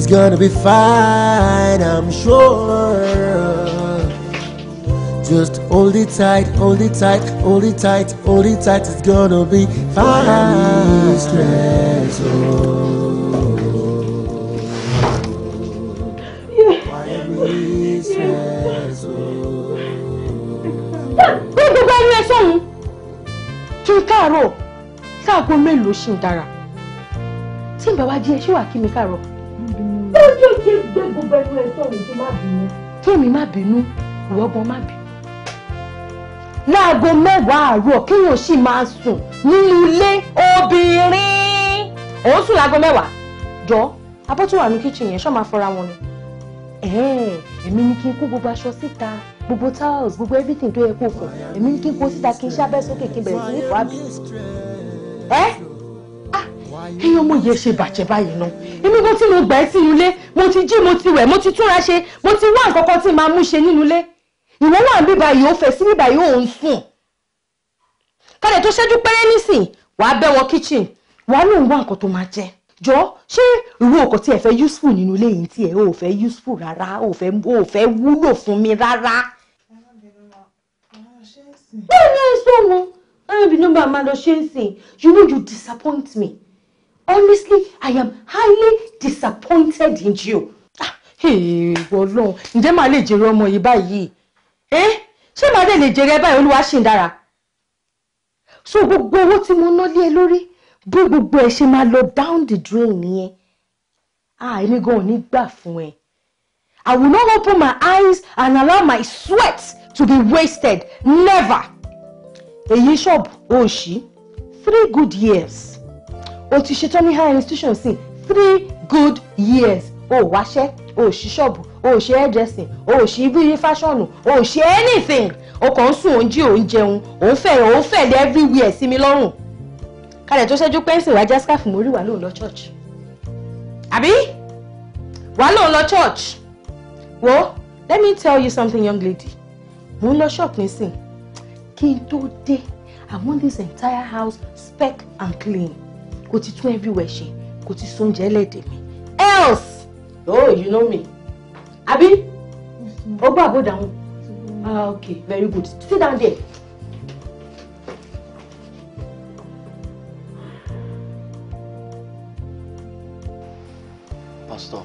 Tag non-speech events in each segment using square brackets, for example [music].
It's gonna be fine, I'm sure. Just hold it tight, hold it tight, hold it tight, hold it tight. It's gonna be fine. Stress, gbogbo ẹni ẹ sọ́hun kí n káàárọ̀ káàgó mélòó ṣì ń dára tí n bá wá jí ẹ ṣé wàá kí mi káàárọ̀ lójú ìṣe gbé gbogbo ẹnu ẹ sọ òun tó má bínú. fẹ́mi má bínú ìwọ gan má bínú. láago mẹ́wàá àárọ̀ kéèyàn sì máa sùn nínú ilé obìnrin òun sùn láago mẹ́wàá jọ abọ́ tó wà ní kíchìn yẹn ṣọ́ máa fọra wọn ni. èmi ni kí n kó gbogbo aṣọ síta gbogbo towels gbogbo everything tó yẹ kó kọ èmi ni kí n kó síta kí n ṣábẹ́ sókè kí n bẹ̀rẹ̀ sí ní ìfọ̀ àbí ẹyin ọmọ yẹn ṣe bàjẹ́ báyìí náà èmi kan tí mo gbà ẹ́ sí ilé mo ti jí mo ti wẹ̀ mo ti túnra ṣe mo ti wá nǹkan kan tí màá mú ṣe nínú ilé ìwọ wà níbà yìí ó fẹ́ sí níbà yìí ó ń sùn kálẹ tó ṣẹ́jú péré nísìn wàá bẹ́ wọ kitchen wàá lóun wá nǹkan tó máa jẹ jọ ṣé ìwọ òkò tí ẹ fẹ́ useful nínú ilé yìí tí ẹ ò fẹ́ useful rárá ò fẹ́ ò fẹ́ wúlò fún mi rárá. bẹ́ẹ̀ ni ẹ sọ wọn ẹ̀rọ ìbínú bá máa lọ ṣe é sìn you know you disappoint me honestly i am highly disappointed in you. èèwọ̀ ah, lọ́n ǹjẹ́ màá lè jèrè ọmọ yìí báyìí ṣé màá dẹ̀ lè jèrè ẹ báyìí olúwa ṣì ń dára. so gbogbo owó tí mo ná lé ẹ lórí bí gbogbo ẹ ṣe máa lọ down the drain nìyẹn ah èmi gan ò ní gbà fún ẹ i will not open my eyes and allow my sweat to be wasted never èyí ṣọ́ọ̀bù òṣì three good years o ti ṣetán ní higher institution sí three good years o ò wáṣẹ́ o ò ṣí ṣọ́ọ̀bù o ò ṣe hairdressing o ò ṣe ibiri fashion o ò ṣe anything o kàn ń sùn òun jí òun jẹun òun fẹ̀ òun fẹ̀ lé everywhere sí mi lọ́rùn kalẹ̀ tó ṣẹ́jú pẹ́ńsì wájá scarf mórí wà lóun lọ church àbí wà lóun lọ church wo let me tell you something young lady mo ń lọ shop nísìn kí n tó dé I want this entire house spec and clean kò ti tún everywhere ṣe kò ti sún oúnjẹ ẹlẹ́dẹ̀ mi else oh you know me Abi, ó gbọ́ àbódà wọn ah okay very good sit down there. pastor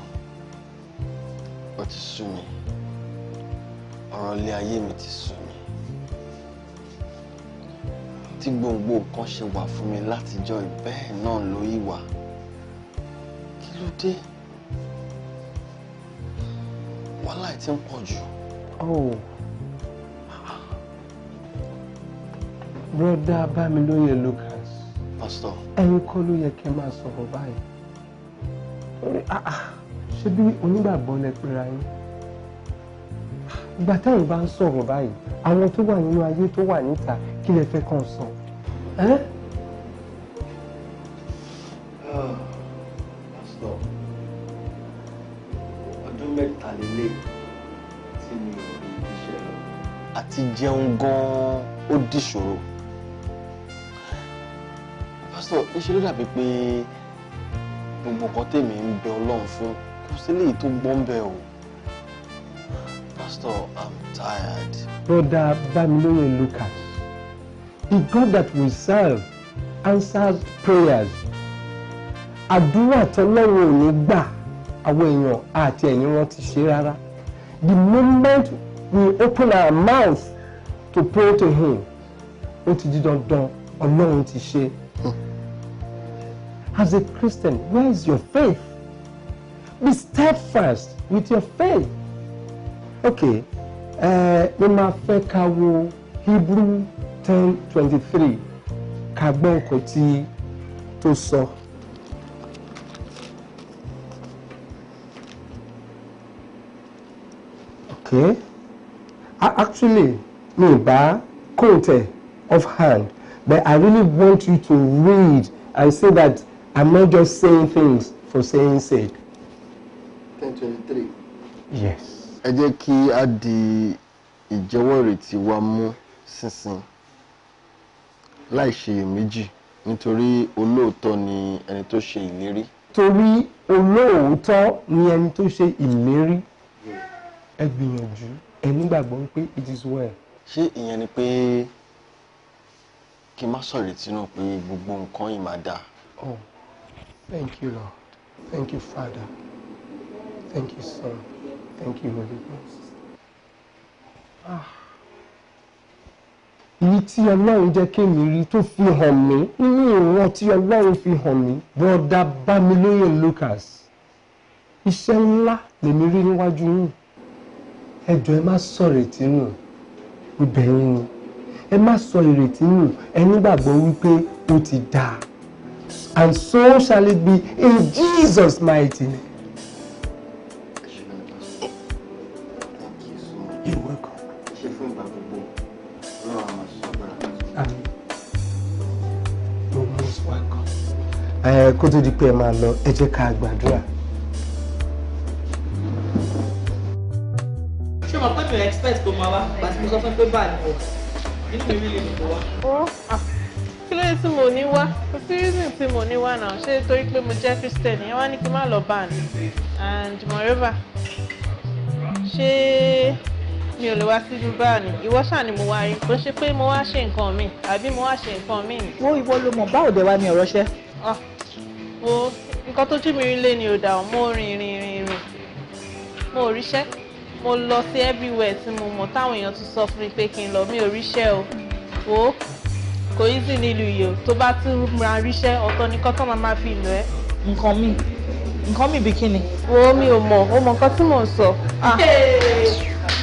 ó ti sú mi ọ̀rọ̀ ilé ayé mi ti sú mi tí gbogbo nǹkan ṣe wà fún mi látijọ́ bẹ́ẹ̀ náà ló yí wà kí ló dé wàhálà ẹ̀ ti ń pọ̀ jù. Oh. broda Bámilóyè Lucas pastor ẹ̀yin kọ́ ló yẹ kí ẹ máa sọ̀rọ̀ báyìí torí ah, ah, ṣé bí onígbàgbọ́ lẹ pera yín ìgbà táwọn bá ń sọ̀rọ̀ báyìí àwọn tó wà nínú ayé tó wà níta kí lè fẹ́ kàn sàn Eh? Ah, Pásítọ̀, ọdún mẹ́ta lélẹ̀ tí mi ò rí iṣẹ́ lọ. Àti jẹun gan-an ó dìṣòro. Pásítọ̀, níṣẹ́ ló dàbí I'm tired. Brother Bamilóye Lucas. The God that we serve answers prayers. Àdúrà tọ́lọ́run ò ní gbà àwọn èèyàn àti ẹ̀yìn wọn ti ṣe rárá. The moment we open our mouth to pray to him, ó ti di dandan Ọlọ́run ti ṣe. As a Christian, where is your faith? Be steadfast with your faith. Okay, ẹ eh, mo máa fẹ́ ka wo Hebrew ten twenty three ká gbọ́ nǹkan tí tó sọ. okay actually mi ò bá kóńtẹ̀ off hand but I really want you to read and say that I'm not just saying things for saying sake. ten twenty three. yes. ẹ jẹ́ kí a di ìjẹ́wọ́ ìrètí wa mú sísìn láì ṣe méjì nítorí olóòótọ́ ni ẹni tó ṣe ìlérí. torí olóòótọ́ ni ẹni tó ṣe ìlérí ẹ gbìyànjú ẹ nígbàgbọ́ pé it is well. ṣé ìyẹn ni pé kí n má sọ̀rètí náà pé gbogbo nǹkan yìí máa dáa. oh thank you lord thank you father thank you son thank you holy ghost. ah èyí tí ọlọ́run jẹ́ kémi rí tó fi hàn mí nínú ìran tí ọlọ́run fi hàn mí bọ́ọ̀dà Bámilóyè Lucas iṣẹ́ ńlá lèmi rí níwájú yìí ẹjọ́ ẹ má sọ ìrètí nù ibẹ̀ yín ni ẹ má sọ ìrètí nù ẹ nígbàgbọ́ wípé ó ti dáa and so shall it be in Jesus' mighty name. ẹ kó tó di pé ẹ máa lọ ẹ jẹ́ ká gbàdúrà. ṣé mo pẹ́ mi expect kó máa wá pàṣẹ mo sọ fún pé báà ní bọ̀ nínú mi rí lè ní wá. kí tí mo ní wá kò sí reason tí mo ní wá náà ṣé torí pé mo jẹ́ Christian ìyẹn wá ní kí n má lọ bá and moreover ṣé mi ò lè wá sí dubai ni ìwọ ṣáà ni mo wá rí kò ṣe pé mo wá ṣe nǹkan mi àbí mo wá ṣe nǹkan mi. wọ́n ìwọ ló mọ̀ báwo dé wá ní ọ̀rọ̀ ṣẹ́. Ah, wo nǹkan tójú mi rí lé ni ò dà ọ́ mo rìn rìn rìn rìn mo ríṣẹ́ mo lọ sí everywhere tí mo mọ̀ táwọn èèyàn tún sọ fún mi pé kí n lọ mi ò ríṣẹ́ o wò ó kò í sì nílùú yìí o tó bá tún máa ríṣẹ́ ọ̀tọ̀ nìkan tán máa máa fi lọ ẹ́. nǹkan mi nǹkan mi bí kíni. wo mi ò mọ̀ o mọ̀ nǹkan tí mò ń sọ. Ah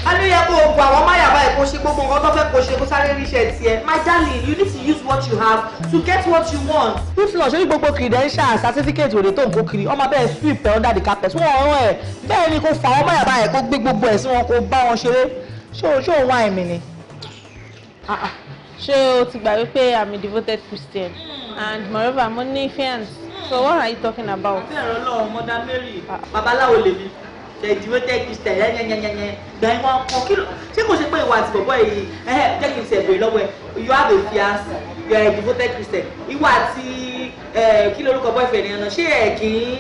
a yẹ kó o gbọ́ àwọn máyàbá ẹ̀ ṣe gbogbo nǹkan tó fẹ́ kó ṣe kó sáré ríṣẹ́ tiẹ̀. my darling you need to use what you have to get what you want. if not ṣé gbogbo credentials certificate òde tó ń kó kiri ọmọ bẹ́ẹ̀ sweep under the carpet wọ́n rán ẹ̀ bẹ́ẹ̀ ni kò fà àwọn máyàbá ẹ̀ kó gbé gbogbo ẹ̀ sí wọn kó bá wọn ṣeré ṣé òun wá ẹ̀mí ni. Ah, ah. ṣé o ti gbà wípé i'm a devoted christian hmm. and moreover mo ní fiance so what are you talking about. àbẹ̀rẹ̀ ọlọ́run mọ́dá mary ah. babaláwo lèmi devoted christian yẹnyẹnyẹnyẹnyẹ gbẹ̀yìn wọn kọ kí ló ṣé kò ṣe pé ìwà àti bọ̀bọ̀ yìí ẹ̀hẹ́ jẹ́ kí n ṣe ẹ̀bùrẹ̀ lọ́wọ́ ẹ̀ you have a fiance you are a devoted christian ìwà àti kí lórúkọ boyfriend yẹn náà ṣé ẹ̀ kì í.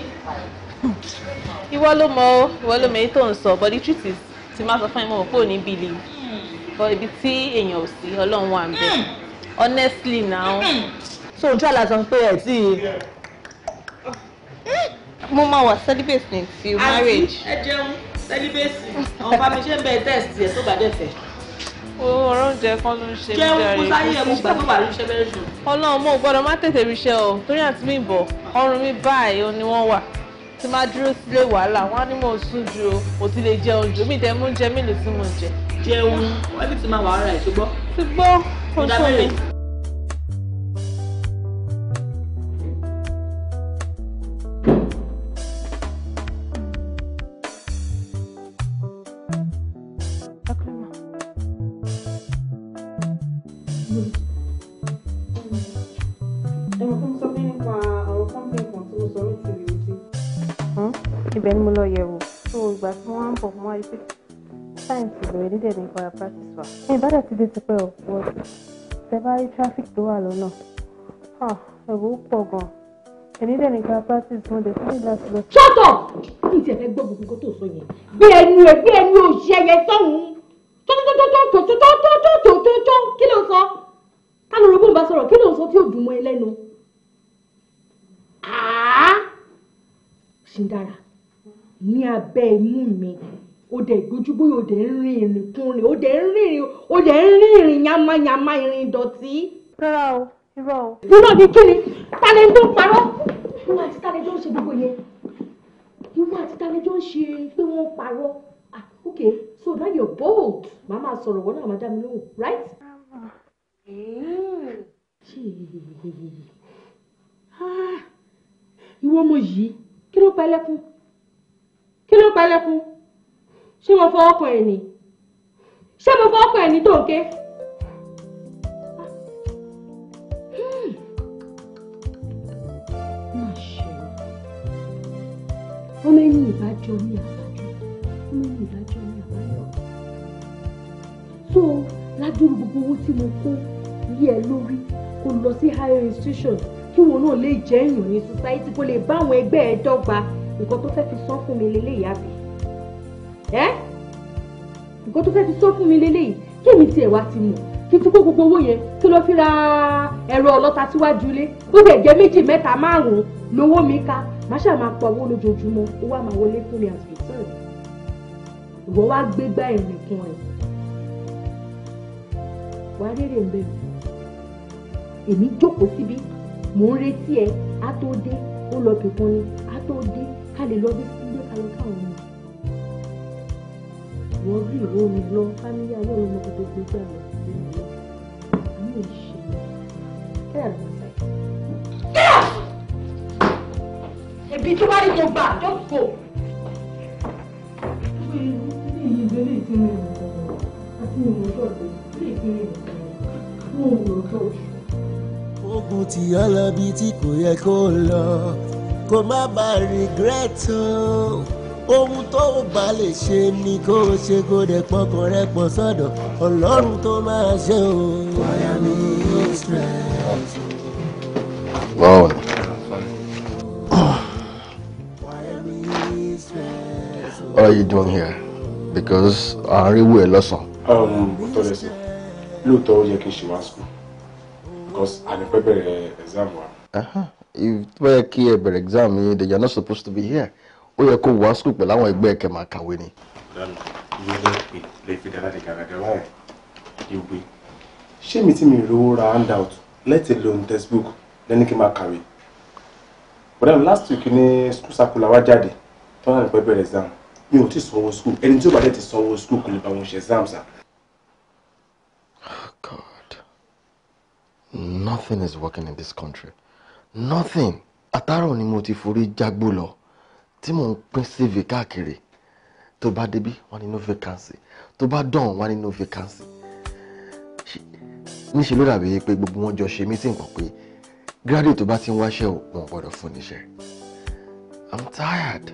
ìwọ ló mọ o ìwọ ló mọ èyí tó ń sọ but the truth is ti máa sọ fún ìmọ̀ pé ò ní hmm. but ibi tí èèyàn ò sí ọlọ́run wà ń bẹ hmm. honestly now. Hmm. so ojú àlàsàn pé ẹ̀ mo máa wà celibacy ní ti marriage. àti ẹ jẹun celibacy àwọn bá mi ṣe ń bẹ test ẹ tó bá dẹ̀ fẹ́. ọ̀rọ̀ oúnjẹ kan ló ń ṣe mí dáre jẹun kó sáyé mo gbà tó bá rí iṣẹ́ bẹ́rẹ̀ sùn. ọlọ́run mo gbọ́dọ̀ má tètè ríṣẹ́ o torí àti mi bọ̀ ọrùn mi báyìí ni wọ́n wà tí máa dúró sílé wàhálà wọn á ní mò sùn ju o kò ti lè jẹun ju mi tẹ mú jẹ mélòó tí mo jẹ. jẹun wọ́n ti máa wà ọ̀rọ̀ ẹ̀ ṣùgbọ́n. ṣùgbọ́n kò tó mi. rí pé sáyẹ̀nsì lóye nídìí ẹ̀dín kọ́ra practice wa ẹ̀yìn bá dẹ̀ ti dé tipẹ́ o wọ́n tẹ bá rí traffic tó wà lọ́nà ẹ̀rù ó pọ̀ gan-an ẹ̀ní dẹ̀ nìkan practice wọn dẹ̀ fún ìlà sílẹ̀. Shut up! kí n tiẹ̀ fẹ́ gbọ́ gbogbo nǹkan tó sọ yẹn gbé ẹnu ẹ gbé ẹnu òṣìṣẹ́ yẹn sọ́hún tótótótótótótótótótótótó kí ló sọ kánú robó bá sọ̀rọ̀ kí ló sọ tí ò dùn mọ́ ẹ lẹ́nu àá ṣì ń dára ní abẹ́ imú mi o dẹ̀ ìgbójúbóyè o dẹ̀ ń rin ìrìn kúnrin o dẹ̀ ń rin ìrìn o dẹ̀ ń rin ìrìn yamayama ìrìn ìdọ̀tí. rárá o irọ́ o. irọ́ ni kí ni tálẹ̀ tó ń parọ́ ìwọ àti tálẹ̀ tó ń ṣe gbogbo yẹn ìwọ àti tálẹ̀ tó ń ṣe pé wọ́n parọ́ ah okay so now you're bold màá máa sọ̀rọ̀ wọ́n náà máa dá mi lóhùn right. Ah, ìwọ ọmọ yìí kí ló pa ẹlẹ́kùn kí ló pa ẹlẹ́kùn ṣé mo fọwọ́ kan ẹ̀ ni ṣé mo fọwọ́ kan ẹ̀ ni tó ń ké. Hmm. ọmọ ẹni ìbájọ ní àbájọ ọmọ ẹni ìbájọ ní àbájọ so ládùúgbò gbogbo owó tí mo kó yí ẹ lórí kó lọ sí higher institution kí wọn náà lè jẹ́ èèyàn ní society kó lè bá àwọn ẹgbẹ́ ẹ dọ́gba nǹkan tó fẹ́ fi san fún mi lélẹ́yàá bíi ẹ́ eh? nǹkan tó fẹ́ ti sọ fún mi lélẹ́yìí kí èmi tiẹ̀ wá ti mọ̀ kí n tún kó gbogbo owó yẹn kí ló fi ra ẹ̀rọ ọlọ́ta síwájú ilé ó dẹ̀ jẹ́ méjì mẹ́ta márùn-ún lówó mi ká má ṣáà máa pa owó lójoojúmọ́ owó àmà wọlé fún mi àti ìtọ́rẹ̀ ìwọ wá gbégbá ìrìn kan ẹ̀ wá rèrè ń bẹ̀rù èmi jókòó síbí mò ń retí ẹ á tó dé ó lọ kẹ̀kan ni á tó dé ká lè lọ bí sílé ká káwọn ọmọ wọ́n rí ìwé omi lọ fámílì ayé ọlọ́mọ kan tó gbé jáde lẹ́nu lọ àmì ìṣe kẹ́rẹ̀ ló ẹbí tó bá rí tó gbà just go. pé ilé yìí ló lè ti rìn ìrìn àjò àti ìrìn àjò ọ̀dọ̀ lè ti rìn ìrìn fún ọjọ́ oṣù. ogun tí ó tí kò yẹ kó lọ kó má bàa regret o ohun tó o bá lè ṣe ni kó o ṣe kó o dẹ̀ pọkàn rẹ pọ̀ sọ́dọ̀ ọlọ́run tó máa ṣe o. bóyá mi stress. báwo What are you doing here? Because I wù ẹ lọ́sàn. Bọ́tọ̀ um, lẹ́sẹ̀, lóòótọ́ ó yẹ kí n ṣe wá school because àlẹ́pẹ́ bẹ̀rẹ̀ exam Uh huh. If you kí ẹ bẹ̀rẹ̀ exam then you are not supposed to be here ó yẹ kó wá skul pẹ̀lú àwọn ẹgbẹ́ ẹ̀kẹ́ máa kàwé ni. ṣé mi tí mi rówó ra handout lẹ́tì lóun textbook lẹ́ni kí n máa kàwé. bọ̀dá last week ní school circular wá jáde tí wọ́n náà pẹ́ bẹ̀rẹ̀ exam mi ò tí ì sanwó school ẹni tí ó bá dẹ̀ ti sanwó school kò lè bá wọn ṣe exam sa. Oh, nothing is working in this country nothing àtàrà ni mo ti forí jágbó lọ tí mò ń pín CV káàkiri tó bá débí wọ́n ní vacancy tó bá dán wọ́n ní vacancy níṣẹ́ ló dàbí pé gbogbo wọn jọ ṣe mítìn kan pé graduate tó bá ti ń wáṣẹ́ ò wọ́n gbọ́dọ̀ fún níṣẹ́ i'm tired.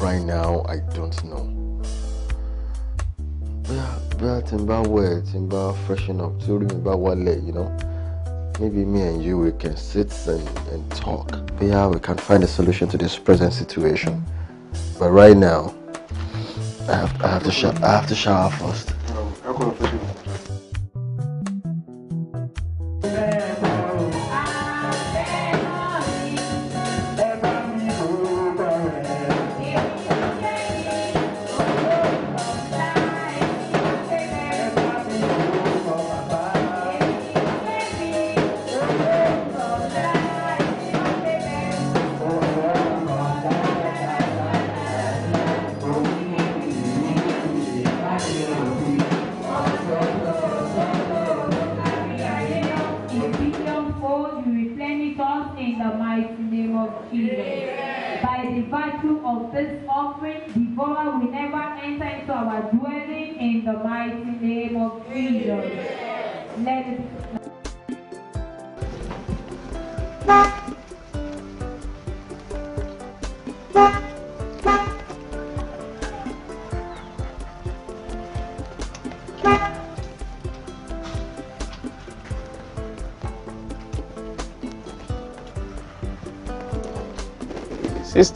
right now i don't know bóyá bóyá tí n bá wẹ̀ tí n bá freshen up tí orí mi bá wálẹ̀ you know maybe me and you we can sit and, and talk bóyá we can find a solution to this present situation but right now I have, I have to shower I have to shower first. Um,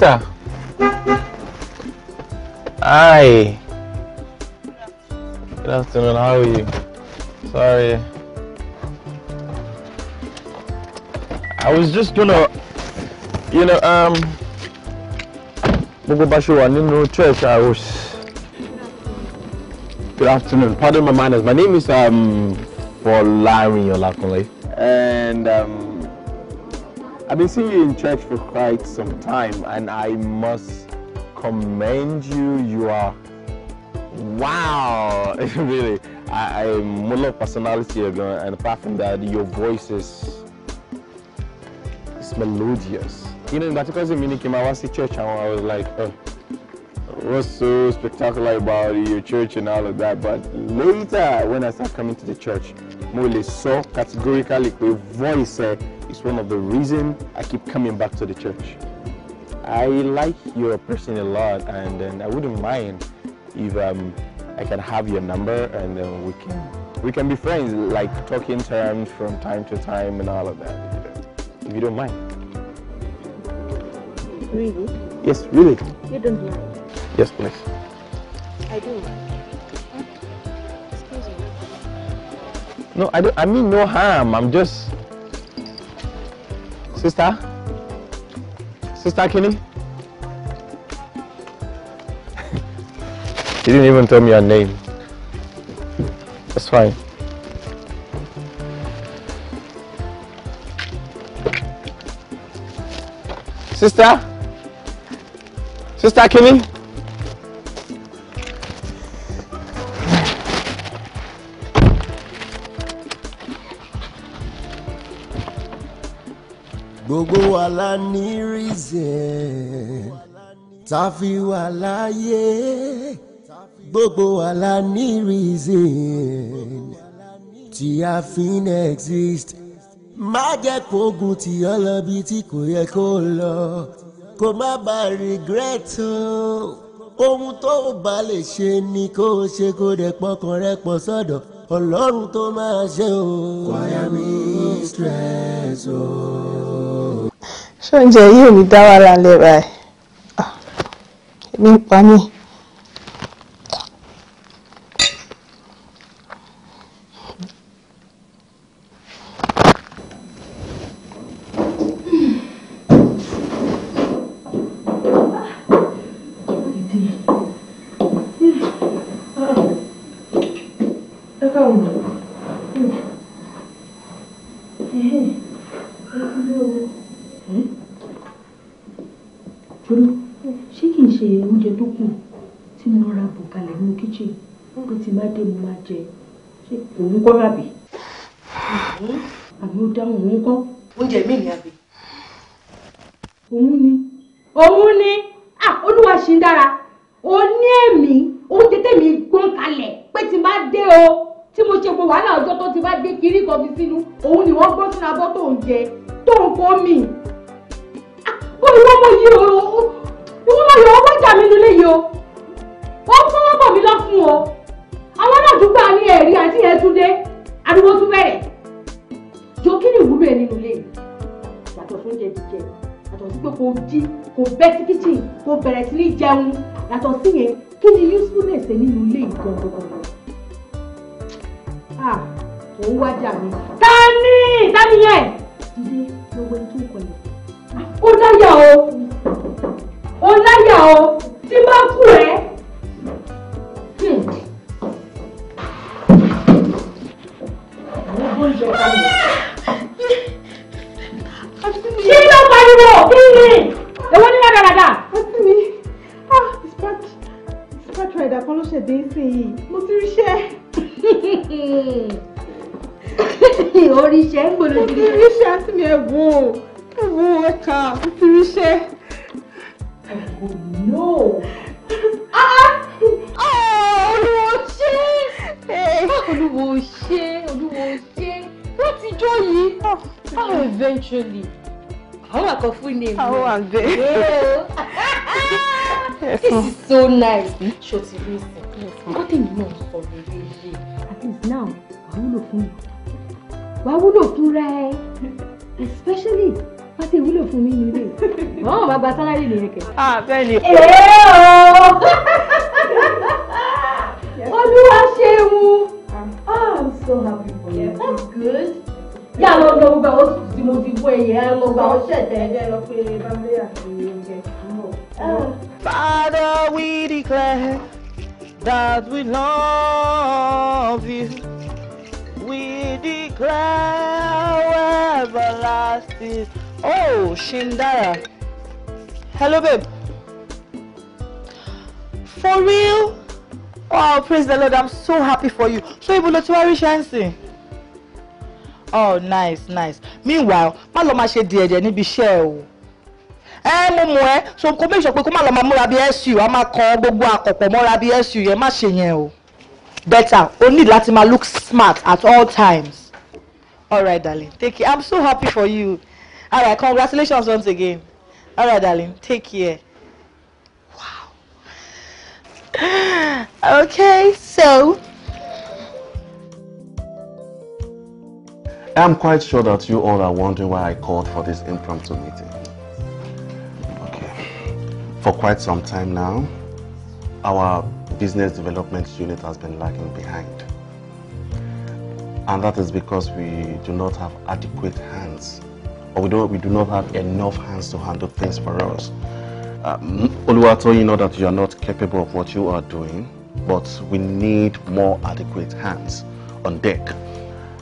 sister. Hi. Good afternoon. How are you? Sorry. I was just gonna, you know, um, gbogbo bá ṣe wà nínú church I was. Good afternoon. Pardon my manners. My name is um, Folarin Olakunle. And um, I've been seeing you in church for quite some time, and I must commend you. You are wow, [laughs] really. I, I'm full of personality again, and apart from that, your voice is it's melodious. You know, that's because when I came, I was in church, and I was like, oh, what's so spectacular about your church and all of that? But later, when I started coming to the church, Mole saw categorically the voice. Eh, it's one of the reasons I keep coming back to the church. I like your person a lot and, and I wouldn't mind if um, I can have your number and then we can we can be friends, like talking terms from time to time and all of that, if you don't mind. Really? Yes, really. You don't mind? Yes, please. I do. Excuse me. No, I don't. I mean no harm. I'm just Sister? Sister Kenny? [laughs] you didn't even tell me her name. That's fine. Sister? Sister Kenny? gbogbo wa la ní reason tá a fi wà láyé gbogbo wa la ní reason tí a fi ń exist má jẹ́ kógun tí ọ lọ bí tí kò yẹ kó lọ kó má bàa regret o ohun tó bá lè ṣe ni kó o ṣe kó dẹ̀ pọkàn rẹ pọ̀ sọ́dọ̀ ọlọ́run tó máa ṣe o. kwaya mi stress o. Oh ṣóúnjẹ yìí ò ní dá wàhálà lẹ́ra ẹ̀ ah, èmi ń pa mí. un wá jà mí jẹ́ látijọ́ yìí how ah, ah, eventually àwọn àkọ́fún name? How àwọn àgbẹ̀. Oh. [laughs] this is so nice. ṣo ti rí ìsìn kó tèmi náà sọ lórí ilé at least now wàá wúlò fún mi wàá wúlò fún rẹ especially wọ́n ti wúlò fún mi nílé wọ́n wà gba sálárì nìyẹn kẹ. ah bẹ́ẹ̀ ni. èè o oh. [laughs] olúwa ṣeun ah. i'm so happy that's good. Yà lọ lọ gba oṣù tí mo ti wọ ẹ̀yẹ lọ gba ọṣẹ tẹ ẹ̀jẹ̀ lọ pé Bámbélé àti oúnjẹ kúrò. Father, we declare that we love you. We declare everlasting. Oh, Shindara. Hello, babe. For real? Oh, praise the Lord. I'm so happy for you. So, you Ibu worry, Shansi oh nice nice meanwhile má lọ máa ṣe di ẹ̀jẹ̀ níbi iṣẹ́ o ẹ mo mọ ẹ so kó make sure pé kó má lọ máa múra bí su a máa kan gbogbo àkọ̀pọ̀ mọ́ra bí su yẹn má ṣe yẹn o better o need láti máa look smart at all times alright darling take care i'm so happy for you alright congratulations once again alright darling take care. Wow. [sighs] okay so I'm quite sure that you all are wondering why I called for this impromptu meeting. Okay. For quite some time now, our business development unit has been lagging behind. And that is because we do not have adequate hands. Or we, don't, we do not have enough hands to handle things for us. Um, Oluwato, you know that you are not capable of what you are doing, but we need more adequate hands on deck.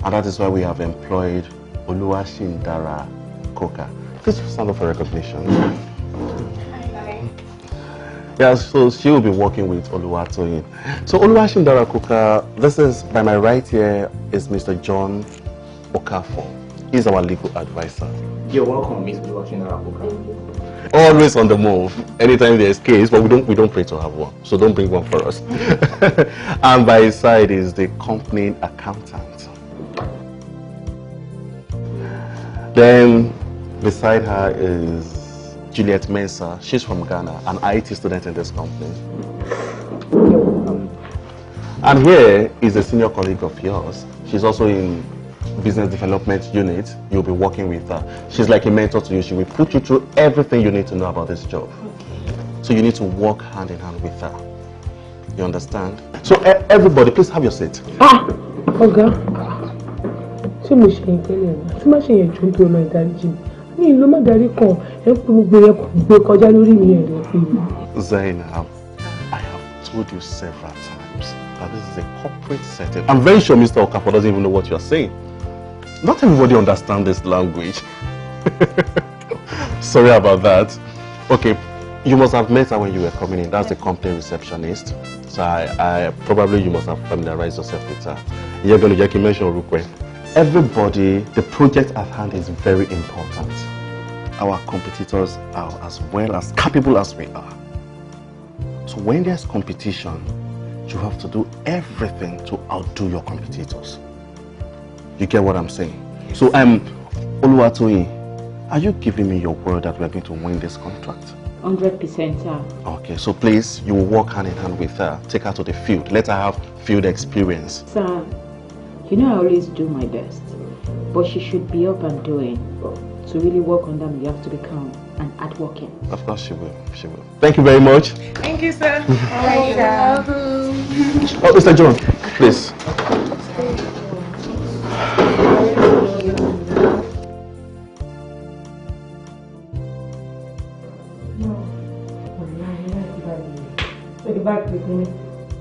And that is why we have employed Oluwashindara Koka. Please stand up for recognition. Hi. Yeah, so she will be working with Oluwatoyin. So Oluwashindara Koka, this is by my right here is Mr. John Okafor. He's our legal advisor. You're welcome, Ms. Oluwashindara Koka. Always on the move. Anytime there's case, but we don't we don't pray to have one. So don't bring one for us. [laughs] and by his side is the company accountant. Then beside her is Juliet Mensah. She's from Ghana, an IT student in this company. And here is a senior colleague of yours. She's also in business development unit. You'll be working with her. She's like a mentor to you. She will put you through everything you need to know about this job. So you need to work hand in hand with her. You understand? So e, everybody, please have your seat. Ah, okay ṣé mo ṣe yẹn tẹ́lẹ̀ ni tí má ṣe yẹn jù ń tó lọ ìdáríjì mi ní ìlú má darí kan ẹ kú gbogbo yẹn kò gbé kọjá lórí mi ẹ̀ lọ pé mi. Zainab, I have told you several times that this is a corporate setting. I'm very sure Mr. Okafor doesn't even know what you are saying. Not everybody understands this language. [laughs] Sorry about that. Okay, you must have met her when you were coming in. That's the company receptionist. So I, I probably you must have familiarized yourself with her. You're going to get mention Rukwe everybody, the project at hand is very important. Our competitors are as well as capable as we are. So when there's competition, you have to do everything to outdo your competitors. You get what I'm saying? Yes. So, um, Oluwatoyin, are you giving me your word that we're going to win this contract? 100% sir. Okay, so please, you will work hand in hand with her. Take her to the field. Let her have field experience. Sir, You know, I always do my best, but she should be up and doing. To really work on them, you have to be calm and at working. Of course, she will. She will. Thank you very much. Thank you, sir. Thank [laughs] you. Oh, Mr. John, please. back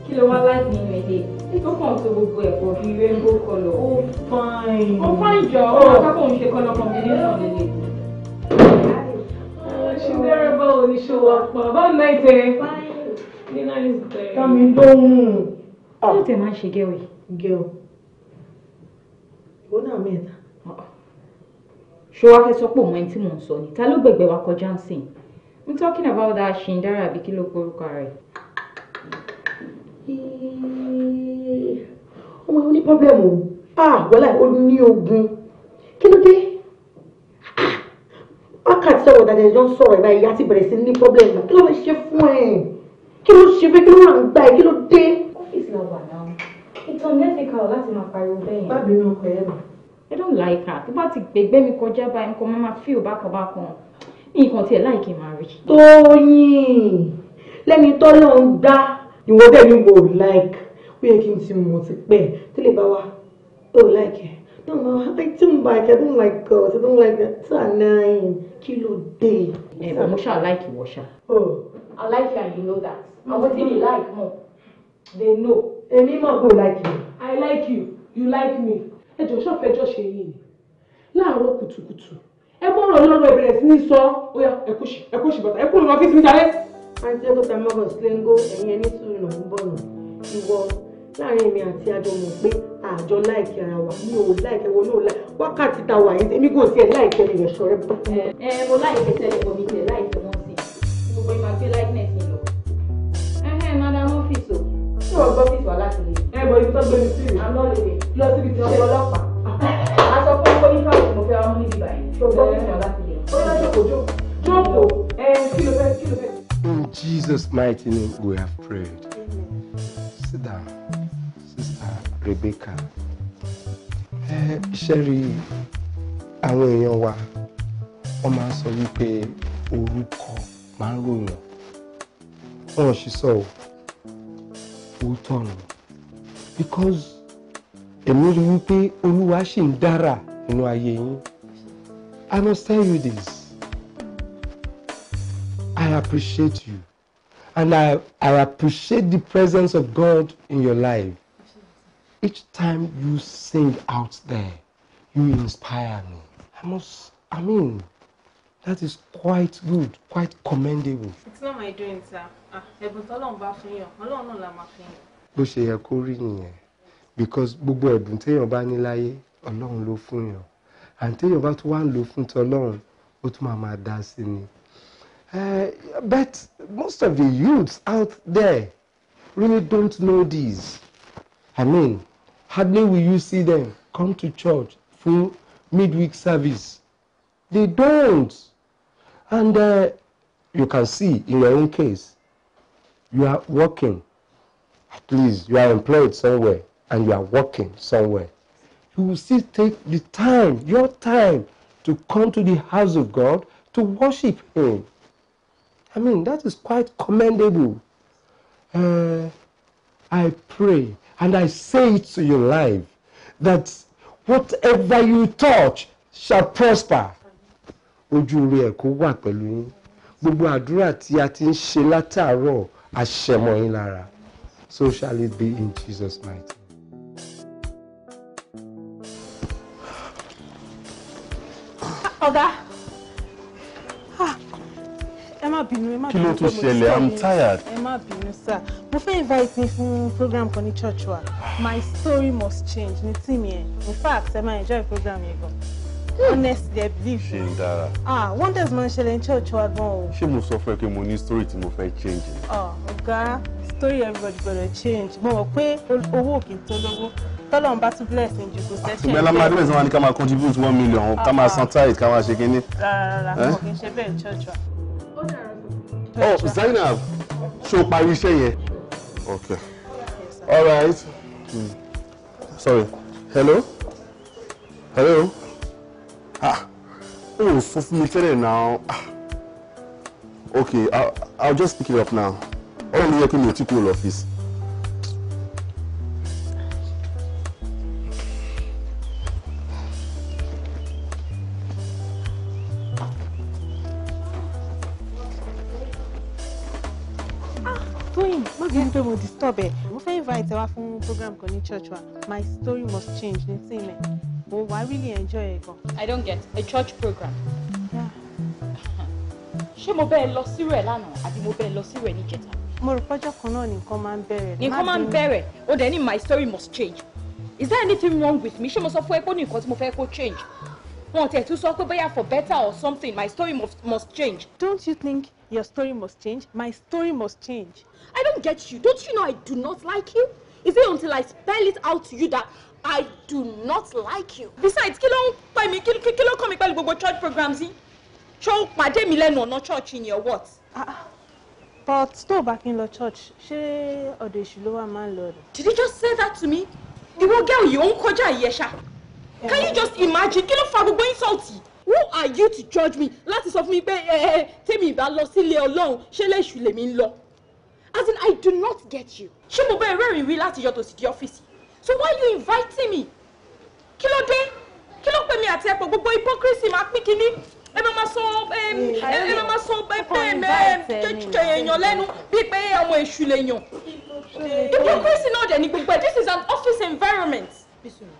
Kí ló wá láì nínú èdè? nítorí kan tó gbogbo ẹ̀ pọ̀ bíi rainbow colour ó fine ó fine jọ ó akápò ń ṣe colour combination nílé. ṣùgbọ́n báwo ni ṣe wà pọ̀ báwo ni náà ṣe ní náà ní sùpẹ̀rẹ̀. kámi tó ń hùn. ó tẹ̀ máa ń ṣe gẹ́wì. gẹ́wì ìwọ náà mẹ́ta. Uh-uh. ṣé wàá fẹ́ sọ pé òun ẹni tí mò ń sọ ni ta ló gbẹ̀gbẹ̀ wa kọjá ń sìn I'm talking about that Shindara àbí kí ló ọmọ yẹn ní problem o ah wọlé ó ní ogun kí ló dé ah, wákàtí ọ̀rọ̀ ìdájọ́ ìjọ ń sọ̀rọ̀ ìbáyìí yá ti bẹ̀rẹ̀ sí ní problem kí ló ṣe fún ẹ kí ló ṣe fẹ́ kí ló wà ń gbà ẹ kí ló dé. ọ́fíìsì la wà náà ìtàn nẹ́tìkà ọ̀ láti máa pariwo bẹ́ẹ̀ yẹn. bábí inú ọkọ ẹ mọ̀. I don't like her tó bá ti gbẹgbẹ́ mi kọjá báyìí nǹkan máa feel bákanbákan nǹkan tiẹ̀ láìkí máa rí. Tóyìn lẹ́ni tọ́lọ́ ń dá ìwọ́dẹ́ mi wò like pé kí n ti mọ̀ ti pẹ́ tí lè bá wa ó láìkẹ́ tó ń bá wa i don't like i don't like girls i don't like that so annoying kí ló dé. ẹ bọ mo ṣá like ìwọ ṣá. oh i like you and you know that àwọn tí mi like mọ they know. èmi mọ̀ pé o like me. i like you you like me. ẹ jọ sọfẹjọ ṣe yìí ni láàárọ̀ kùtùkùtù ẹ bọ̀rọ̀ lọ́rọ̀ ìbẹ̀rẹ̀ sí ní sọ ó yá ẹ kó ṣì ẹ kó ṣì bọ́tà ẹ kúrò lọ́fíìsì mi jàre. àǹtí ẹgbẹ́ta mọ́gàn sílẹ̀ ń gó ẹ̀yìn ẹni sùúrù náà ń bọ̀ nù ìwọ láàrin èmi àti àjọ pé àjọ láìkí ara wa mi ò láìkẹ́ wọn náà láì wákàtí ta wà yìí èmi kò tiẹ̀ láìkẹ́ mi rẹ̀ ṣọ̀rẹ́ bá. ẹ mo láìkẹ́ tẹ́lẹ̀ bọ̀ mi tẹ̀ láìkẹ́ wọn sí gbogbo ìgbà gbé likeness mi lọ. ẹ ẹ madam ọ́fíìsì o ṣé wọ́n gbọ́ ọ́fíìsì láti lè. ẹ bọ̀ ibi tó gbé mi sí rè. àná lè lọ síbi tí wọ́n fi [laughs] a sọ fún pé nípa òkú mo fẹ́ wá níbi báyìí. ó yá kí ló fẹ́ kí ló fẹ́. In Jesus' mighty name we have prayed. Rebecca ẹ ṣe rí àwọn èèyàn wa wọ́n máa ń sọ wípé orúkọ máa ń ròyìn wọn ò sì sọ òótọ́ nù because èmi rí wípé olúwa ṣì ń dára nínú ayé yín I must tell you this I appreciate you and I, I appreciate the presence of God in your life each time you sing out there, you inspire me. I must, I mean, that is quite good, quite commendable. It's not my doing, sir. Ah, ẹ̀bùn tọ́lọ́run bá fún yàn, ọlọ́run náà la máa fi yàn. Bó ṣe yẹ kó rí nìyẹn because gbogbo ẹ̀bùn téèyàn bá ní láyé ọlọ́run ló fún yàn and téèyàn bá tún wá ń lò fún tọlọ́run ó tún máa máa dá sí ni. Eh, but most of the youths out there really don't know this. I mean, hardly will you see them come to church for midweek service. They don't. And uh, you can see in your own case, you are working. At least you are employed somewhere and you are working somewhere. You will still take the time, your time, to come to the house of God to worship Him. I mean, that is quite commendable. Uh, I pray And I say it to your life that whatever you touch shall prosper. Ojú rẹ̀ kó wà pẹ̀lú yín. Gbogbo àdúrà tí a ti ń ṣe látàárọ̀ àṣẹmọ yín lára. So shall it be in Jesus' mighty. Ọ̀gá ẹ má bínú ẹ má bínú kí ló tún ṣẹlẹ̀ i'm tired. ẹ má bínú sá mo fẹ́ invite yín fún program kan ní church wa my story must change ní team yẹn in fact ẹ máa enjoy program yẹn gan honestly i believe. ṣe ń dára. ah wonders máa ń ṣẹlẹ̀ ní church wa gan o. ṣé mo sọ fún ẹ pé mo ní story tí mo fẹ́ change. Ah, ọ̀gá story everybody gbọ́dọ̀ change mo mọ̀ pé owó kì í tó lówó tọ́lọ́run bá tún bless ní ju kò sẹ́ṣẹ̀. àtùgbẹ́ lámà adúlẹ̀ sọ wọn ni ká máa contribute one million ká máa san ah, ah. tithe ká máa ṣe kínní. rárá rárá kò eh? kí n ṣe bẹ́ẹ̀ church wa oh Zainab so parí iṣẹ́ yẹn okay all right hmm. sorry hello hello ah oh, sọ fún mi tẹ́lẹ̀ now ah okay I I'll, I'll just pick it up now ọ̀rọ̀ mi yẹ kí mi ò tí kúrò lọ́fíìsì. má bínú pé mo disturb ẹ mo fẹ́ invite ẹ wá fún program kan ní church wa my story must change ní sinmi mo wá really enjoy ẹ gan. I don't get a church program. [laughs] ṣé mo bẹ́ẹ̀ lọ sírò ẹ̀ lánàá àbí mo bẹ́ẹ̀ lọ sírò ẹ̀ níjẹta. mo rò pọ́jọ́ kan náà nìkan máa ń bẹ̀rẹ̀. nìkan máa ń bẹ̀rẹ̀ ó dẹ̀ ní my story must change is there anything wrong with me ṣé mo sọ fún ẹ pé ó ní tí mo fẹ́ kó change wọn ò tẹ̀ tún sọ pé bóyá for better or something my story must, must change. don't you think Your story must change. My story must change. I don't get you. Don't you know I do not like you? Is it until I spell it out to you that I do not like you? Besides, kilo ló me, kilo mi kí kí go go church programs yìí? Ṣé ó pàdé mi lẹ́nu ọ̀nà church ni or what? Ah, ah. But still back in the church, she or èṣù ló wà máa Did he just say that to me? The one girl you ń koja yesha. Can you just imagine Kilo ló fa gbogbo insult yìí? who are you to judge me láti sọ fún mi pé ẹ eh, ẹ eh, eh, tèmi ìbá lọ sílé ọlọ́run ṣé lẹ́sù lèmi ń lọ as in i do not get you ṣé mo bẹ́ẹ̀ rẹ́rìn rí láti yọ tòsí di ọ́fíìsì so why you inviting me kí ló dé kí ló pè mí àti ẹ̀pọ̀ gbogbo hypocrisy máa pín kínní ẹ máa hmm, máa sọ ẹ máa máa sọ bẹ́ẹ̀ èèyàn lẹ́nu bíi pé ọmọ èṣù lèèyàn hypocrisy náà dẹ̀ ni gbogbo ẹ̀ this is an office environment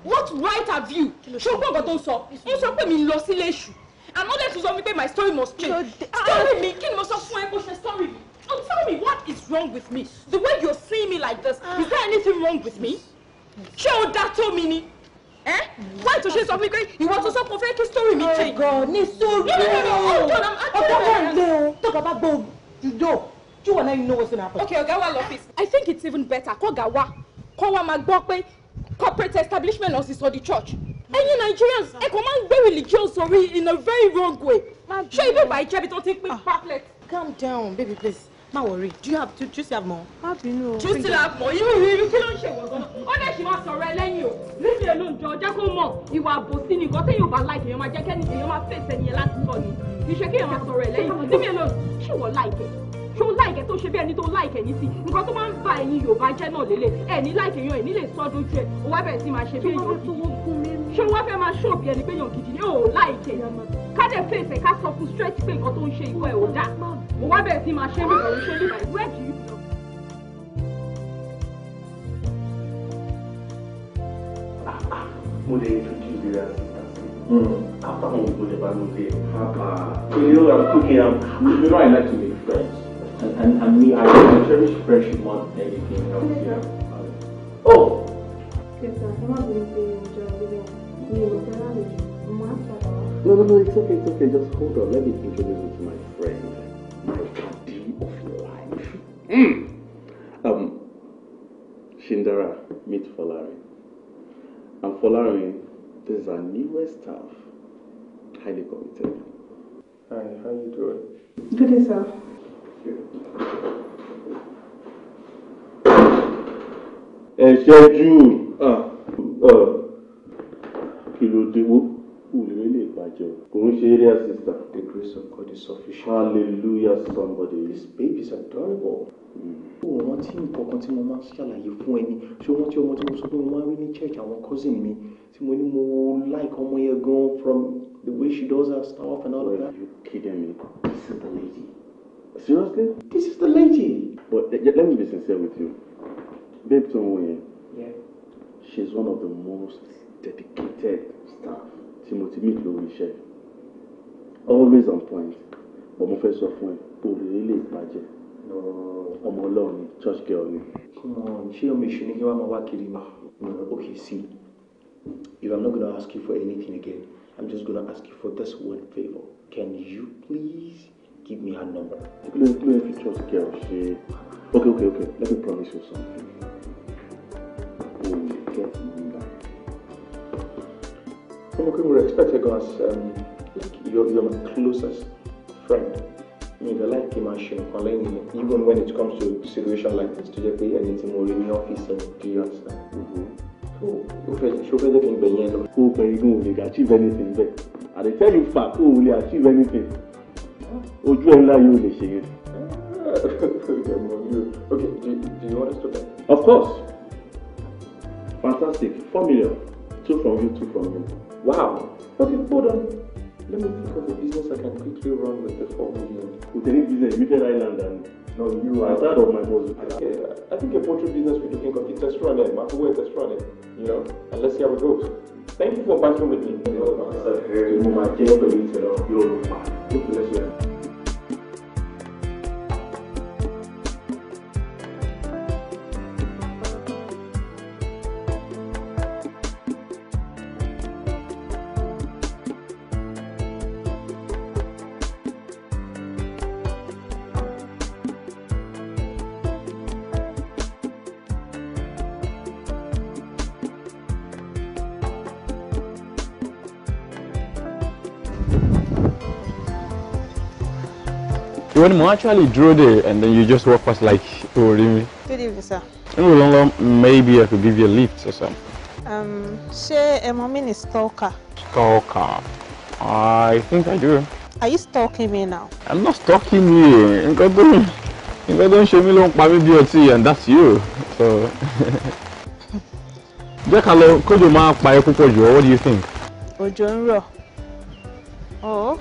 what right have you ṣùgbọ́n nǹkan tó ń sọ ń sọ pé mi lọ sílé èṣù àmọ́ lẹ́tù sọ wípé my story must change story ah! mi kí ni mo sọ fún ẹ bó ṣe story mi oh tell me what is wrong with me the way you're seeing me like this is there ah! anything wrong with me ṣé o dá tó mi ni eh? why to ṣe sọ fún mi pé ìwọ tó sọ fún fẹ́ kí story mi oh change. ọgọ ní sórí o ọgọ wà lé o tó bàbá gbọ́ judo you wanna know what's gonna happen. okay ọ̀gá wa lọ fíìsì. i think it's even better kó gà wá kó wá máa pé corporate establishment lọ sí sọ di church Any Nigerians A command very ń sorry, in a very wrong way ṣé ibi ìbà ìjẹ́bi tó ti ń pín ah. pamphlet. calm down baby please má worry do you have to do you still have more. má bínú o. do you still have more You irú kí ló ń ṣe wọ̀gán ó she ṣì máa sọ̀rọ̀ ẹ lẹ́yìn o lífi èlò ìjọ jẹ́ kó mọ̀ ìwà àbòsí ni nǹkan téèyàn bá láìpẹ́ èèyàn máa jẹ́ kẹ́ni èèyàn máa face ẹni yẹn láti sọ You kì í ṣe kéèyàn máa sọ̀rọ̀ ẹ lẹ́yìn lífi èlò ṣì wọ̀ láìpẹ́ ṣó láìkẹ́ tó ṣe bí ẹni tó láìkẹ́ ní sí nǹkan tó máa ń ba ẹ̀yin Yorùbá jẹ́ náà lélẹ̀ ẹ̀ ní láìkẹ́ yan ẹ̀ ní lè sọ dojú ẹ̀ ó wá bẹ̀rẹ̀ sí máa ṣe bí èèyàn gidi ṣé wọ́n fẹ́ máa ṣọ́ọ̀bì ẹni pé èèyàn gidi ni ó láìkẹ́ ká dẹ̀ fèsì ká sọ fún straight pé nǹkan tó ń ṣe ikọ̀ ẹ̀ ò dáa ó wá bẹ̀rẹ̀ sí máa ṣe bí ìbọn ṣe bí ìbọn mo lè Mm. After one, we to the family. Papa, you know, I'm cooking. I'm, you know, I like to make friends. And, and, and me, I, I cherish friendship more than anything else. Yeah. Oh! No, no, no, it's okay, it's okay. Just hold on. Let me introduce you to my friend, my buddy of life. Mm. Um, Shindara, meet Folari. And Folari, this is our newest staff, highly committed. Hi, how you doing? Good day, sir. ẹ̀ṣẹ́ júù ah. kí ló dé wó wùlé lè bàjẹ́ kò ń ṣe area sister. the grace of God is sufficient. hallelujah somebody. this baby is adorable. Hmm. ó wọ́n tí nǹkan kan tí mo máa ń ṣàlàyé fún ẹni ṣé wọ́n tí ọmọ tí mo sọ pé mo máa ń rí ní church àwọn cousin mi tí mo ní mo like ọmọ yẹn gan from the way she does her stuff and all of that. you kidding me? this is the lady. Seriously? This is the lady. But let, me be sincere with you. Babe Tonwe. Yeah. She's one of the most dedicated staff. Timothy meet lórí iṣẹ́. Always on point. But mo fẹ́ sọ fún really òrèrè No. bàjẹ́. Ọmọ Ọlọ́run ni church girl Come on, ṣé ọmọ ìṣúná kí wàá máa wá kiri Okay, see, if I'm not gonna ask you for anything again, I'm just gonna ask you for this one favor. Can you please? Give me her number. Please, please, if you trust girl, she. Okay, okay, okay. Let me promise you something. Oh, will get number. I'm okay. We respect you as um, you're, you're my closest friend. I mean, like him and she calling even when it comes to situation like this. To just pay anything more in your office, do you understand? Mm-hmm. So, obìnrin gan ò lè achieve anything bẹ́ẹ̀. I dey tell you fact, Who will achieve anything ojú ọ̀la yóò lè ṣe yẹn. of course fantastic four million two from you two from me. wow okay hold on let me think of a business I can quickly run with the four million. with any business you get island and. No, you are tired of my boss. Okay, uh, I think a poultry business we can compete test run it, microwave test run it, you know, and let's see how it goes. Thank you for banking with me. When ni mo actually draw dé and then you just walk past like orí mi. good evening sir. maybe I could give you a lift or something. Um, ṣé ẹ mọ̀ mi ni stalker. stalker I think I do. Are you stalking me now? I'm not stalking you. Nǹkan tó ń nǹkan tó ń ṣe mí ló ń pa mí bí ọtí and that's you. So [laughs] jẹ́ ká lọ kójò máa pa ẹ́ púpọ̀ jù ọ́ what do you think? Òjò ń rọ̀. Oh.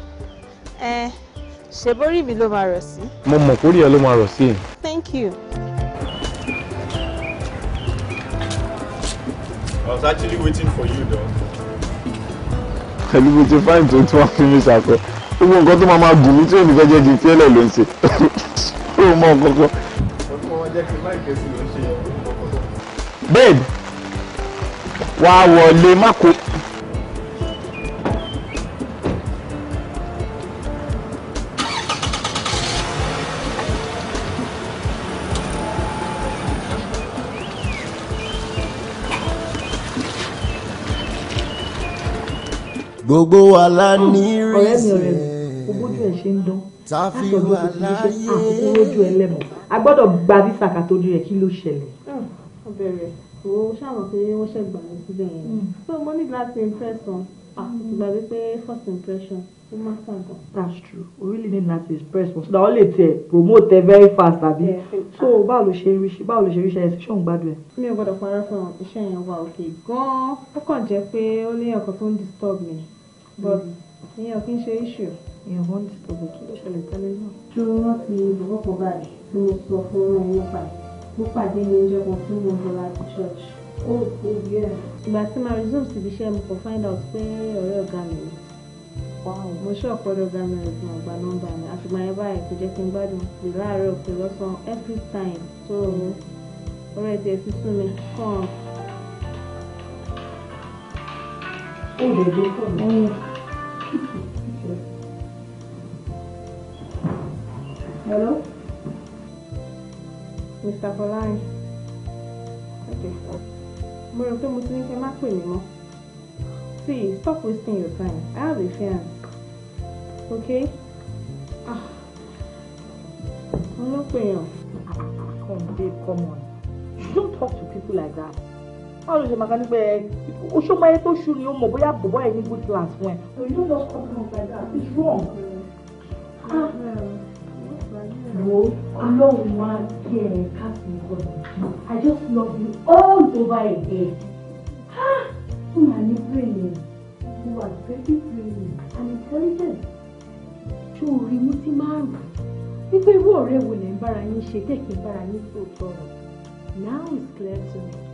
Eh ṣèbórí mi ló máa rọ̀ sí. mo mọ̀ kórìí ẹ ló máa rọ̀ sí. thank you. I was actually waiting for you though. Pẹ̀lú bó ti fáìn tó tún wá fún mi ṣàpẹ́. Gbogbo nǹkan tó máa máa gùn mí tí èmi fẹ́ jẹ́ kí n fi ẹlẹ̀ ló ń ṣe. [laughs] Ó mọ kankan. Babe, wàá wọlé má kó. gbogbo wa la ní ìrẹsì tàfi wà láyé àkókòrójú ah, ẹlẹ́mọ̀ a gbọ́dọ̀ gba visa kà tó di rẹ̀ kí ló ṣẹlẹ̀. ọbẹ̀rẹ̀ hmm, o ṣàmọ̀ pé wọ́n ṣẹ̀ gbà mí síbẹ̀ yẹn hmm. so mo ní láti impress wọn àtìgbà ah, wípé first impression ó má sàgàn. that's true o really need láti express wọn so that wọ́n lè tiẹ̀ promote ẹ very fast àbí so báwo ló ṣe rí báwo ló ṣe rí ṣẹyẹ ṣé òun gbádùn ẹ. mi ò gbọ́dọ̀ parọ́ fún iṣẹ́ yẹn wà òkè gan-an ó kàn jẹ́ pé ó léyàn kan tó ń disturb mi but ìyẹn ò kí ń ṣe issue èèyàn kan ti tọ̀gbọ̀ kí ló ṣẹlẹ̀ tẹ́lẹ̀ náà. ṣé not rántí bàbá kan báyìí tí mo sọ fún ọ nípa ẹ̀ mo pàdé ní oúnjẹ kan tí mo ń lọ láti church. ó ó yẹ. ìgbà tí màá resume síbi iṣẹ́ mo kàn find out pé ọ̀rẹ́ ọ̀gá mi ni. mo ṣe ọ̀pọ̀lọpọ̀ ọ̀gá mi rẹ̀ tí mo gba nọ́mbà mi àṣùgbọ́n ẹ báyìí kò jẹ́ kí n gbádùn pè láàárọ̀ pè lọ́sàn-án every time so mm-hmm. ọ̀rẹ́ tiẹ̀ ti sún mi kàn án. Hello? Mr. Bọ́láyìn. Okay. Mo rò pé mo ti you kẹ́ See, stop wasting your time. I have a fiance. Okay? Ah. I'm not paying. Come, babe, come on. [laughs] Don't talk to people like that báwo ló ṣe máa ká nípa ẹ oṣù mọ ẹ tó ṣu ni ó mọ bóyá bọ̀bọ̀ ẹ ní good class fún ẹ. you like that it's wrong. wo ah. ọlọ́run wá kí ẹ káàkiri i just love you all over again. Ah! ó máa ní brain you are very brainy and intelligent. ṣé o rí mú sí márùn-ún wípé irú ọ̀rẹ́ wo lẹ́ ń bára yín ṣe tẹ̀kí bára yín sóòótọ́ now it's clear to me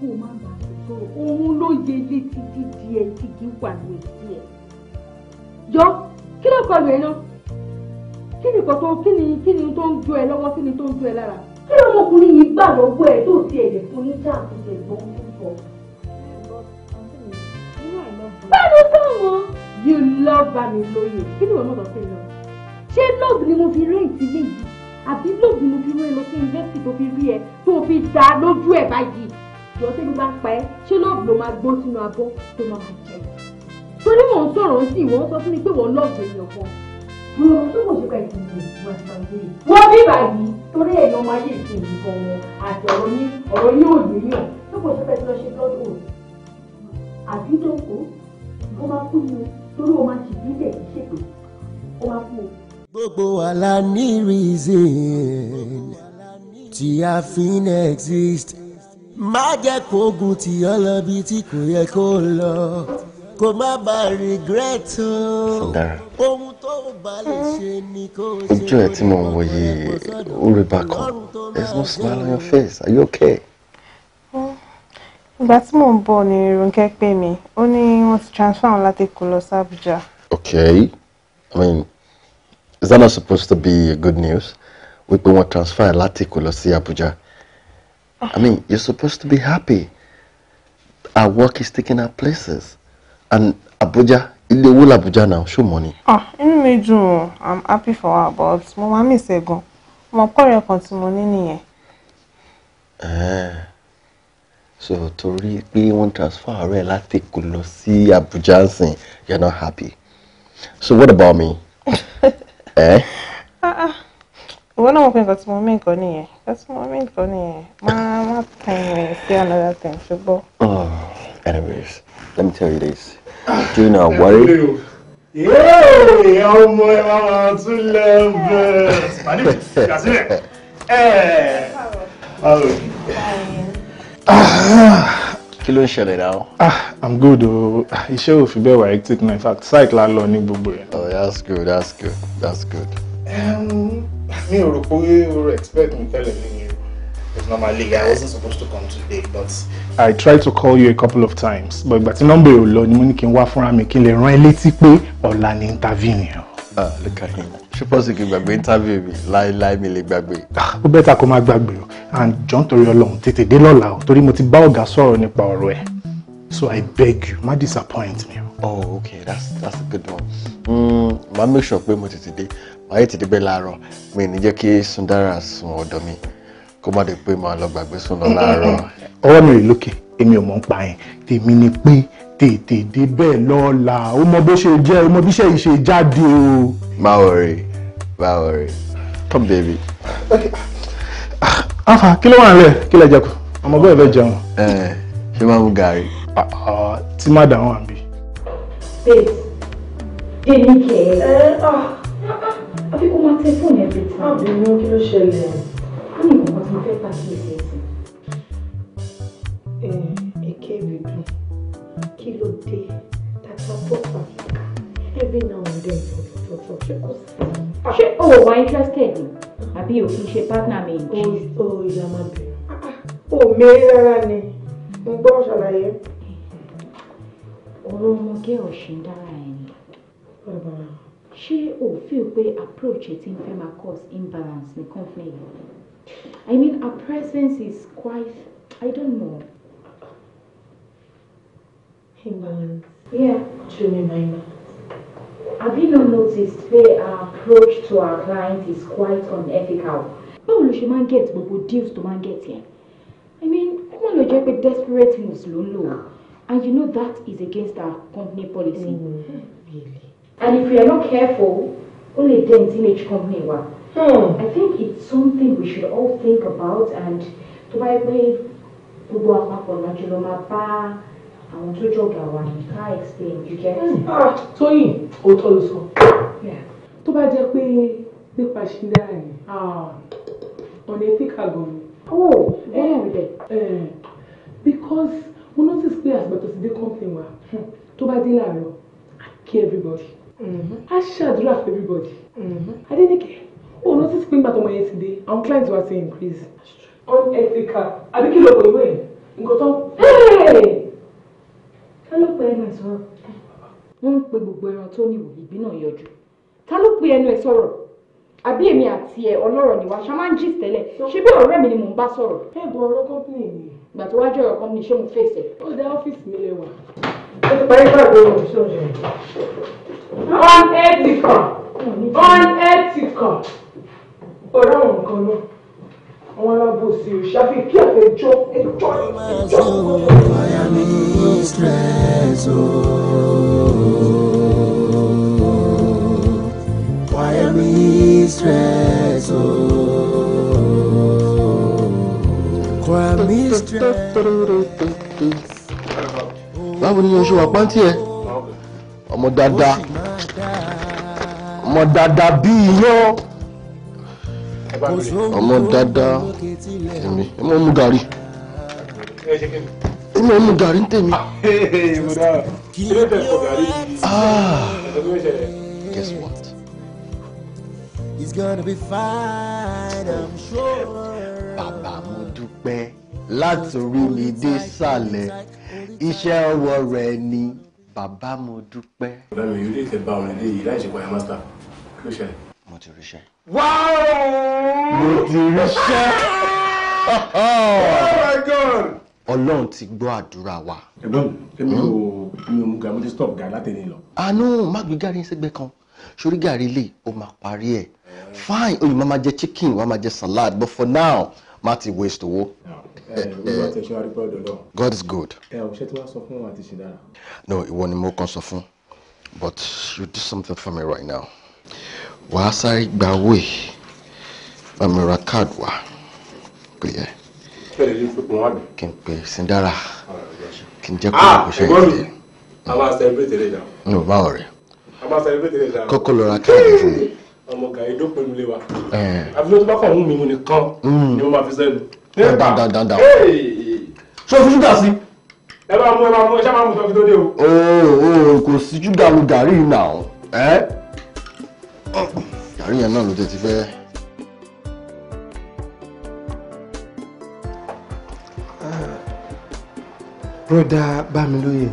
kó o má bà á sọ̀rọ̀ òun ló yẹ létí dídí ẹ tí kì í wà ní etí ẹ. yọ kí ló kọlu ẹ náà kí ni kòtò kí ni kí ni tó ń jó ẹ lọ́wọ́ kí ni tó ń jó ẹ lára. kí ló ọmọkùnrin yìí gbà lọ́wọ́ ẹ tó ti ẹ̀jẹ̀ fún ní jáàmù ẹ̀gbọ́n tó sọ. bẹ́ẹ̀ni báwọn. you love bami lóye kí ni wọn náà bá fẹ́ lọ. ṣé love ni mo fi rẹ́ǹtì lè yìí àbí lóògùn ló fi rán ẹ lọ sí yunifásitì tó fi rí ẹ tó fi dá lójú ẹ báyìí jọ tẹ́bí bá pa ẹ́ ṣé lọ́ọ̀bù ló máa gbó sínú abọ́ tó máa máa torí mò ń sọ̀rọ̀ sí ìwọ́n sọ fún mi pé wọ́n lọ́ọ̀bù èèyàn kan. mo rò tó kò ṣe ká ìsinmi wọ́n bí báyìí torí èèyàn máa yé ìsinmi kan wọn àti ọ̀rọ̀ yín ọ̀rọ̀ yín ò yé yàn tó kò ṣe ká ìsinmi ṣe blood oath. àbí dòkó ó máa kú ni torí ó máa ṣì gbogbo wa ní reason tí a fi ń exist má jẹ́ kó ogun tì ọ́ lọ bí tí kò yẹ kó lọ kó má bàa regret o ohun tó bá lè ṣe ni kó ṣe ojú ẹ tí mo wọ yìí ó rí bákan there's no smile on your face are you okay. ìgbà tí mò ń bọ̀ ni Rónkẹ́ pè mí ó ní wọ́n ti transfer àwọn láti kó lọ sí Àbújá. okay i mean is that not supposed to be good news wípé wọ́n transfer láti kó lọ sí Àbújá. I mean, you're supposed to be happy. Our work is taking our places. And Abuja, ilé owó Abuja now, show money. Ah, inú mi I'm happy for her, but My máa mi go. My career kọ́rẹ́ kan money. mo ní nìyẹn. Eh. So torí pé wọ́n transfer rẹ̀ láti Èkó lọ sí Abuja nsìn, you're not happy. So what about me? [laughs] eh? ìwọ náà mọ̀ pé nǹkan tí mo mí nǹkan nìyẹn nǹkan tí mo mí nǹkan nìyẹn máa má tàn sí another thing ṣùgbọ́n. Oh, anyways let me tell you this do you not worry. yóò ọmọ ẹ wá máa tún lẹ bẹ pàdé ah, kí ló ń ṣẹlẹ̀ náà. ah i'm good o iṣẹ́ ò fi bẹ́ẹ̀ wà hectic na in fact site la lọ ní gbogbo ẹ̀. oh that's good that's good that's good. Um, [laughs] mi ò rò pé o expect mi tẹ́lẹ̀ you. ni it's not my league I wasn't supposed to come today but. I tried to call you a couple of times but ìgbà tí nọ́mbà yóò lọ ni mo ní kí n wá fúnra mi kí n lè rán ẹ létí pé ọ̀la ni interview yẹn. ah look at him ṣé pọ́sìkì gbàgbé interview mi láéláé mi lè gbàgbé. Ah, ó bẹ́ẹ̀ ta kó má gbàgbé o and John torí Ọlọ́run tètè dé lọ́la o torí mo ti bá ọ̀gá sọ̀rọ̀ nípa ọ̀rọ̀ ẹ̀. So I beg you, ma, disappoint me. Oh, okay, that's that's a good one. Mm, ma make sure pé mo tètè dé. Ma ye tètè be láàárọ̀. Mi ní jẹ́ kí Sundara sùn ọ̀dọ̀ mi. Kó má dé pé ma lọ gbàgbé sùn lọ láàárọ̀. Ọwọ́ mi rè lókè, èmi ò mọ̀ ń pa yẹn. Tèmi ni pé tètè dé bẹ́ẹ̀ lọ́la. Ó mọ bó ṣe jẹ́, ó mọ bí iṣẹ́ yìí ṣe o. Má worry, ma worry. Come baby. Okay. Afa, ah, kí ló wà ń lẹ̀? Kí lẹ jẹ kù? Ọmọ bẹ́ẹ̀ fẹ́ jẹun. Ẹ eh, ṣé máa mú gàrí tí má dà wọn àbí. babe èmi kẹ ẹ ah, àbí kó máa tẹ fóònù ẹ bìtì. àbí ní kí ló ṣẹlẹ̀ ó ní nǹkan tí mo fẹ́ pàkíyèsí sí. èké ìbìdú kí ló dé tata south africa every now and then tọ̀tọ̀tọ̀ ṣé kò sí. Ah, ṣé o wà interested ni àbí o kì í ṣe partner mi. o ìyá máa bẹ̀rẹ̀. Ah, o mèrè rárá ni mo gbọ́ ṣàlàyé ọ̀rọ̀ ọmọge ọ̀sìn dára ẹ̀ ni ṣé o feel pé approach ẹ ti ń fẹ́ máa cause imbalance ní company yìí i mean our presence is quite i don't know. imbalance. yeah. do me my by Have you not noticed pé our approach to our client is quite unethical? Báwo ló ṣe máa ń get gbogbo deals tó máa ń get yẹn? I mean, ó máa lọ jẹ́ pé desperate moves ló ń lò. And you know that is against our company policy. Mm, really? And if we are not careful, only then teenage company wa. Hmm. I think it's something we should all think about and to buy way gbogbo àpapọ̀ lọ́jọ́ ló máa bá àwọn to jọ̀gà our ní ká explain you get. it? Hmm. Ah. So Tóyìn òótọ́ Yeah. To buy bá way, pé nípa ṣídá rẹ̀ ah, ọ̀nà ètí kàgọ̀ ni. Oh, bẹ́ẹ̀ eh, rẹ̀. Eh, because mo notice pé àgbà tó ti dé company wa hmm, tó bá dé láàárọ̀ i care everybody i mm-hmm. ṣàdúrà for everybody mm-hmm. adéníkè o notice pé gbàtọ́ ọmọ yẹn ti dé àwọn clients wa ti increase unethical àbí kí ló pè wé nǹkan tó ń. ká ló pe ẹnu ẹ sọ̀rọ̀. wọ́n ń pe gbogbo ẹran tó níwò ìbí náà yọjú ta ló pe ẹnu ẹ sọ̀rọ̀ àbí èmi àti ẹ ọlọ́rọ̀ ni ṣá máa ń gist tẹ́lẹ̀ ṣé bí ọ̀rẹ́ mi ni mò ń bá sọ̀rọ̀. ẹ bọ ọ̀rọ̀ kọ́pìnì mi. ìgbà tó wájú ọ̀rọ̀ kan ṣé mo fèsì. ó dá ọ́fíìsì mi lẹ wà. ó ti parí gbàgbé ohun ṣó ṣe. unethical unethical ọ̀rọ̀ àwọn nǹkan náà àwọn alábò sí i ṣàfi kí àfẹ jọ ẹjọ́ ẹjọ́. mistress, oh, choir mistress. Báwo ni oṣù wà pàǹtí ẹ? Ọmọ dáadáa. Ọmọ dáadáa bíi iyán. Ọmọ dáadáa èmi. Ẹ mọ̀ mú gàrí. Ẹ mọ̀ mú gàrí ń tèmi. Ah, kí ló dé fọ gàrí? It's gonna be fine, I'm sure. Bàbá mo dúpẹ́ látòrí mi dé sàlẹ̀, iṣẹ́ ọwọ́ rẹ̀ ni bàbá mo dúpẹ́. Bẹ́ẹ̀ mi, ilé ìtẹ̀ bá ọ̀rẹ́ dé yìí láì ṣe pààyàn mástà. Kí ló ṣẹlẹ̀? Mo ti ríṣẹ́. Mo ti ríṣẹ́. Oh my God! Ọlọ́run ti gbọ́ àdúrà wa. Ẹ̀gbọ́n mi, èmi hmm? ò mi ò mú gàmúdí stop gà látẹ̀lé lọ. Àánú má gbé gàrí ẹsẹ̀gbẹ́ kan, sórí gàrí lè, O máa parí ẹ̀ fine oyè máa ma jẹ chicken wàá ma jẹ salad but for now má ti waste owó. Eh, God is good. ẹ ò ṣe tí wàá sọ fún wa àti no ìwọ ni mo kàn sọ fún but you do something for me right now wàá sáré gba owó yìí bá mi ra card wá pé yẹ kí n pè Sindara kí n jẹ́ kó o ah, ṣe ìdílé. a máa celebrate rẹ̀ dà. no báwo rẹ̀. a máa celebrate rẹ̀ dà. kọ́kọ́ lọ ra káàdì fún mi ọmọ gàá idó pẹ̀lú ilé wa àfi ló tó bá kàn ń mímu nìkan hmm. ni mo máa fi sẹ́nu. dandandandan so fi ṣúgà sí. ẹ bá mú ẹ bá mú ẹ ṣá máa mú tọ́jú tó dé o. ooo kò sí ṣúgà lu gàrí nà ọ ẹ gàrí yẹn náà ló tètè fẹ́. broda Bámilóyè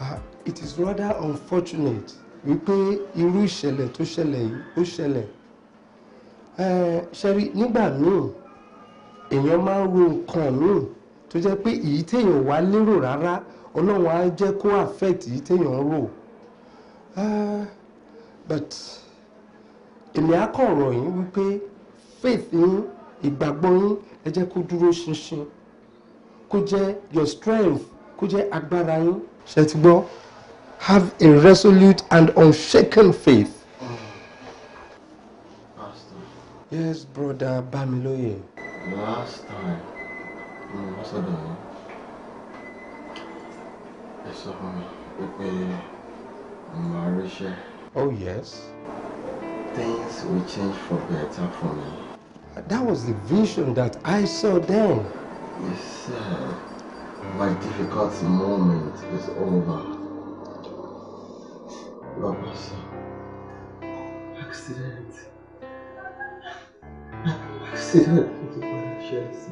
ah, it is rather unfortunate wípé irú ìṣẹ̀lẹ̀ tó ṣẹlẹ̀ yìí ó ṣẹlẹ̀ ṣẹ́rí nígbà míì èèyàn máa ń ro nǹkan míì tó jẹ́ pé èyí téèyàn wá lérò rárá ọlọ́run á jẹ́ kó affect èyí téèyàn ń rò but èmi á kàn rọ̀ yín wípé faith yín ìgbàgbọ́ yín ẹ jẹ́ kó dúró ṣinṣin kó jẹ́ your strength kó jẹ́ agbára yín ṣe ti gbọ́ have a resolute and unshaken faith. Pastor. Yes, brother Bamiloye. Last time, mo wá sọ́dọ̀ yín, ẹ sọ Oh yes. Things will change for better for me. That was the vision that I saw then. Yes, sir. My difficult moment is over. Babosa. Accident. Accident with the financials.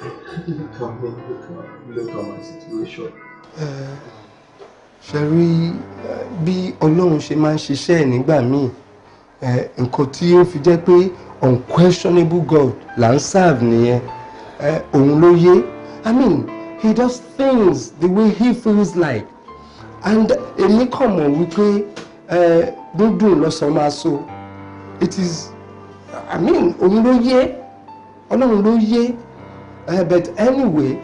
Look at me, look at, look at my situation. Ṣe rí bí Ọlọ́run ṣe máa ń ṣiṣẹ́ nígbà míì nǹkan tí ó fi jẹ́ pé unquestionable God là ń serve nìyẹn òun ló yé I mean he does things the way he feels like and èmi kàn mọ̀ wípé dúndùn lọ́sàn so máa so it is i mean òun ye, yé ọlọ́run ló yé but anyway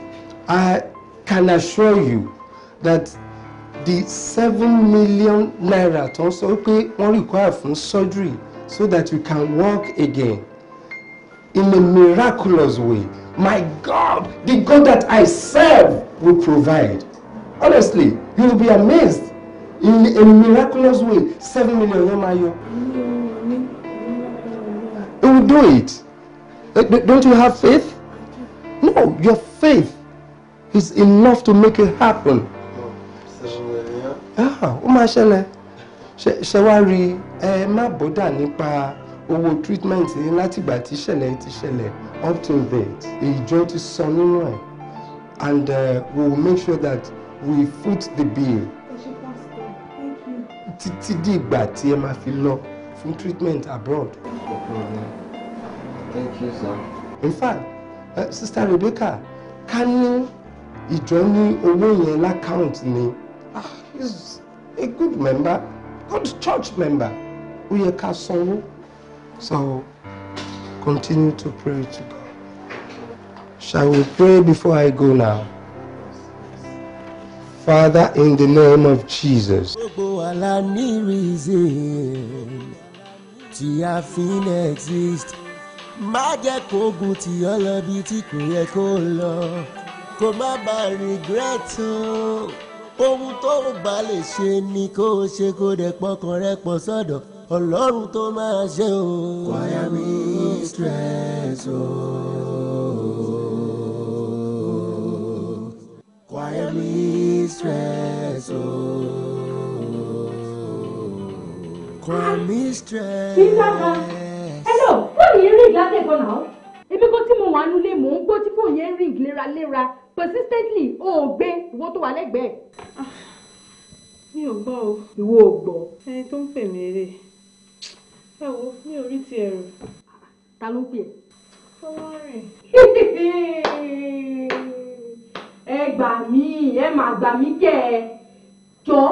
i can assure you that the seven million naira tó ń sọ pé require fún surgery so that you can walk again in a miraculous way my god the god that i serve will provide honestly you will be amazed in a miraculous way seven million yẹn máa yọ. it will do it don't you have faith no your faith is enough to make it happen. Ah, ó máa ṣẹlẹ̀ ṣe wá rí ẹ má bọ́dà nípa owó treatment yín látìgbà tí ìṣẹ̀lẹ̀ ti ṣẹlẹ̀ up till date èyí jọ ti sọ nínú ẹ̀ and uh, we will make sure that We foot the bill títí di ìgbà tí ẹ máa fi lọ fún treatment abroad. thank you sir. in fact uh, sister Rebecca ká ní ìjọ ní owó yẹn lákàùnt ni ah he a good member good church member ó yẹ ká sanwó so continue to pray to God shall we pray before I go now. Father, in the name of Jesus. Má jẹ́ kógun tí ó tí kò yẹ kó lọ. Kó má bàa regret Ohun tó bá lè ṣe ni kó o ṣe kó dẹ̀ pọkàn rẹ pọ̀ sọ́dọ̀. Ọlọ́run tó máa ṣe o. Choir mistress o. Oh. Quiet mistress, oh. Quiet mistress. Hello, fóònù yẹn ring látẹ̀kọ́ náà. Ebi kó tí mo wà nulẹ̀ mò ń gbọ́ tí fóònù yẹn ring léraléra persistently o ò gbé ìwọ tó wà lẹ́gbẹ̀ẹ́. Ah, mi ò gbọ́ o. Ìwọ ò gbọ́. Ẹni tó ń pè mí rè é. Ẹ wo mi ò rí ti ẹ̀rù. Ta ló ń pè é? Fọwọ́rìn. [laughs] ẹ gbà mí ẹ mà gbà mí kẹ ẹ jọ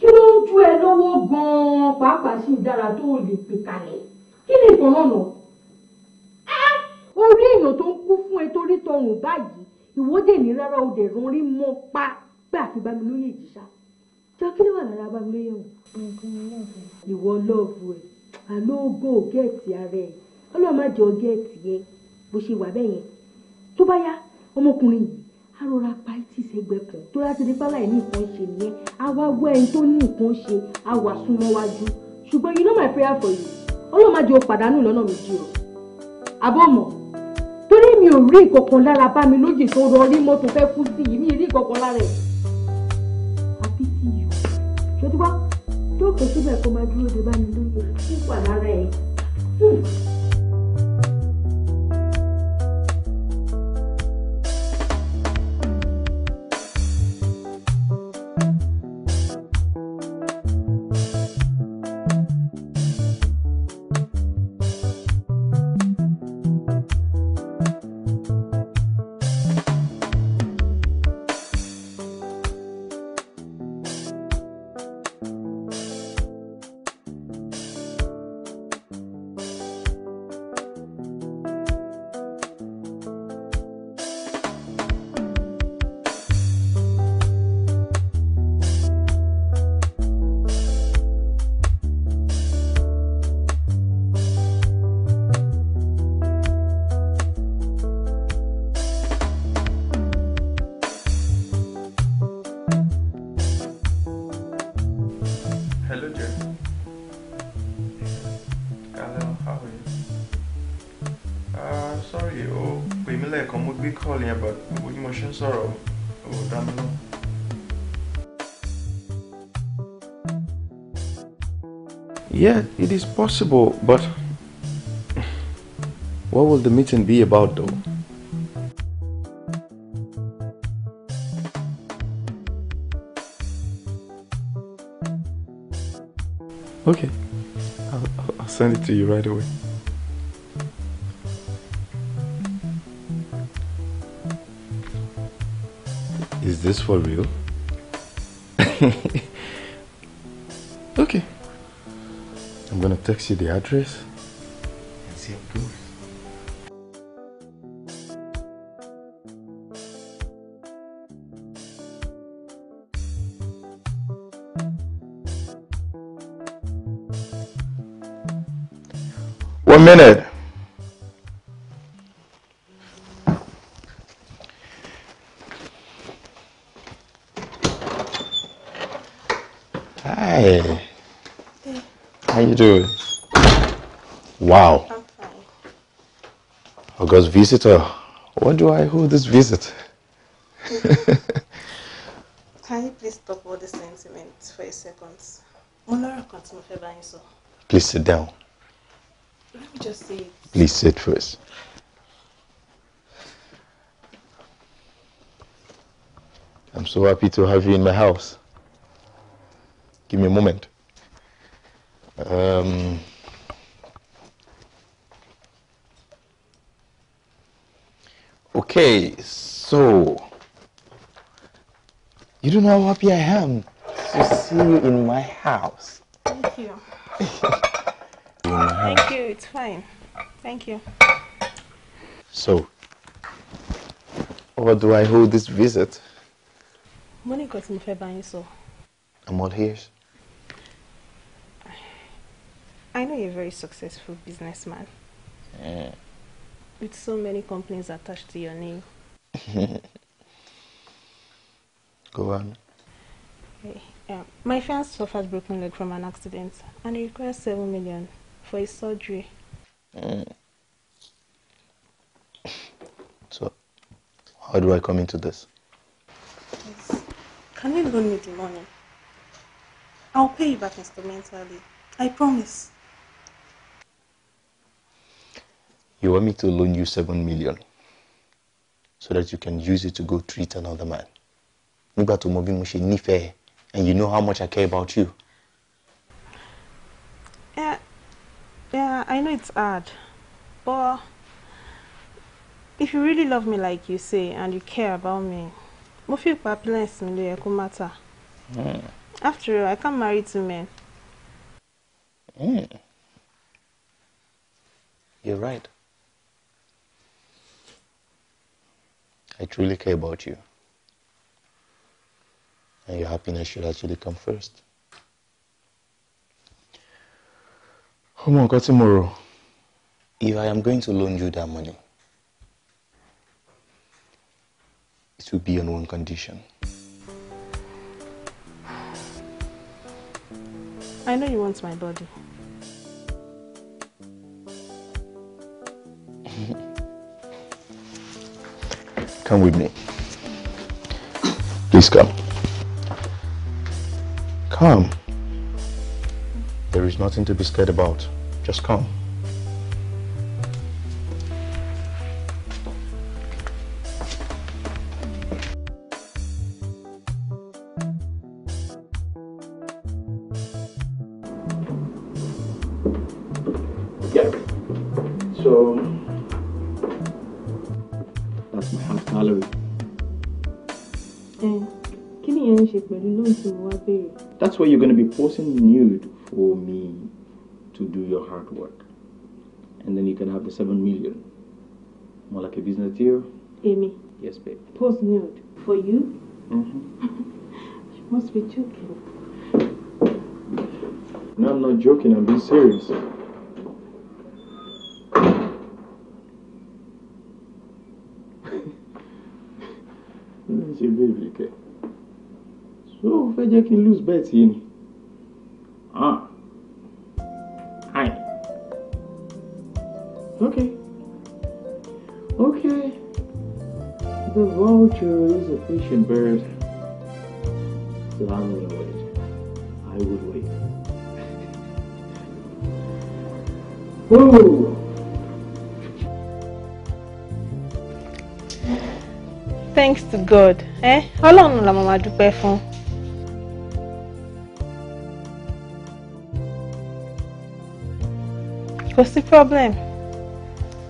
kí ló ń tú ẹ lọ́wọ́ gan-an pàápàá sì dára tó lè pè kalẹ̀ kí ni ìtàn náà nà orí èèyàn tó ń kú fún ẹ torí tọrùn báyìí ìwọ́dẹ̀ ní rárá o dẹ̀ rán rí mọ́ pa gbà kí Bámilóyè ìjìṣà jọ kí ló wà lára Bámilóyè wọn. ìwọ lọ́ọ̀bù ẹ̀ àlọ́ ògo gẹ̀ẹ́tì ara ẹ̀ ọlọ́run má jẹ́ ọ gẹ̀ẹ́tì ẹ bó ṣe wà bẹ́ẹ̀ yẹn tó bá yá ọmọkùnrin yìí á rọra pa kan tó láti rí pálá ní nǹkan ṣe nìyẹn á wá wá ẹni tó ní nǹkan ṣe á wà súnmọ́ wájú ṣùgbọ́n you know my prayer for you ọlọ́run má jẹ́ o pàdánù lọ́nà méjì o àbọ̀mọ̀ torí mi ò rí ìkọ̀kan lára bá mi lójì tó rọrí mọ́tò fẹ́ kú sí yìí mi ì rí ìkọ̀kan lára ẹ̀ àbí ti yọ ṣòtúbọ́ tó kọ síbẹ̀ kó máa dúró de bá mi lóye fún pàdánù ẹ̀ hmm. possible, but what will the meeting be about though? Okay, I'll, I'll send it to you right away. Is this for real? [laughs] okay. I'm gonna text you the address and see how it goes. One minute. do? Wow. Okay. Oh, God's visitor. What do I who this visit? [laughs] Can you please stop all the sentiments for a second? Please sit down. Let me just say it. Please sit first. I'm so happy to have you in my house. Give me a moment. Um, okay, so you don't know how happy I am to see you in my house. Thank you. [laughs] Thank you, it's fine. Thank you. So, what do I hold this visit? Money got me fair buying so. I'm all ears. I know you're a very successful businessman. Yeah. With so many companies attached to your name. [laughs] Go on. Okay. Yeah. My friend suffered broken leg from an accident and he requires 7 million for his surgery. Mm. [laughs] So, how do I come into this? Yes. Can we loan me the money? I'll pay you back instrumentally. I promise. You want me to loan you 7 million so that you can use it to go treat another man. Nígbà tó mọ bí mo bi and you know how much I care about you. Yeah, yeah, I know it's hard, but if you really love me like you say and you care about me, mo fi pa happiness mi Kumata. Hmm. After all, I can't marry two men. Mm. You're right. I truly care about you. And your happiness should actually come first. Come on, God. Tomorrow, If I am going to loan you that money, it will be on one condition. I know you want my body. [laughs] Come with me. Please come. Come. There is nothing to be scared about. Just come. you're going to be posing nude for me to do your hard work. And then you can have the 7 million. More like a business deal. Amy. Yes, babe. Post nude for you? Mm-hmm. [laughs] you must be joking. No, I'm not joking. I'm being serious. [laughs] okay? ṣé o fẹ́ jẹ́ kí n lose bet yìí ni ah hi okay okay the vulture is a patient bird so I'm gonna wait I would wait. [laughs] Oh! thanks to God ẹ eh? Ọlọ́run la mo máa dúpẹ́ fún What's the problem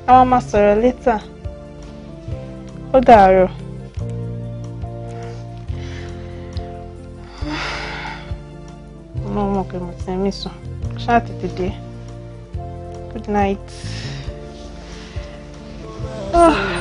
a master later ó dàárọ̀. No more pé mo ti mí sùn ṣáà tètè good night. Oh.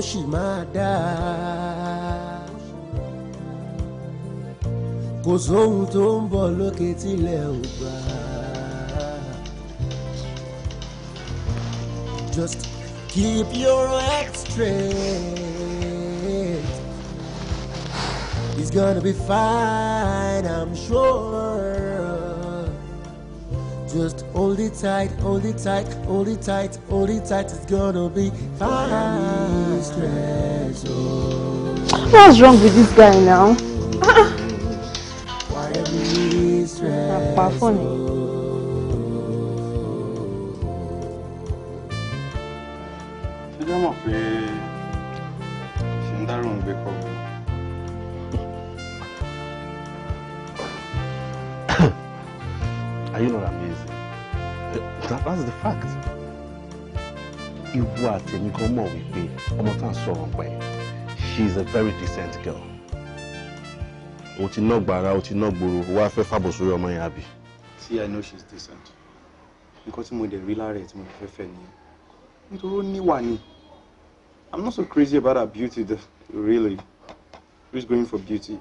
sì máa dáa. kò sóhun tó ń bọ̀ lókè tilẹ̀ ò gbà. just keep your head straight. it's gonna be fine I'm sure. just Hold it tight, hold it tight, hold it tight, hold it tight. It's gonna be fine. What's wrong with this guy now? Apart from me. Sowonpe she is a very decent girl o ti ná gbàrà o ti ná gbòòrò o wá fẹ́ fàbọ̀ sórí ọmọ yẹn àbí. see I know she is decent nǹkan tí mo dẹ̀ rí lára ẹ̀ tí mo fẹ́ fẹ́ nìyẹn nítorí ó níwà ni I'm not so crazy about her beauty really who going for beauty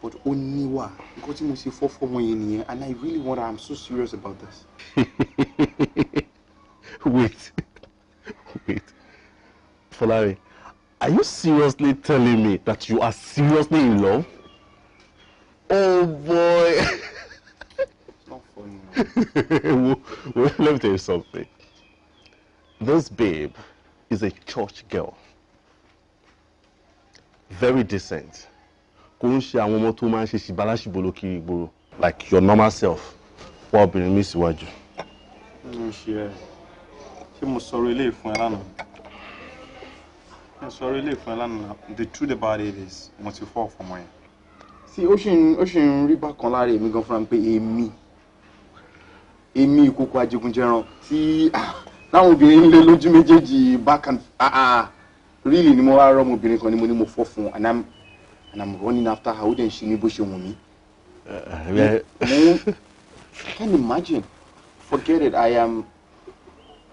but ó níwà nǹkan tí mo ṣe fọ́ fọ́mọ yẹn nìyẹn and I really want her I'm so serious about this. [laughs] wait wait Folari, are you seriously telling me that you are seriously in love? Oh boy. It's not funny. well, let me tell you something. This babe is a church girl. Very decent. Like your normal self. Wọ́n obìnrin mi síwájú. She must sọ̀rọ̀ eléyìí for ẹ lánàá? nsọ̀rọ̀ ilé ìfún ẹ lánàá the truth about it is mo ti fọ́ ọ̀fọ̀ mọ́ yẹn. sí ó ṣì ń ó ṣì ń rí bákan lára èmi gan fúnra mi pé èmi èmi ìkókó ajégunjẹran tí táwọn ah, obìnrin ń lé lójú méjèèjì back and ah, ah, really ni mo wá rọ́ ọmọbìnrin kan ni mo ní mo fọ́ fún and i'm and i'm running after her ó dẹ̀ ń ṣe mí bó ṣe wù mí. Eh, eh, can you imagine forget it i am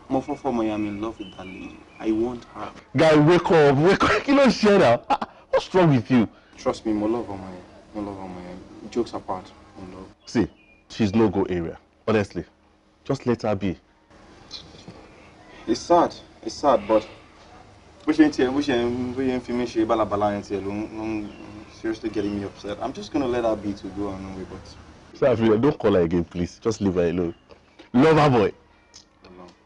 mo fọ́ fọ́ mo i am in love with that lady. I want her. Guy, wake up, wake up. [laughs] Kí ló ṣe náà? Ah, ah, what's wrong with you? Trust me, my love ọmọ my Mo love ọmọ yẹn. Jokes apart, mo love. See, she's no go area. Honestly, just let her be. It's sad. It's sad, but bó ṣe ń tiẹ̀ bó ṣe ń seriously getting me upset. I'm just gonna let her be to go on way, but. Sir, don't call her again, please. Just leave her alone. Love her, boy.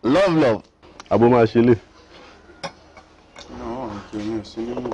Love, love. Abu máa èmi ò sí nímọ̀.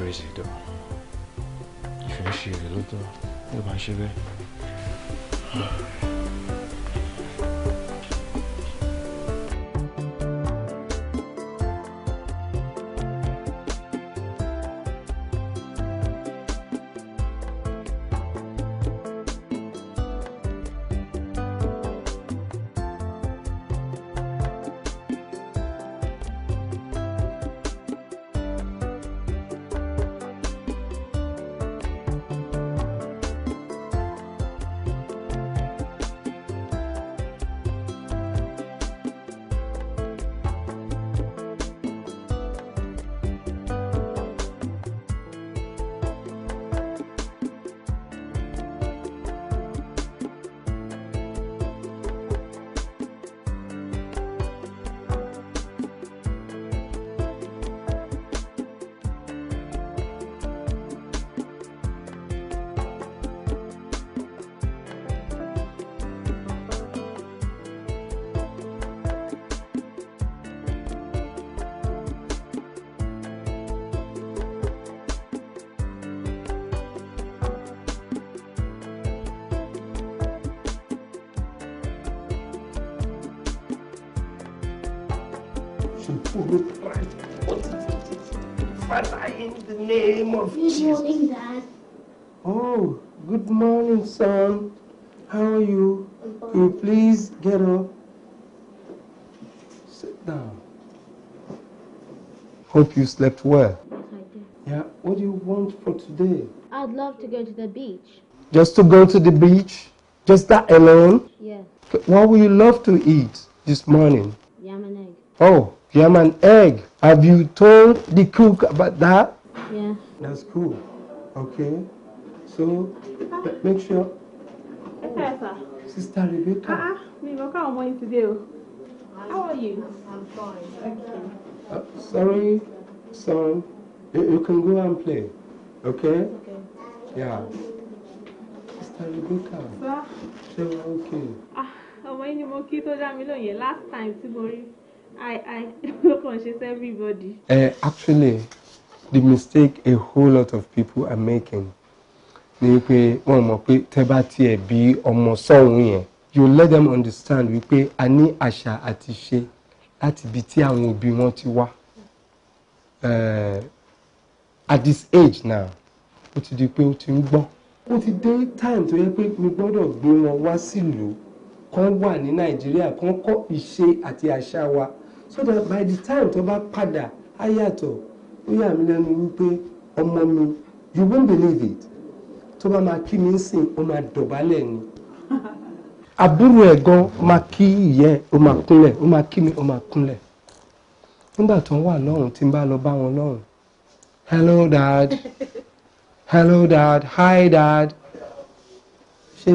crazy though ìfẹ́ ń ṣe rẹ̀ lóòótọ́ ló máa you slept well? Yes, I did. Yeah. What do you want for today? I'd love to go to the beach. Just to go to the beach? Just that alone? Yes. What would you love to eat this morning? Yam and egg. Oh, yam and egg. Have you told the cook about that? Yeah. That's cool. Okay. So, make sure. Oh. Sister Rebecca. Ah, uh today. How are you? I'm fine. Thank you. Uh, sorry. Song, you, you can go and play. Okay? Okay. Yeah. Sister Rebecca. Sir. Ṣé wà okay? Ah, ọmọ yìí ni mo kí tó dá mi lóye last time tí mo rí. I I ló [laughs] kàn everybody. Uh, actually, the mistake a whole lot of people are making ni pé wọ́n mọ̀ pé tẹ́ bá tiẹ̀ bí ọmọ sọ̀hún yẹn you let them understand wípé a ní àṣà àti ṣe láti ibi tí àwọn òbí wọn ti wá. Eh, at this age now ó ti di pé ó ti ń gbọ́n ó ti dé time tó yẹ pé mi gbọ́dọ̀ gbé wọn wá sílùú kan wà ní nàìjíríà kan kọ́ ìṣe àti àṣà wa so that by the time tó bá padà á yàtọ̀ ó yà mí lẹ́nu wípé ọmọ mi you won't believe it tó bá máa kí mi sìn ó máa dọ̀bálẹ̀ ni àbúrò ẹ̀ gan máa kí ìyẹn ó máa kúnlẹ̀ ó máa kí mi ó máa kúnlẹ̀ nígbà tó ń wà lọ́run tí n bá lọ bá wọn lọ́run hello dad hello dad hi dad ṣé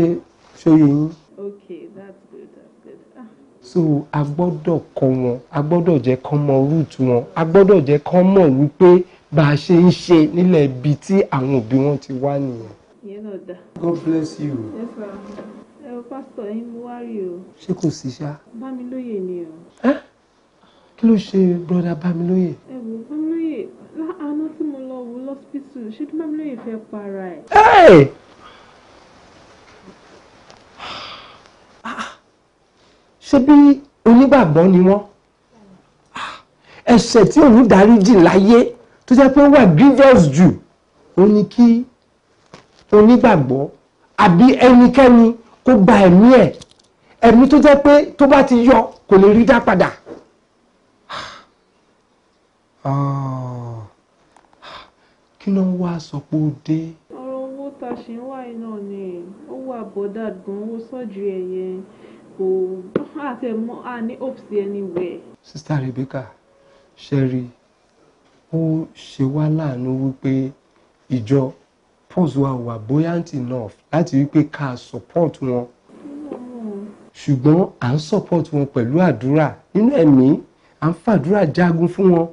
ṣóyè yín. okay that's good that's good. Ah. so a gbọ́dọ̀ kọ́ wọn a gbọ́dọ̀ jẹ́ kọ́ mọ root wọn a gbọ́dọ̀ jẹ́ kọ́ mọ̀ wípé bá a ṣe ń ṣe nílẹ̀ ibi tí àwọn òbí wọn ti wá nìyẹn. God bless you. ẹ fà ẹ o pásítọ̀ yín mo wá rí o. ṣé kò sí ṣá. bá mi lóye ni o. ẹ́ kí ló ṣe broda Bámilóyè. ẹ wò Bámilóyè láàánú tí mo lọ wò lọ́sibítù ṣé Bámilóyè fẹ́ para ẹ̀. ṣé bí onígbàgbọ́ ni wọ́n ẹ̀ṣẹ̀ tí òun dáríjì láyé tó jẹ́ pé ó wà grievous jù ó ní kí onígbàgbọ́ àbí ẹnikẹ́ni kó gba ẹ̀mí ẹ̀ ẹ̀mí tó jẹ́ pé tó bá ti yọ kò lè rí dá padà. Ah. kí ló ń wá sọ pé ó dé. ọ̀rọ̀ owó tá a ṣe ń wá iná ni owó àbọ̀dá gan owó sọ́jú ẹ̀yẹ kò àtẹ̀mọ́ a ní hopes anywhere. sista Rebecca sherry ó ṣe wá láàánú wípé ìjọ pulse wa wà buoyant enough láti wípé ká support wọn ṣùgbọ́n à ń support wọn pẹ̀lú àdúrà nínú ẹ̀mí à ń fàdúrà jagun fún wọn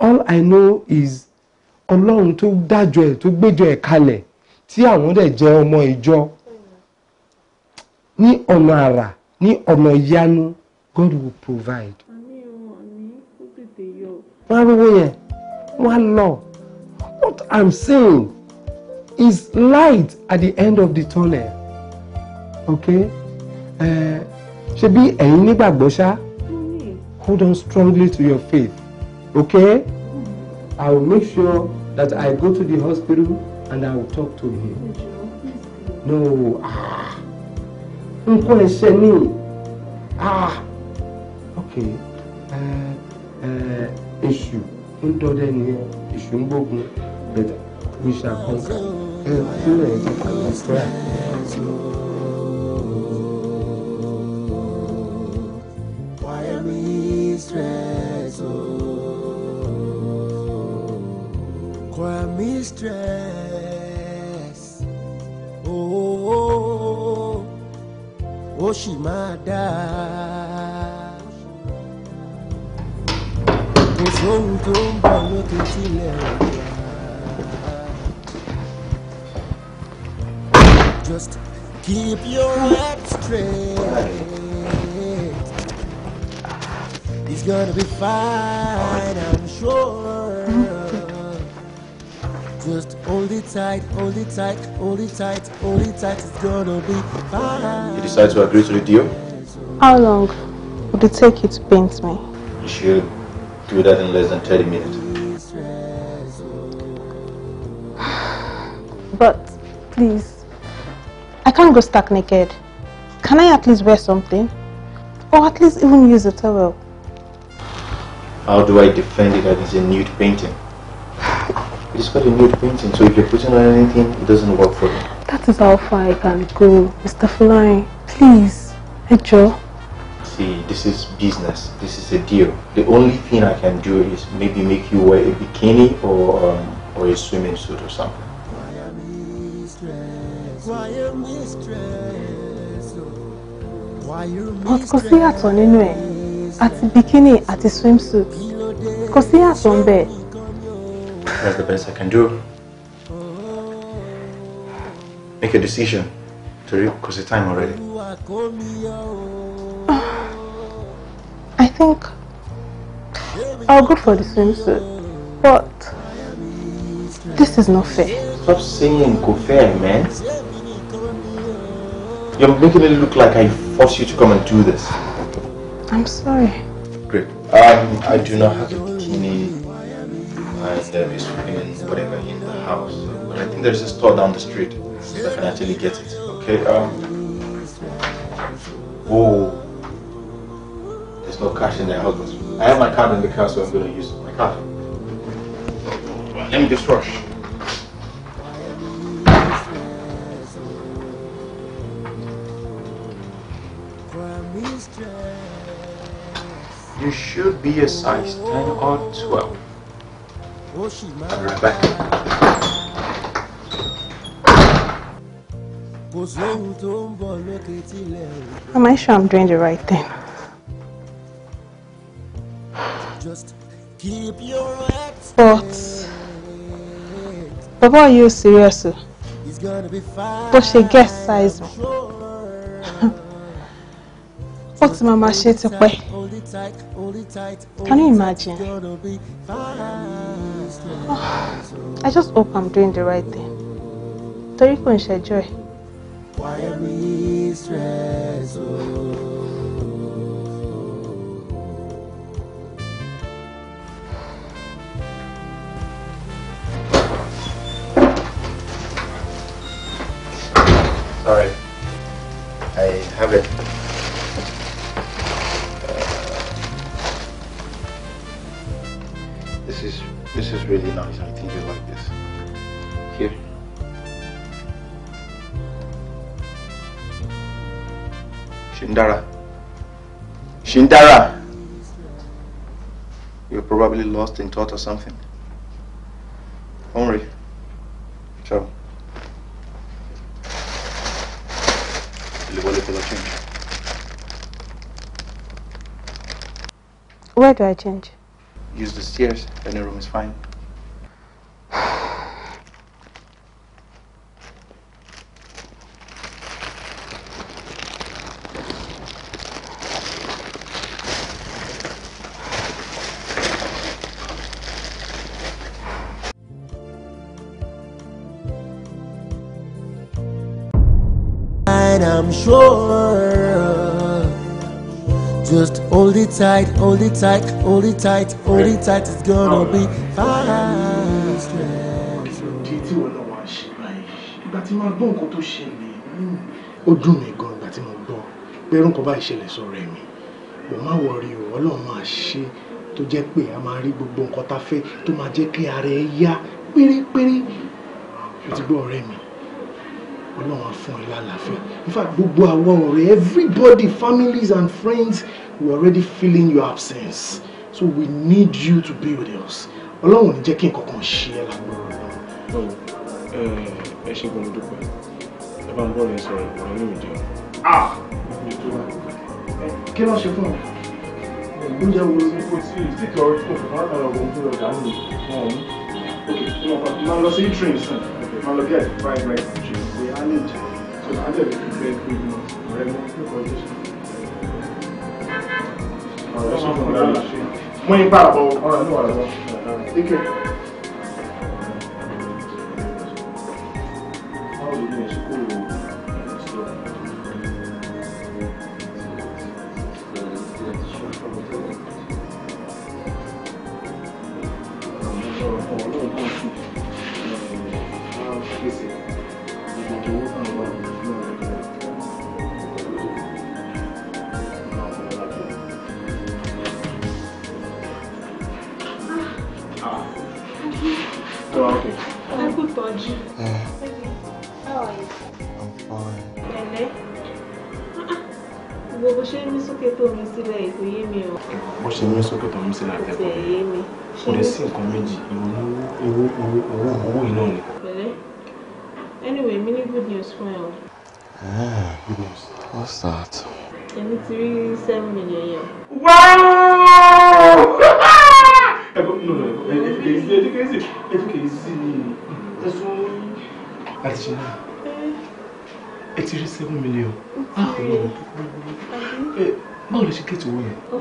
all I know is ọlọ́run tó dájọ́ ẹ̀ tó gbẹ́jọ́ ẹ̀ kalẹ̀ tí àwọn dẹ̀ jẹ́ ọmọ ìjọ ní ọ̀nà àrà ní ọ̀nà ìyanu God will provide. wọ́n á rówó yẹn wọ́n á lọ what I'm saying is light at the end of the tunnel okay eh, ṣe bí ẹ̀yin nígbàgbọ́ ṣá hold on strongly to your faith Okay? I will make sure that I go to the hospital and I will talk to him. No, ah, nǹkan ẹ̀ṣẹ̀ ni, ah, okay, eh, eh, èṣù ń dọdẹ nìyẹn, èṣù ń gbógun, but we shall conquer. Ẹ sílẹ̀ ẹ̀ kí Israel. mistress. Oh, oh, oh, oh she máa dá. Kò sóhun tó ń bọ̀ lókè tilẹ̀ wá. Just keep your head straight. It's gonna be fine, I'm sure. Just hold it tight, hold it tight, hold it tight, hold it tight. It's gonna be fine. You decide to agree to the deal? How long would it take you to paint me? You should do that in less than 30 minutes. [sighs] but please, I can't go stuck naked. Can I at least wear something? Or at least even use a towel? How do I defend it against a nude painting? He's got a nude painting, so if you're putting on anything, it doesn't work for him. That is how far I can go, Mr. Fulani. Please, Ejo. See, this is business. This is a deal. The only thing I can do is maybe make you wear a bikini or um, or a swimming suit or something. But kò sí yàtọ̀ nínú ẹ̀ àti bikini the swimsuit kò sí yàtọ̀ ń bẹ́ẹ̀. That's the best I can do. Make a decision, Tori, because it's time already. I think I'll go for the swimsuit, but this is not fair. Stop saying go fair, man. You're making it look like I forced you to come and do this. I'm sorry. Great. Um, I do not have a bikini and um, in whatever in the house. But I think there's a store down the street. I can actually get it. Okay. Um. Oh. There's no cash in there. Hold I have my card in the car, so I'm gonna use my card. Let me just rush. You should be a size 10 or 12. Am I sure I'm doing the right thing? Just keep your But Baba are you serious? But she gets size mi. Ó mama she's máa ṣe Can you imagine? I just hope I'm doing the right thing. Torí kò ń ṣẹjọ́ ẹ̀. Sorry, I have it. Uh, this is this is really nice. I think you like this. Here. Shindara. Shindara! You're probably lost in thought or something. Henry, Ciao. change. Where do I change? use the stairs, then the room is fine. I'm sure Hold it tight, hold it tight, hold it tight, hold it tight. It's gonna be fine. ìgbà tí máa gbọ́ nǹkan tó ṣẹlẹ̀ ó dùn mí gan ìgbà tí mo gbọ́ pé nǹkan bá ìṣẹ̀lẹ̀ sọ̀rọ̀ ẹ̀mí mo má wọrí o ọlọ́run máa ṣe tó jẹ́ pé a máa rí gbogbo nǹkan tá a fẹ́ tó máa jẹ́ kí ara ẹ yá pérépéré o ti gbọ́ ọ̀rẹ́ mi ọlọ́run á fún ẹ lálàáfíà in fact gbogbo àwọn ọ̀rẹ́ everybody families and friends We're already feeling your absence so we need you to be with us ọlọ́run ní jẹ́ kí nǹkan kan ṣe ẹ́ lágbóró náà. Eh, ẹ ṣe gbọ́n dúpẹ́ ẹ bá ń bọ̀ lẹ́sọ̀ ọ̀rọ̀ ní ìjọ. Ah! kí ló ṣe fún ọ. oúnjẹ wo ni kò sí ìtìkọ̀ orí kò fún ọ̀rọ̀ ọ̀gbọ̀n tó lọ dànù ọ̀hún. ok máa lọ sí train sàn máa lọ get fried rice and chips. we are need to add a little bit of food. ọ̀rẹ́ mi kò kọjú sí. Ọ̀rẹ́ ṣe fún mi. Mú yín pààbọ̀. Ọ̀rẹ́ ló wà lọ́wọ́. Ike.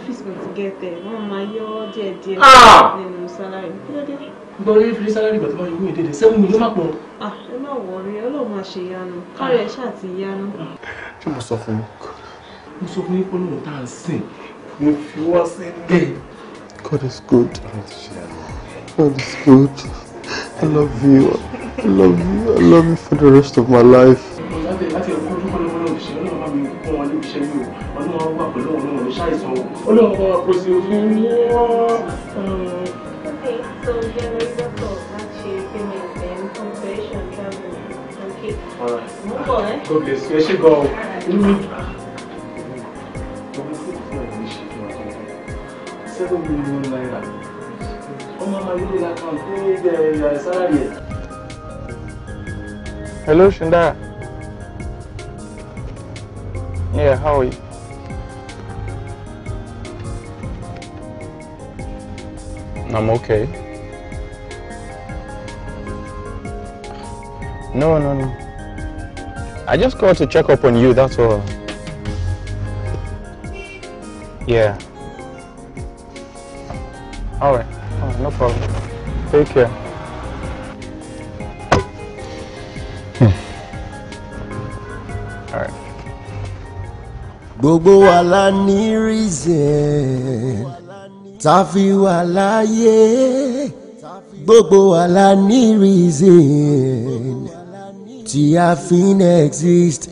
fees mo ti gẹ̀ tẹ̀ wọ́n máa yọ díẹ̀ díẹ̀ ah! nínú sálárì kí ló fi sálárì bàtà báyìí wíwèé dédé seven million ló má pọ̀. Ah, ẹ má wọrí ọlọ́run máa ṣe yanu kárẹ̀ ṣáà ti yanu. ṣé mo sọ fún mo sọ fún yín pé olóhùn tá à ń sìn mo fi wá sílẹ̀. God is good. God is good. I love you. I love you. I love you for the rest of my life. ṣàìsàn ó àpòsí òfin wọn. Okay, so you are ready for actually payment and consideration travel. Okay. All right. Move on, eh? you. Ẹ ṣé gan-an. Seven million naira. Ọmọ ọmọ ilé ìlàkàntì ẹ̀ ẹ̀ sálárì ẹ̀. Hello, Shinda. Yeah, how are you? I'm okay. No, no, no. I just called to check up on you, that's all. Yeah. All right. Oh, no problem. Take care. Hmm. All right. Gbogbo wa la ní reason tàfi wà láyé gbogbo wa la ní reason tí a fi ń exist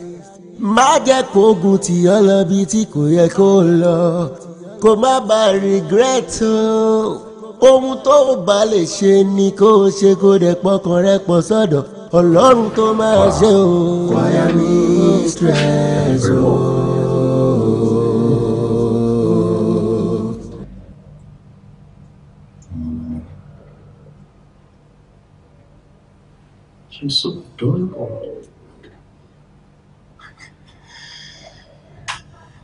má jẹ́ kó ogun tí ọ lọ bí tí kò yẹ kó lọ kó má bà regret o ohun tó o bá lè ṣe ni kó o ṣe kó dẹ̀ pọkàn rẹ pọ̀ sọ́dọ̀ ọlọ́run tó máa ṣe o. choir mistress o. Oh? She's so dull.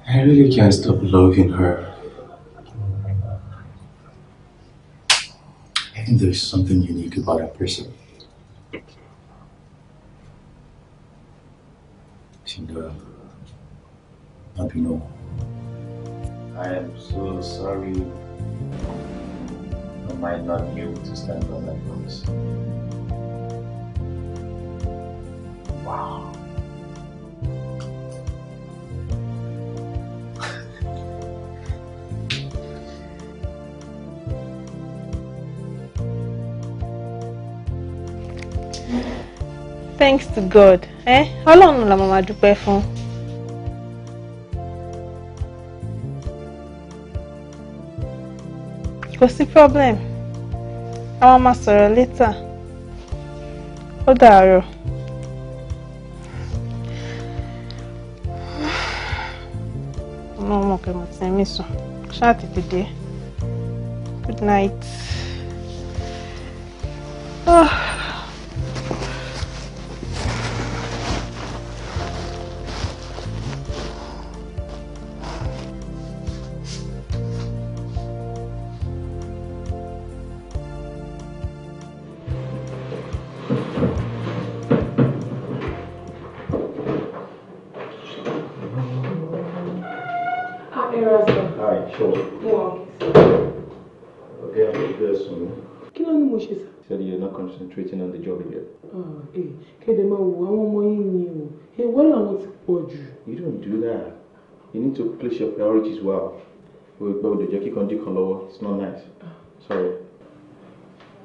I really can't stop loving her. I think there's something unique about that person. Tinder, Let me know. I am so sorry. I might not be able to stand on that promise. Wow. [laughs] Thanks to God. Eh? How Ọlọ́run la màmá dúpẹ́ fún. Kò sí problem. A máa ma sọ̀rọ̀ later. Ó dàárọ̀. mo mọ̀ pé mo ti mí sùn ṣáà tètè dé good night. Oh. you need to place your priorities well o gbọ́ o lè jẹ́ kíkan dín kan it's not nice sorry.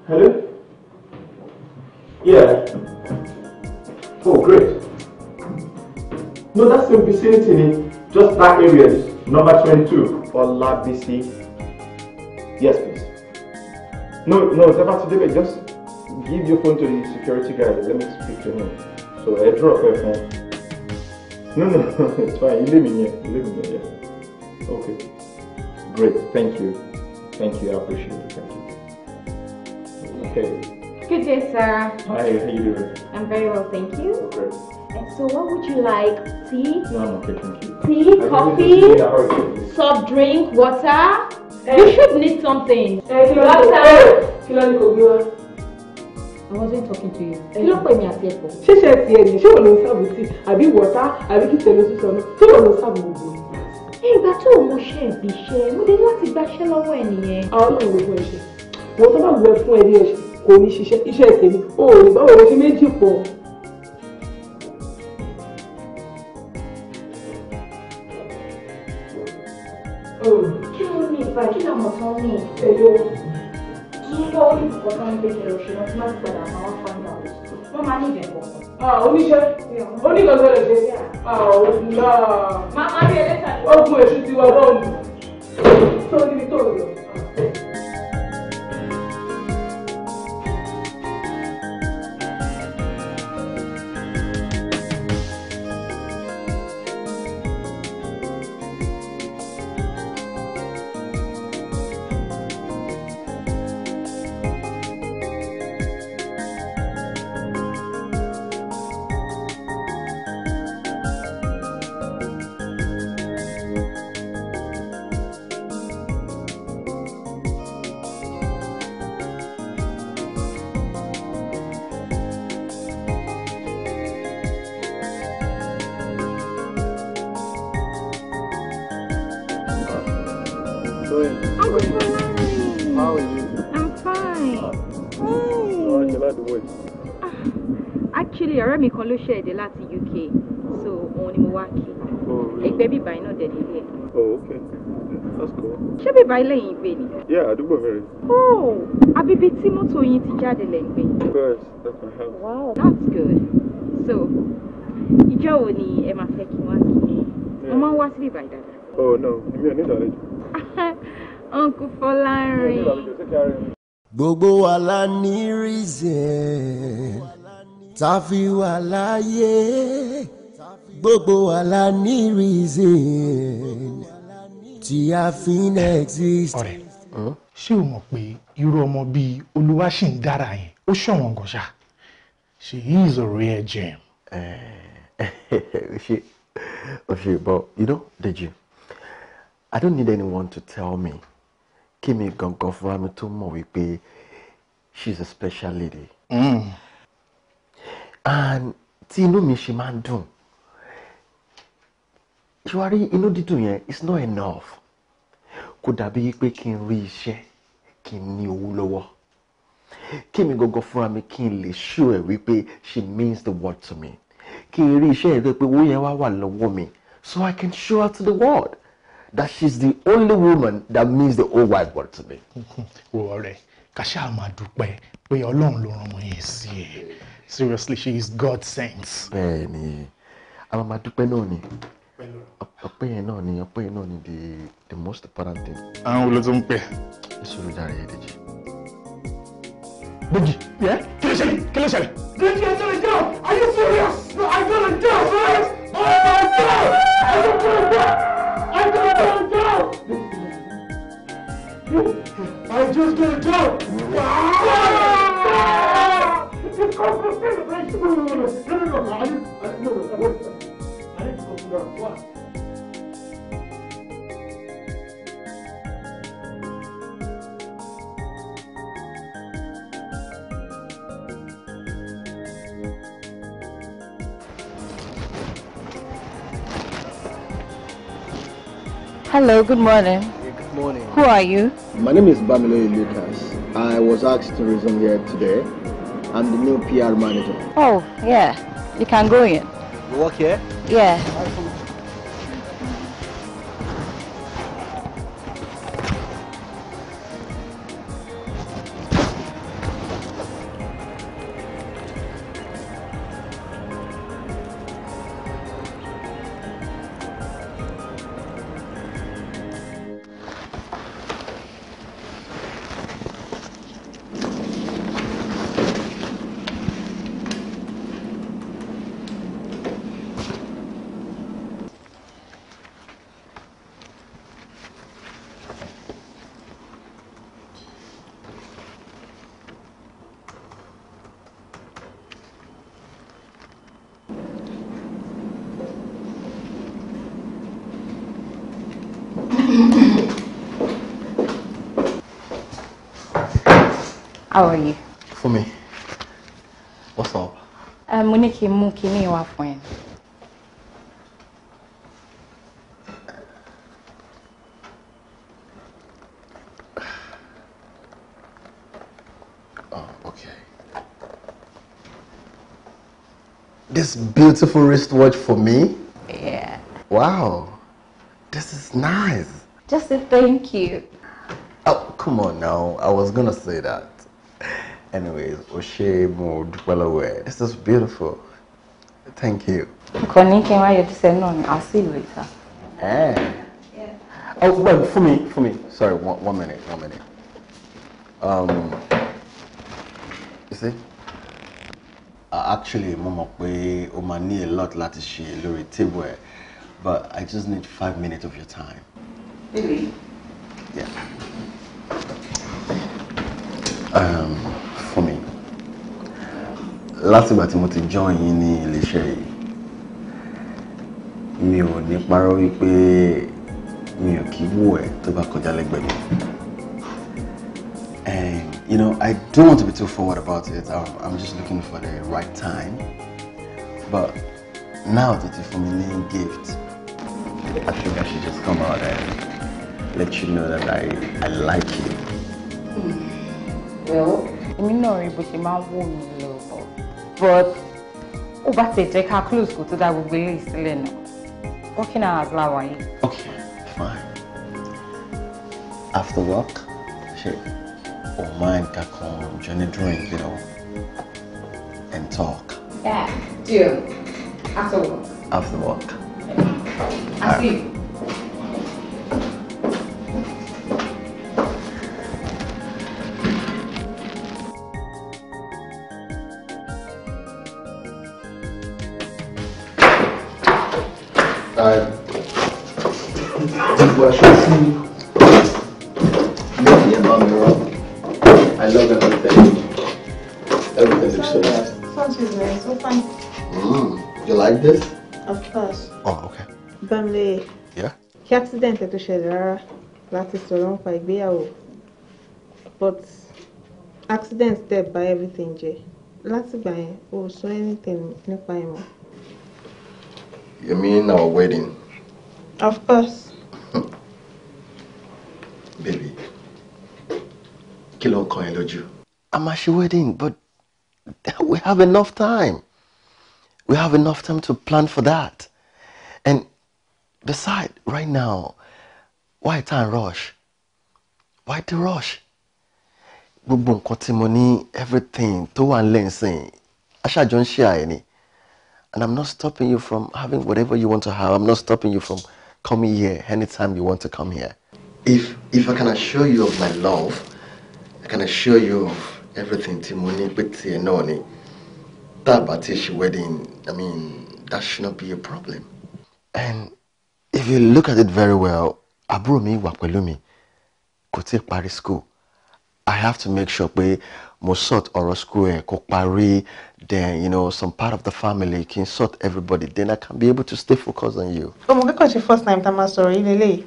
hello yeah oh great no that's your vicinity ni just that area number twenty-two BC. yes please no no tẹ́fà ti débẹ̀ just give your phone to the security guy let me speak to him so ẹ dúró pẹ̀ fún No, [laughs] no, it's fine. You leave me here. You leave me here. Yeah. Okay. Great. Thank you. Thank you. I appreciate it. Thank you. Okay. Good day, sir. Hi. How you doing? I'm very well, thank you. Great. And so, what would you like? Tea? No, I'm okay. Thank you. Tea, I coffee, soft drink, water. Eh. You should need something. Eh, water. Kí ló I wasn't talking to you. Kí ló pè for. She ẹ̀kọ́? Ṣíṣe ti ẹ̀yìn ṣé serve with ń I be water. I be keep telling you something. She òun ló ń sáàbù gbogbo? Ìgbà tó o mọṣẹ́ ìbí iṣẹ́, mo dé láti gbaṣẹ́ lọ́wọ́ ẹ̀ nìyẹn. Àwọn náà ló fún ẹ̀ṣẹ̀. Wọ́n What bá wù ẹ fún ẹ ní ẹ̀ṣẹ̀ kò ní ṣiṣẹ́ iṣẹ́ ìtẹ̀mí. O ò ní báwo ló ṣe méjì pọ̀. Kí ló ní ìfà kí làwọn kan ní? Ẹ̀yọ́ nígbà ó yìí kọ́ tán gbé kẹlẹ̀ òṣèlú tí wọ́n ti padà àwọn afọ́nà wọ́n máa ní ìdẹ̀kọ̀. oníṣẹ́ onígbàgbọ́ rẹ̀ ṣe náà. màmá ní ẹlẹ́ta. ó gun èṣù tiwa bọ́ọ̀mù tó níbi tó lọ. ló ṣẹ̀dẹ̀ láti UK so òun ni mo wá kí oh, ẹgbẹ́ bíbá iná dẹ̀ nílé ẹ̀. oh that's ṣé bíbá ilé yìí gbé ni. yeah àdúgbò mi rè. oh àbíbi tí mọ́tò yín ti jáde lẹ̀ ń gbé. of that's my house. wow that's good so ìjọ wo ni ẹ máa fẹ́ kí wá kí ni mo máa ń wá sí bíbá ìdàgbà. oh no èmi ò ní ìdàlejò. [laughs] uncle Fọlárin. gbogbo wa la ní reason tàfi wà láyé gbogbo wa la ní reason tí a fi ń exist. ọ̀rẹ́ ṣé o mọ̀ pé irú ọmọ bíi Olúwaṣìndára yẹn ó ṣọ̀wọ́n gọ̀ṣà she is a rare gem. [laughs] ṣe o ṣe but you know Deji I don't need anyone to tell me kí mi gangan fúnra mi tó mọ̀ wípé she is a special lady. Mm and tí inú mi ṣe máa ń dùn ìwárí inú dídùn yẹn it's not enough kò dàbí pé kí n rí iṣẹ́ kí n ní owó lọ́wọ́ kí mi gọgọ fúnra mi kí n lè ṣú ẹ wípé she means the world to me kí n rí iṣẹ́ yẹn tó pé owó yẹn wá wà lọ́wọ́ mi so I can show her to the world that she's the only woman that means the whole wide world to me. [laughs] wo ọ̀rẹ́ kàṣà máa dúpẹ́ pé Ọlọ́run ló rán ọmọ yẹn sí ẹ seriously she is God sent. bẹ́ẹ̀ ni àwọn máa dúpẹ́ náà ni ọpẹ́ yẹn náà ni ọpẹ́ yẹn náà ni the the most important thing. àwọn wo ló tún ń pè. ìṣòro dára yẹn dèjì. Bójì. yẹ kí ló ṣẹlẹ̀ kí ló ṣẹlẹ̀. Dèjì ẹ ṣẹlẹ̀ jọ are you serious no I gonna jọ right oh my God I don gonna jọ I gonna jọ I just gonna jọ. Wow. no, no, no, I didn't. I not I didn't that Hello, good morning. good morning. Who are you? My name is Bamile Lucas. I was asked to resume here today I'm the new PR manager. Oh, yeah. You can go in. You work here? Yeah. How are you? For me. What's up? I'm um, kí n mú kíní wá fún ah, this beautiful wristwatch for me? Yeah. Wow. This is nice. Just a thank you. Oh, come on now. I was gonna say that. anyways o ṣe mo dúpẹ́ lọ́wọ́ ẹ this is beautiful thank you. nǹkan ní kí n wá yọjú sẹ́nu náà ni i'll see you later. ẹ Yeah. oh wait fún mi fún mi sorry one, one minute one minute um, you see uh, actually mo we, pé a lot lot ṣe she, table Tibwe, but i just need five minutes of your time. really? yeah. Um, látìgbà tí mo ti join yín ní iléeṣẹ́ yìí mi ò ní parọ́ wípé mi ò kí wò ẹ́ tó bá kọjá lẹ́gbẹ̀ẹ́ mi. You know, I don't want to be too forward about it. I'm, I'm just looking for the right time. But now that you've given me a gift, I think I should just come out and let you know that I, I like you. Mm. Well, I'm not rí to ṣe máa ń but ó bá tẹ̀ jẹ́ ká close kò tó dá gbogbo eléyìí sílẹ̀ náà working hours la wà yìí. okay fine after work ṣe o oh, mind kankan journey drink you know and talk. yeah deal after work. after work. Yeah. I see. kí accident tó ṣẹlẹ̀ rárá láti sọ̀rọ̀ nípa ìgbéyàwó but accident tẹ̀ bà everything jẹ́ látìgbà yẹn o sọ anything nípa ẹ̀ mọ́. You mean our wedding? Of course. [laughs] Baby, kilo ló ń kàn ẹ́ lójú? wedding but we have enough time. We have enough time to plan for that. And Besides, right now, why time rush? Why the rush? Gbogbo nǹkan tí mo ní everything tó wà lẹ́sìn aṣáájọ ń ṣe àìní. And I'm not stopping you from having whatever you want to have. I'm not stopping you from coming here anytime you want to come here. If if I can assure you of my love, I can assure you of everything tí mo ní pé tiẹ̀ náà ni. Tá a bá ti ṣe wedding, I mean, that should not be a problem. And if you look at it very well àbúrò mi wà pẹ̀lú mi kò tí ì parí school I have to make sure pé mo sort ọ̀rọ̀ school ẹ̀ kó parí then you know some part of the family can sort everybody then I can be able to stay focused on you. ọmọ kíkọ̀ ṣe first time tá a máa sọ̀rọ̀ yìí lélẹ́yìí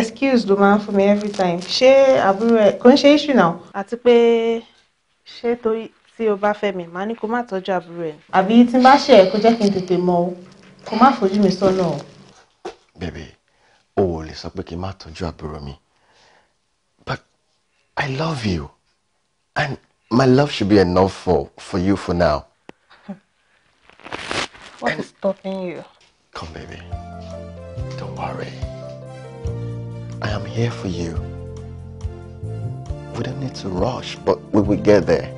excuse ló máa ń fún mi every time ṣé àbúrò ẹ kò ń ṣe issue now. àti pé ṣé torí tí o bá fẹ́ mi màá ní kó má tọ́jú àbúrò ẹ. àbí tí n bá ṣe ẹ kó jẹ́ kí n tètè mọ o kó má fojú mi sọ́nà o. baby oh, ò lè sọ pé kí n but I love you and my love should be enough for for you for now. [laughs] What and is stopping you? Come baby, don't worry. I am here for you. We don't need to rush, but we will get there.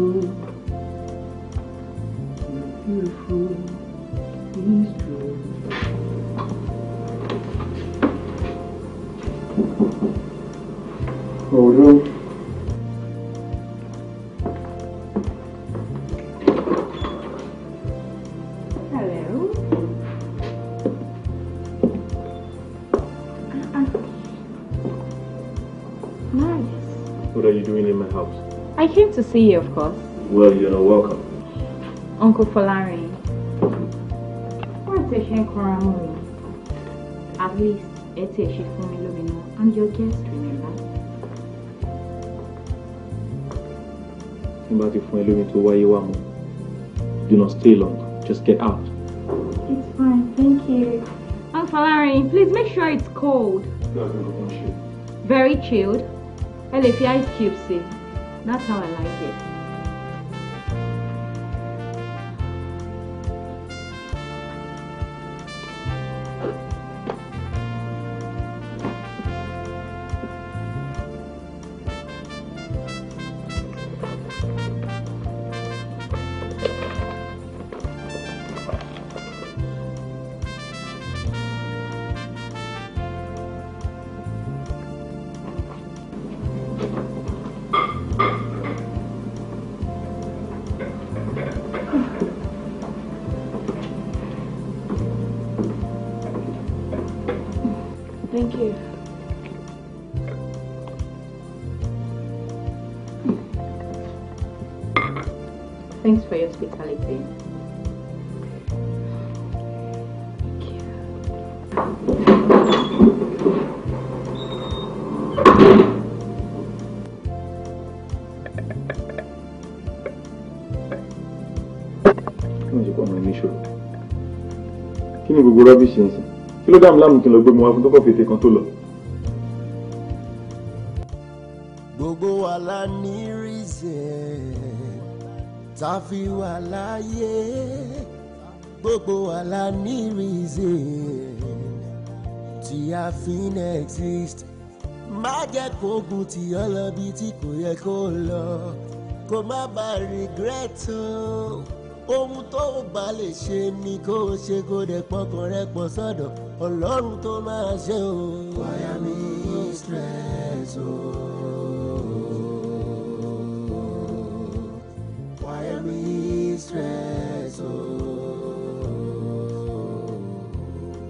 What are you doing in my house? I came to see you, of course. Well, you're not welcome. Uncle Folarin. What's a shame, Koramori? At least, it's a shame for me, Lomino. I'm your guest, remember? Timothy Fuenlumi to Waiwamu. Do not stay long. Just get out. It's fine, thank you. Uncle Folarin, please make sure it's cold. Very chilled ẹ lè fi ice cube sí that's how I like it. ní gbogbo rọ́bìṣì ń sìn kí ló dààmú láàmú kí n lọ gbé mi wá fún tó fètè kan tó lọ. gbogbo wa la ní reason tá a láyé gbogbo wa la ní reason tí a fi ń exist má jẹ́ kó ogun tí ó lọ bí tí kò yẹ kó lọ kó má bàa regret o. Oh ohun tó bá lè ṣe ni kó o ṣe kó dẹ̀ pọkàn rẹ pọ̀ sọ́dọ̀ ọlọ́run tó máa ṣe o. wáyà mi stress o. wáyà mi stress o.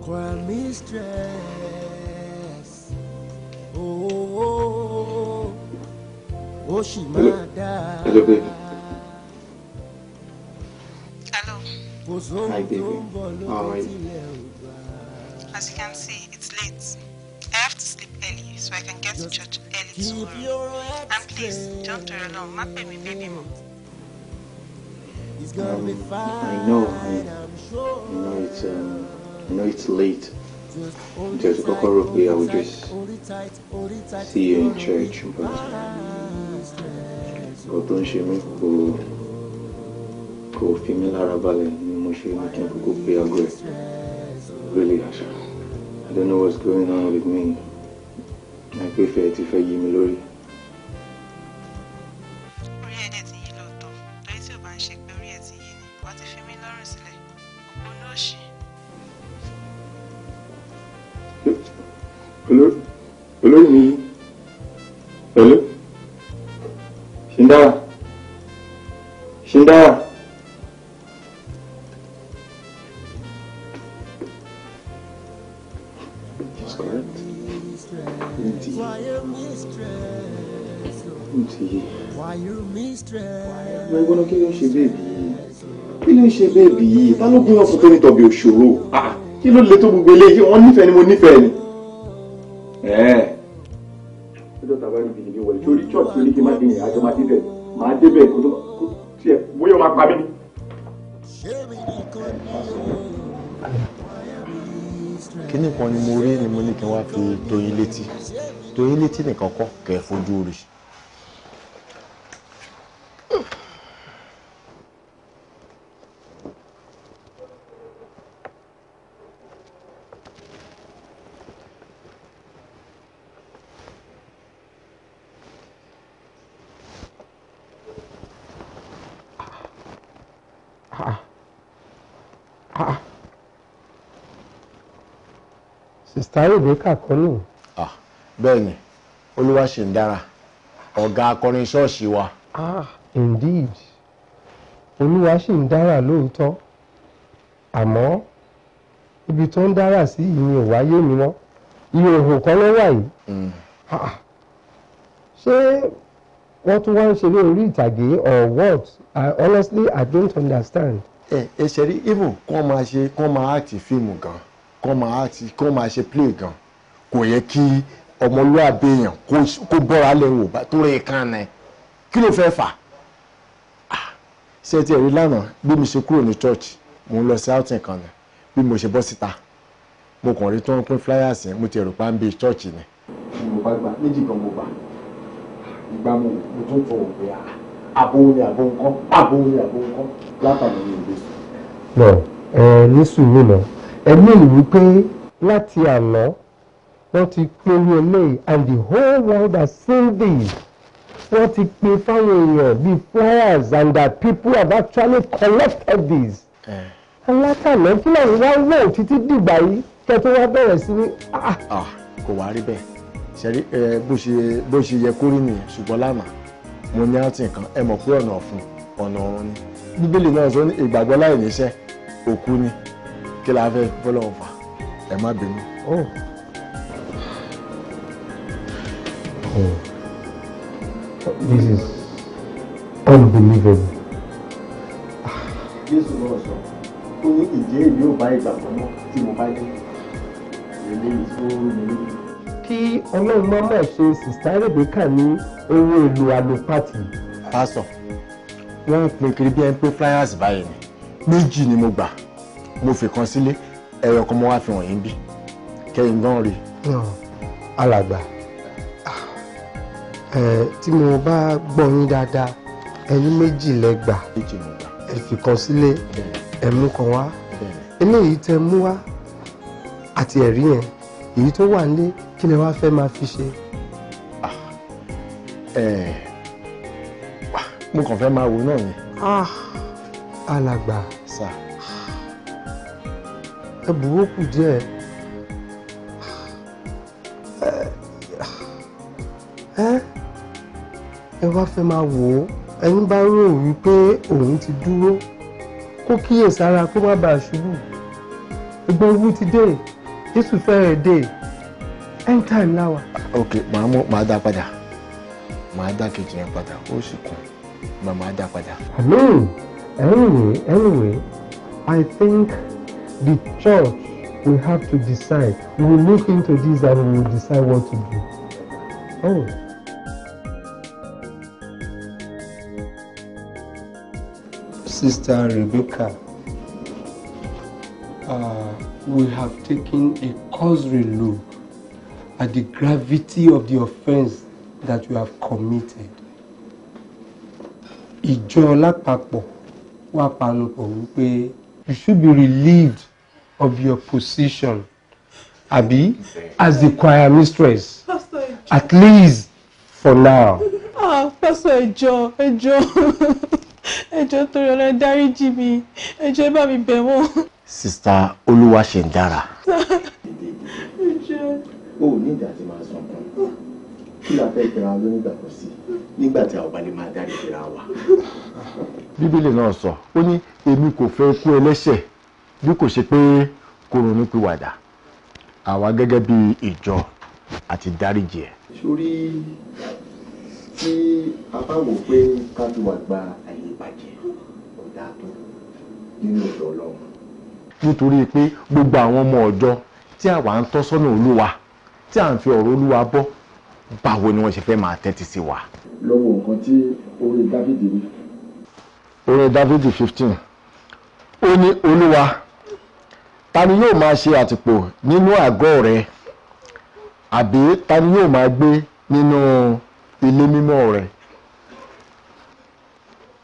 wáyà mi stress o. Oh. ó sì máa dáa. Hi, baby. how are you? As you can see, it's late. I have to sleep early so I can get to church early tomorrow. And please, don't tell alone. My baby, baby Um, I know, I, I know it's, um, I know it's late. Just go for a I will just see you in church, but God don't shame me, go, go, female me, mo ṣe mo tún kúkú pé aago ẹ̀ really àṣà I don't know what's going on with me I prefer to fẹ́ yí mi lórí. orí ẹ̀ Hello, ti yí lóòótọ́ lórí tí mo ti yé ẹgbẹ́ náà kí ló ń ṣe bẹ́ẹ̀bì yìí kí ló ń ṣe bẹ́ẹ̀bì yìí ta ló gún yàn fún tó ní tọ̀bì òṣòro ah, kí ló le tó gbogbo eléyìí wọ́n nífẹ̀ẹ́ ni mo nífẹ̀ẹ́ ni. ọjọ́ tàbá ní bìnnìbí wọlé torí church ní kí n má dé ìrìn àjọ má dé bẹ́ẹ̀ má dé bẹ́ẹ̀ kó tó tí ẹ bóyá máa pa mí ni. kíní kan ni mo rí ni mo ní kí n wá fi tó yín létí tó yín létí nìkan kọ́ kẹ́ fojú rí i. sista Rebecca kọ́ ah bẹ́ẹ̀ ni olúwa ṣì ń dára ọ̀gá akọrin ṣọ́ọ̀ṣì wa. ah indeed olúwa ṣì ń dára lóòótọ́ àmọ ibi tó ń dára sí yìí ni ò wáyé mi mọ́ iye òhùn kan ló wà yìí mm. ṣé wọ́n tún wá ń ṣeré orí ìtàgé or what I, honestly I don't understand. ẹ ẹ ṣe rí even kí wọ́n máa ṣe kí wọ́n máa áàtì fíìmù gan-an kọ́ máa ti kọ́ máa ṣe play gan kò yẹ kí ọmọlúwàbí èèyàn kó bọ́ra lẹ́wọ̀ tó rẹ̀ kan nẹ kí ló fẹ́ fà ah, ṣe ti ẹ̀rí lánàá bí mo ṣe kúrò ní church mo ń lọ sí outing kan nẹ bí mo ṣe bọ́ síta mo kàn rí tó ń pín flyers yẹn mo ti rò pa ń bí church ni. mo bá gba méjì kan mo bá ìgbà mo mo tún fọ òwe àbò ni àbò nǹkan àbò ni àbò nǹkan látàrí mi ò lè sùn. lọ ẹ ní sùúrù náà eléyìí wípé láti àná wọ́n ti pín ní eléyìí and the whole world has seen this wọ́n ti pín fáwọn èèyàn bíi flyers and that people have actually collected this. alátàná kí lóun wá wò títí dìgbà yìí kẹ́ tó wá bẹ̀rẹ̀ sí ní. Ah. kò wá rí bẹ́ẹ̀ ṣẹ́rí bó ṣe yẹ kó rí nìyẹn ṣùgbọ́n lánàá mo ní àǹtí nǹkan ẹ mọ̀ pé ọ̀nà ọ̀fun ọ̀nà ọ̀run ni bíbélì náà sọ ní ìgbàgbọ́ láì níṣẹ́ òkú ni que la fẹ́ fọlọ́wọ́ fà ẹ oh oh this is unbelievable. jésù náà sọ ó ní ìjẹ́ èmi ò bá ìgbàgbọ́ mọ́ tí mo bá dé eléyìí tó ní. kí ọlọ́run má má ṣe sìstá rèbékà ní ohun èlò àlòpàtì. pásọ wọn ń pín kiri bí ẹni pé flyers báyìí ni méjì ni mo gbà mo fi kan sílé ẹ̀rọ kan mo wá fi wọ̀nyí bí kẹ́yìn gan rè. alàgbà ah, tí mo bá gbọ́ yín dáadáa ẹ̀yin méjì lẹ́gbà ẹ fi kan sílé ẹ mú kan wá eléyìí tẹ mú wá àti ẹ̀rí yẹn èyí tó wà nílé kí lẹ wá fẹ́ máa fi ṣe. Ah, mo kàn fẹ́ máa wo náà ni. Ah, alàgbà. sáà ẹ bùwó kù díẹ̀ ẹ ẹ wá fẹ́ máa wò ó ẹni bá rò wípé òun ti dúró kó kíyèsára kó má bàa ṣubú ẹgbẹ́ owó ti dé jésù fẹ́rẹ̀ dé end time láwa. ok màá mú màá dá padà màá dá kejì yẹn padà ó sì kù màá dá padà. àmín anyway anyway i think the church will have to decide. We will look into this and we will decide what to do. Oh. Sister Rebecca, uh, we have taken a cursory look at the gravity of the offense that you have committed. Ìjọ lápapọ̀ wà panupọ̀ you should be relieved of your position Abi, as the choir mistress at least for now. ah pásítọ̀ ẹjọ́ ẹjọ́ ẹjọ́ torí ọ̀rẹ́ dáríjì mi ẹjọ́ ẹ bá mi bẹ̀ wọ́n. sista olúwa ṣe ń dára. [laughs] o ò ní ìdá tí máa sọ kan kí la fẹ́ kíra lónígbà kò sí nígbà tí a ò bá lè máa dárí kíra wa. bíbélì náà sọ ó ní èmi kò fẹ́ kú ẹlẹ́ṣẹ̀ bí kò ṣe pé kó ronú pìwàdà àwa gẹ́gẹ́ bí ìjọ àti dáríjì ẹ̀. sórí tí a bá wò pé ká fi wà gba àyè ìbàjẹ́ kò dáa tó nínú ọ̀dọ̀ ọlọ́run. nítorí pé gbogbo àwọn ọmọ ọ̀jọ́ tí àwa ń tọ́ olúwa tí à ń fi ọ̀rọ̀ olúwa bọ́ báwo ni wọ́n ṣe fẹ́ máa tẹ́tí sí wa. lọ́wọ́ nǹkan tí orin dáfídì wí. orin dáfídì fifteen ó ní olúwa ta ni yóò máa ṣe àtìpó nínú àgọ́ rẹ àbí ta ni yóò máa gbé nínú ilé mímọ́ rẹ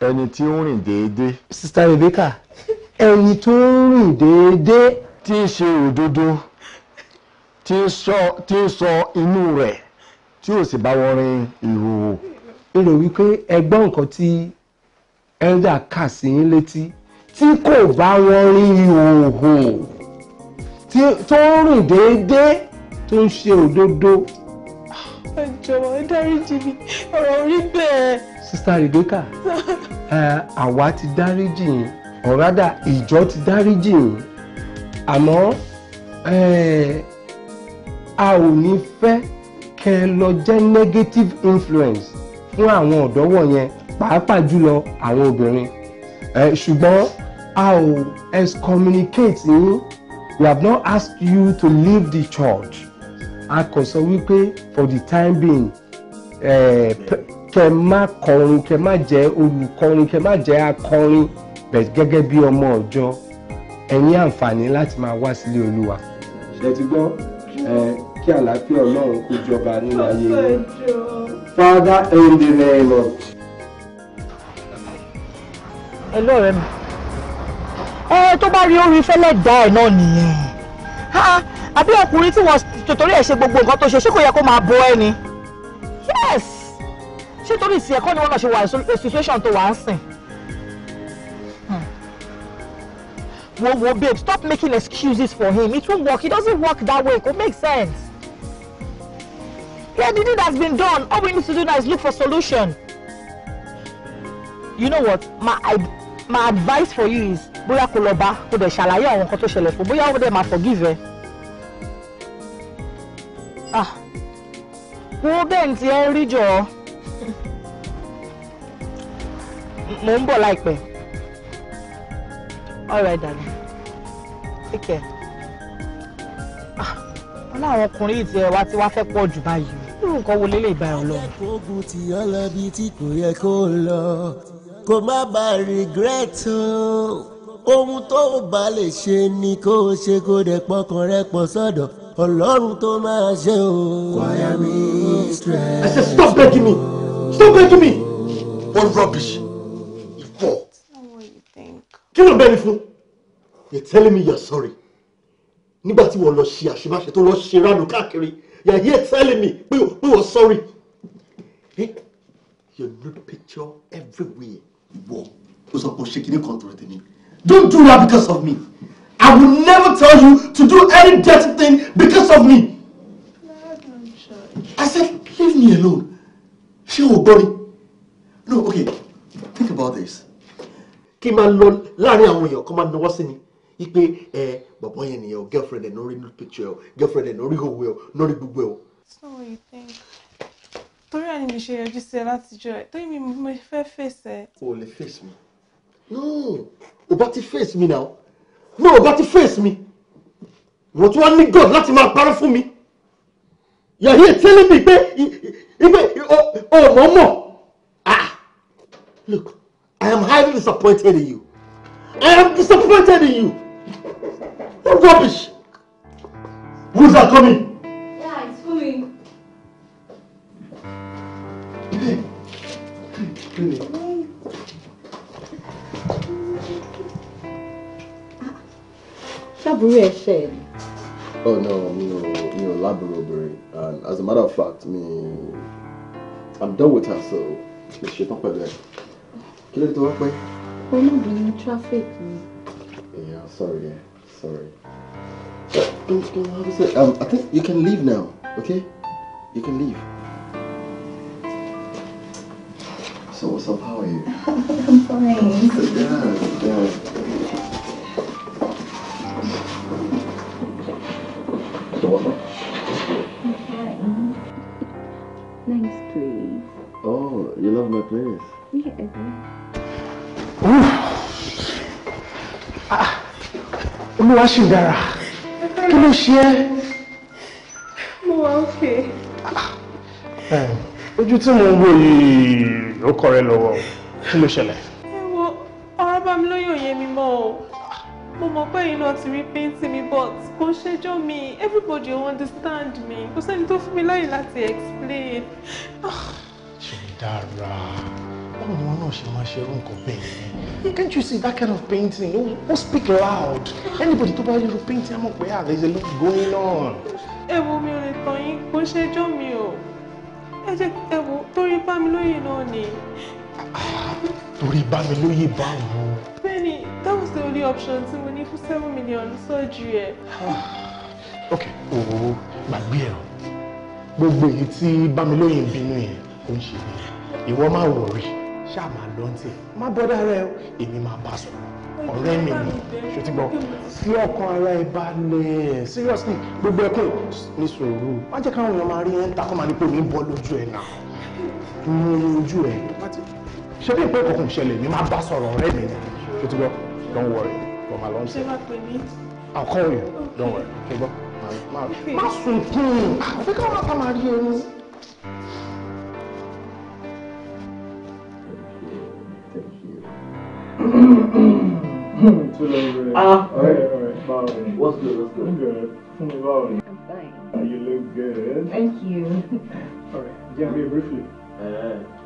ẹni tí ń rìn déédéé. sista Rebecca ẹni tó ń rìn déédéé. tí ń ṣe òdodo tí ń sọ inú rẹ̀ tí ò sì bá wọn rin ìhòòhò. èrò wípé ẹgbọ́n nǹkan tí elder kà sí yín létí tí kò bá wọn rin ìhòòhò tó ń rìn déédéé tó ń ṣe òdodo. Ah, ẹ jọ̀wọ́ ẹ dáríjì mi ọ̀rọ̀ orí bẹ́ẹ̀. sista Rebecca [laughs] àwa ti dáríjì yín ọ̀rádà ìjọ ti dáríjì yín àmọ́ a ò ní fẹ́ kẹ́ ẹ lọ jẹ́ negative influence fún àwọn ọ̀dọ́ wọ̀nyẹn pàápàá jùlọ àwọn obìnrin ṣùgbọ́n a ò excommunicate yín we have not asked you to leave the church a kò sọ wípé for the time being eh, kẹ má kọrin kẹ má jẹ olùkọrin kẹ má jẹ akọrin bẹ́ẹ̀ gẹ́gẹ́ bí ọmọ ọjọ́ ẹ àǹfààní láti máa wá sílé olúwa. ṣe ti gbọ́ eh, kí àlàáfíà ọlọ́run kó jọba nínú ayé yẹn. Father in the name of. ẹ lọ́ọ̀rẹ́ mi ẹ tó bá rí orí fẹ́lẹ́ dá ẹ̀ náà nìyẹn àbí ọkùnrin tí wọ́n tòtórí ẹ̀ ṣe gbogbo nǹkan tó ṣe ṣé kò yẹ kó máa bọ ẹ ni yes ṣé torí ìsìn ẹ̀kọ́ ni wọ́n náà ṣe wà situation tó wà ń sìn. Hmm. wo wo babe stop making excuses for him it won't work He doesn't work that way it make sense. Yeah, the deed has been done. All we need to do now is look for solution. You know what? My my advice for you is bóyá kò lọ bá kò dẹ̀ ṣàlàyé àwọn nǹkan tó ṣẹlẹ̀ fún bóyá ó dẹ̀ máa forgive ẹ. ah bẹ́ẹ̀ ní ti ẹ rí jọ mo ń bọ̀ láìpẹ́ all right darling take care ah wọn láwọn ọkùnrin yìí ti ẹ wá tí wàá fẹ́ pọ̀ jù báyìí irú nǹkan wo lélẹ̀ ìbá ẹ lọ. ogun tí ó lọ bí tí kò yẹ kó lọ kó má bàa regret o ohun tó bá lè ṣe ni kó o ṣe kó dẹ̀ pọkàn rẹ pọ̀ sọ́dọ̀ ọlọ́run tó máa ṣe o. choir mistress. I said stop begging me stop begging me one rubbish ifo. kí ló ń bẹ́ni fún you telling me you're sorry nígbà tí wọ́n lọ ṣe àṣemáṣe tó lọ ṣe ránù káàkiri you're here telling me pé wọ́n sorry. Eh? your nude picture everywhere. wọ́n ó sọ pé ó ṣe kíní kan tó rẹ̀ tèmi. Don't do that because of me. I will never tell you to do any dirty thing because of me. I said, leave me alone. She will gbọ́ No, okay, think about this. Kí n máa lọ láàrin àwọn èèyàn kan máa nawọ́ sí ni wípé ẹ bàbá yẹn nìyẹn o girlfriend ẹ̀ no new picture ẹ̀ girlfriend ẹ̀ no òwe ẹ̀ no lórí gbogbo ẹ̀ o. That's not what you think. Torí àní mi you just say that's látijọ́ Tell me my fair face eh. Oh, O ò lè No ò bá ti face me now. No, ò bá ti face me. wọ́n tún wá ní god láti máa parọ́ fún mi yàrá yẹn tẹ́lẹ̀ mi pé ipe ọ̀mọ̀ mọ̀ ah look I am highly disappointed in you I am disappointed in you what rubbish Who's that coming. Yeah, it's coming. Really? ṣàbúrò ẹ̀ṣẹ̀ oh no you ò mi ò lábúrò and as a matter of fact me, i'm done with her so don't ṣetán pẹ̀lú Can kí do dé tó wá pẹ́. olóbìnrin traffic yeah sorry yeah, sorry. Don't, don't have to Um, I think you can leave now, okay? You can leave. So what's up? How are you? [laughs] I'm fine. Yeah, yeah. So what's up? Nice place. Oh, you love my place? Yeah. Olúwa ṣì dára. Kí ló ṣe ẹ́? Mo wà òkè. Ojú tí mo ń wò yìí ó kọ̀ rẹ lọ́wọ́. Kí ló ṣẹlẹ̀? Ẹ wo, ọ̀rọ̀ bá mi lóyún òye mi mọ́ o. Mo mọ̀ pé iná ti rí péńtì but kò ṣẹjọ́ mi everybody understand me kò sẹ́ni tó fún mi láyè láti explain. Ah. ṣe dára báwo ni wọn náà ṣe máa ṣe irú nǹkan bẹ́ẹ̀ yẹn can't you see that kind of painting ó ó speak loud anybody tó bá rí irú painting á mọ̀ pé ah there is a lot going on. ẹ wo mi ò lè tàn yín kò ṣẹjọ́ mi o ẹ jẹ́ ẹ wo torí bámi náà ni. torí bámi lóye báwo. Daddy, that was the only option tí mo for fún seven million surgery ẹ̀. ok òwò gbàgbé ẹ̀ gbogbo èyí tí Bámilóyè ń bínú yẹn ó ń ṣe nìyẹn ìwọ máa wọ̀rí ṣáà máa lọ́ntì má bọ́dá rẹ o èmi máa bá sọ̀rọ̀ ọ̀rẹ́ mi ni ṣòtí gbọ́ fi ọkàn ara ẹ balẹ̀ seriously gbogbo ẹkùn ní sùúrù má jẹ́ káwọn èèyàn máa rí ẹ́ńtà kọ́ máa ní pé mi bọ́ lójú ẹ̀ náà mú ojú ẹ̀ ṣé bí ìpẹ́ ìkọ̀kùn ṣẹlẹ̀ mi máa bá sọ̀rọ̀ ọ̀rẹ́ mi ni don't worry kò máa lọ I'll call you don't worry ṣùgbọ́n má sunkún àfi ká wọ́n máa rí oorun. Too long, really. Ah, [coughs] ah. all right, What's good? What's good? I'm fine. You look good. Thank you. all right. Yeah, me briefly. Uh.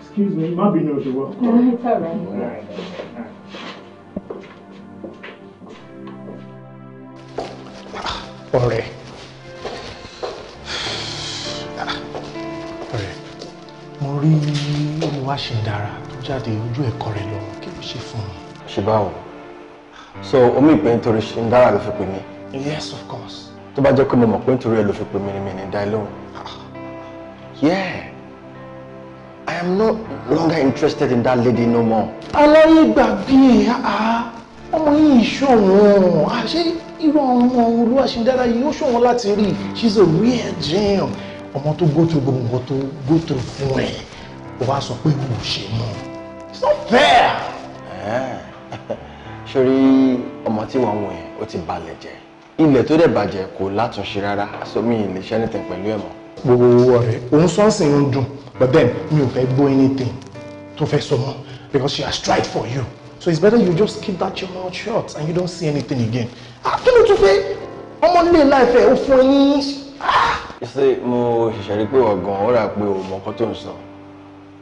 Excuse me, má bínú òjò wọ. It's all right. All right. Ọ̀rẹ́. Ọ̀rẹ́, mo rí Olúwaṣindára tó jáde ojú ẹ̀kọ́ rẹ̀ lọ kí ló ṣe fún mi. Ṣé báwo? So omi ìpè nítorí Ṣindára ló fi pè mí. Yes, of course. Tó bá jẹ́ pé mo mọ̀ pé nítorí ẹ̀ ló fi pè mí ni mi ní dá lóhùn. Ah. Yeah. I am no longer interested in that lady no more. Aláyé gbàgbé ọmọ yìí ṣòwò àṣé irú ọmọ olúwaṣindára yìí ó ṣòwò láti rí she's a real gem ọmọ tó go through gbogbo nǹkan tó go through fún ẹ ó wá sọ pé kò ṣe mọ it's not fair. sori [laughs] ọmọ tí wọn wọ yẹn ó ti balẹ̀ jẹ́ ilẹ̀ tó dẹ̀ bàjẹ́ kò látúnṣe rárá sọ mi ì lè ṣe anything pẹ̀lú ẹ̀ mọ́ gbogbo owó ọ̀rẹ́ òun sọ́nsìn ń dùn but then mi ò fẹ́ gbọ́ anything tó fẹ́ sọ mọ́ because she has tried for you so it's better you just keep that your mouth shut and you don't see anything again ah, kí ló tún fẹ́ ọmọ nílé láìfẹ́ ó fún ẹ ní. ṣe mo ṣẹ̀ṣẹ̀ rí pé ọ̀gàn ó rà pé o mọ nǹkan tó ń sọ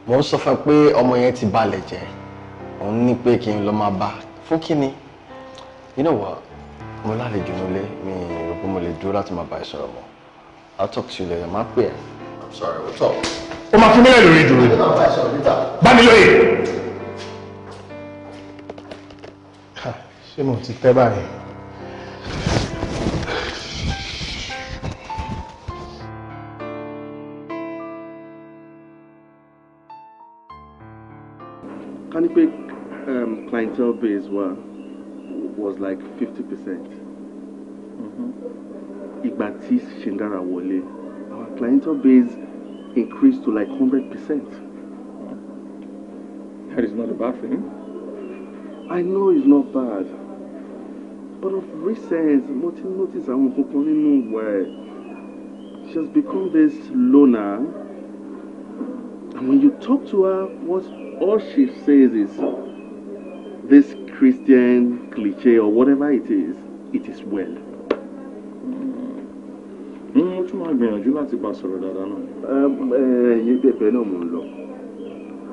mo ń sọ fún ẹ pé ọmọ yẹn ti balẹ̀ jẹ́ òun ní pé kí n lọ máa bá fún kí ni you know what mo lálejò nílé mi ò rò pé mo lè dúró láti máa bá ẹ sọ̀rọ̀ mọ́. I'll talk to you later. My pè I'm sorry, what's up? Oh, my family mílẹ̀ lórí ìdúró. Bá mi lóye. Ṣé mo ti tẹ́ báyìí? Ká ní um, clientele base wa was like fifty percent. ìgbà tí wọlé our clientele base increased to like hundred percent. That is not a bad thing. I know it's not bad but of recent mo ti notice àwọn kankan nínú ìwà she has become this loner and when you talk to her what all she says is this Christian cliche or whatever it is it is well. mo tún máa gbìyànjú láti bá sọ̀rọ̀ dáadáa náà. ẹ ẹ bẹ́ẹ̀ náà mò ń lọ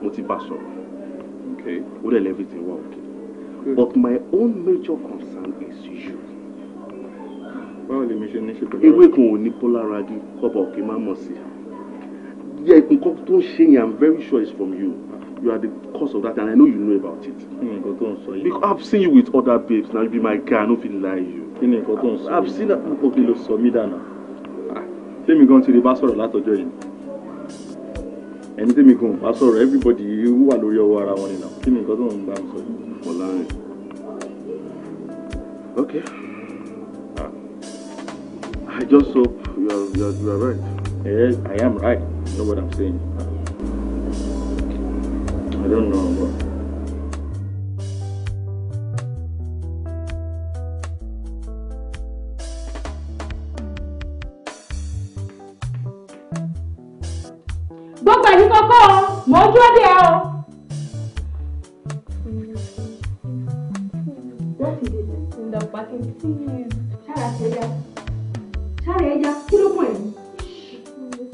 mo ti bá sọ̀rọ̀ ó dẹ̀ everything wà okay but my own major concern is you. báwo lè mi ṣe ní ṣe pẹ̀lú. ewé kan ò ní pọ́lárádì ọba òkè máa mọ̀ sí i yẹ nǹkan tó ń ṣe yẹn i'm very sure it's from you you are the cause of that and i know you know about it. nǹkan tó ń sọ yìí. because i've seen you with other babes na you be my guy i no fit lie you. kí ni nǹkan tó ń sọ yìí. i've seen that. ok lo sọ mí dànù tèmi gan ti rí bá sọ̀rọ̀ látọjọ́ yìí ẹni tèmi gan bá sọ̀rọ̀ everybody wà lórí ọwọ́ ara wọn nìyà kí ni nǹkan tó ń bá mi sọ yìí. Fọlárin okay ah, I just hope you are, you are, you are right. Yes, I am right. You know what I'm saying. I don't know. But... mójú ọdẹ o. láti lè ǹda pàtó ṣára ti ẹja ṣára ẹja kí ló pọ̀ yìí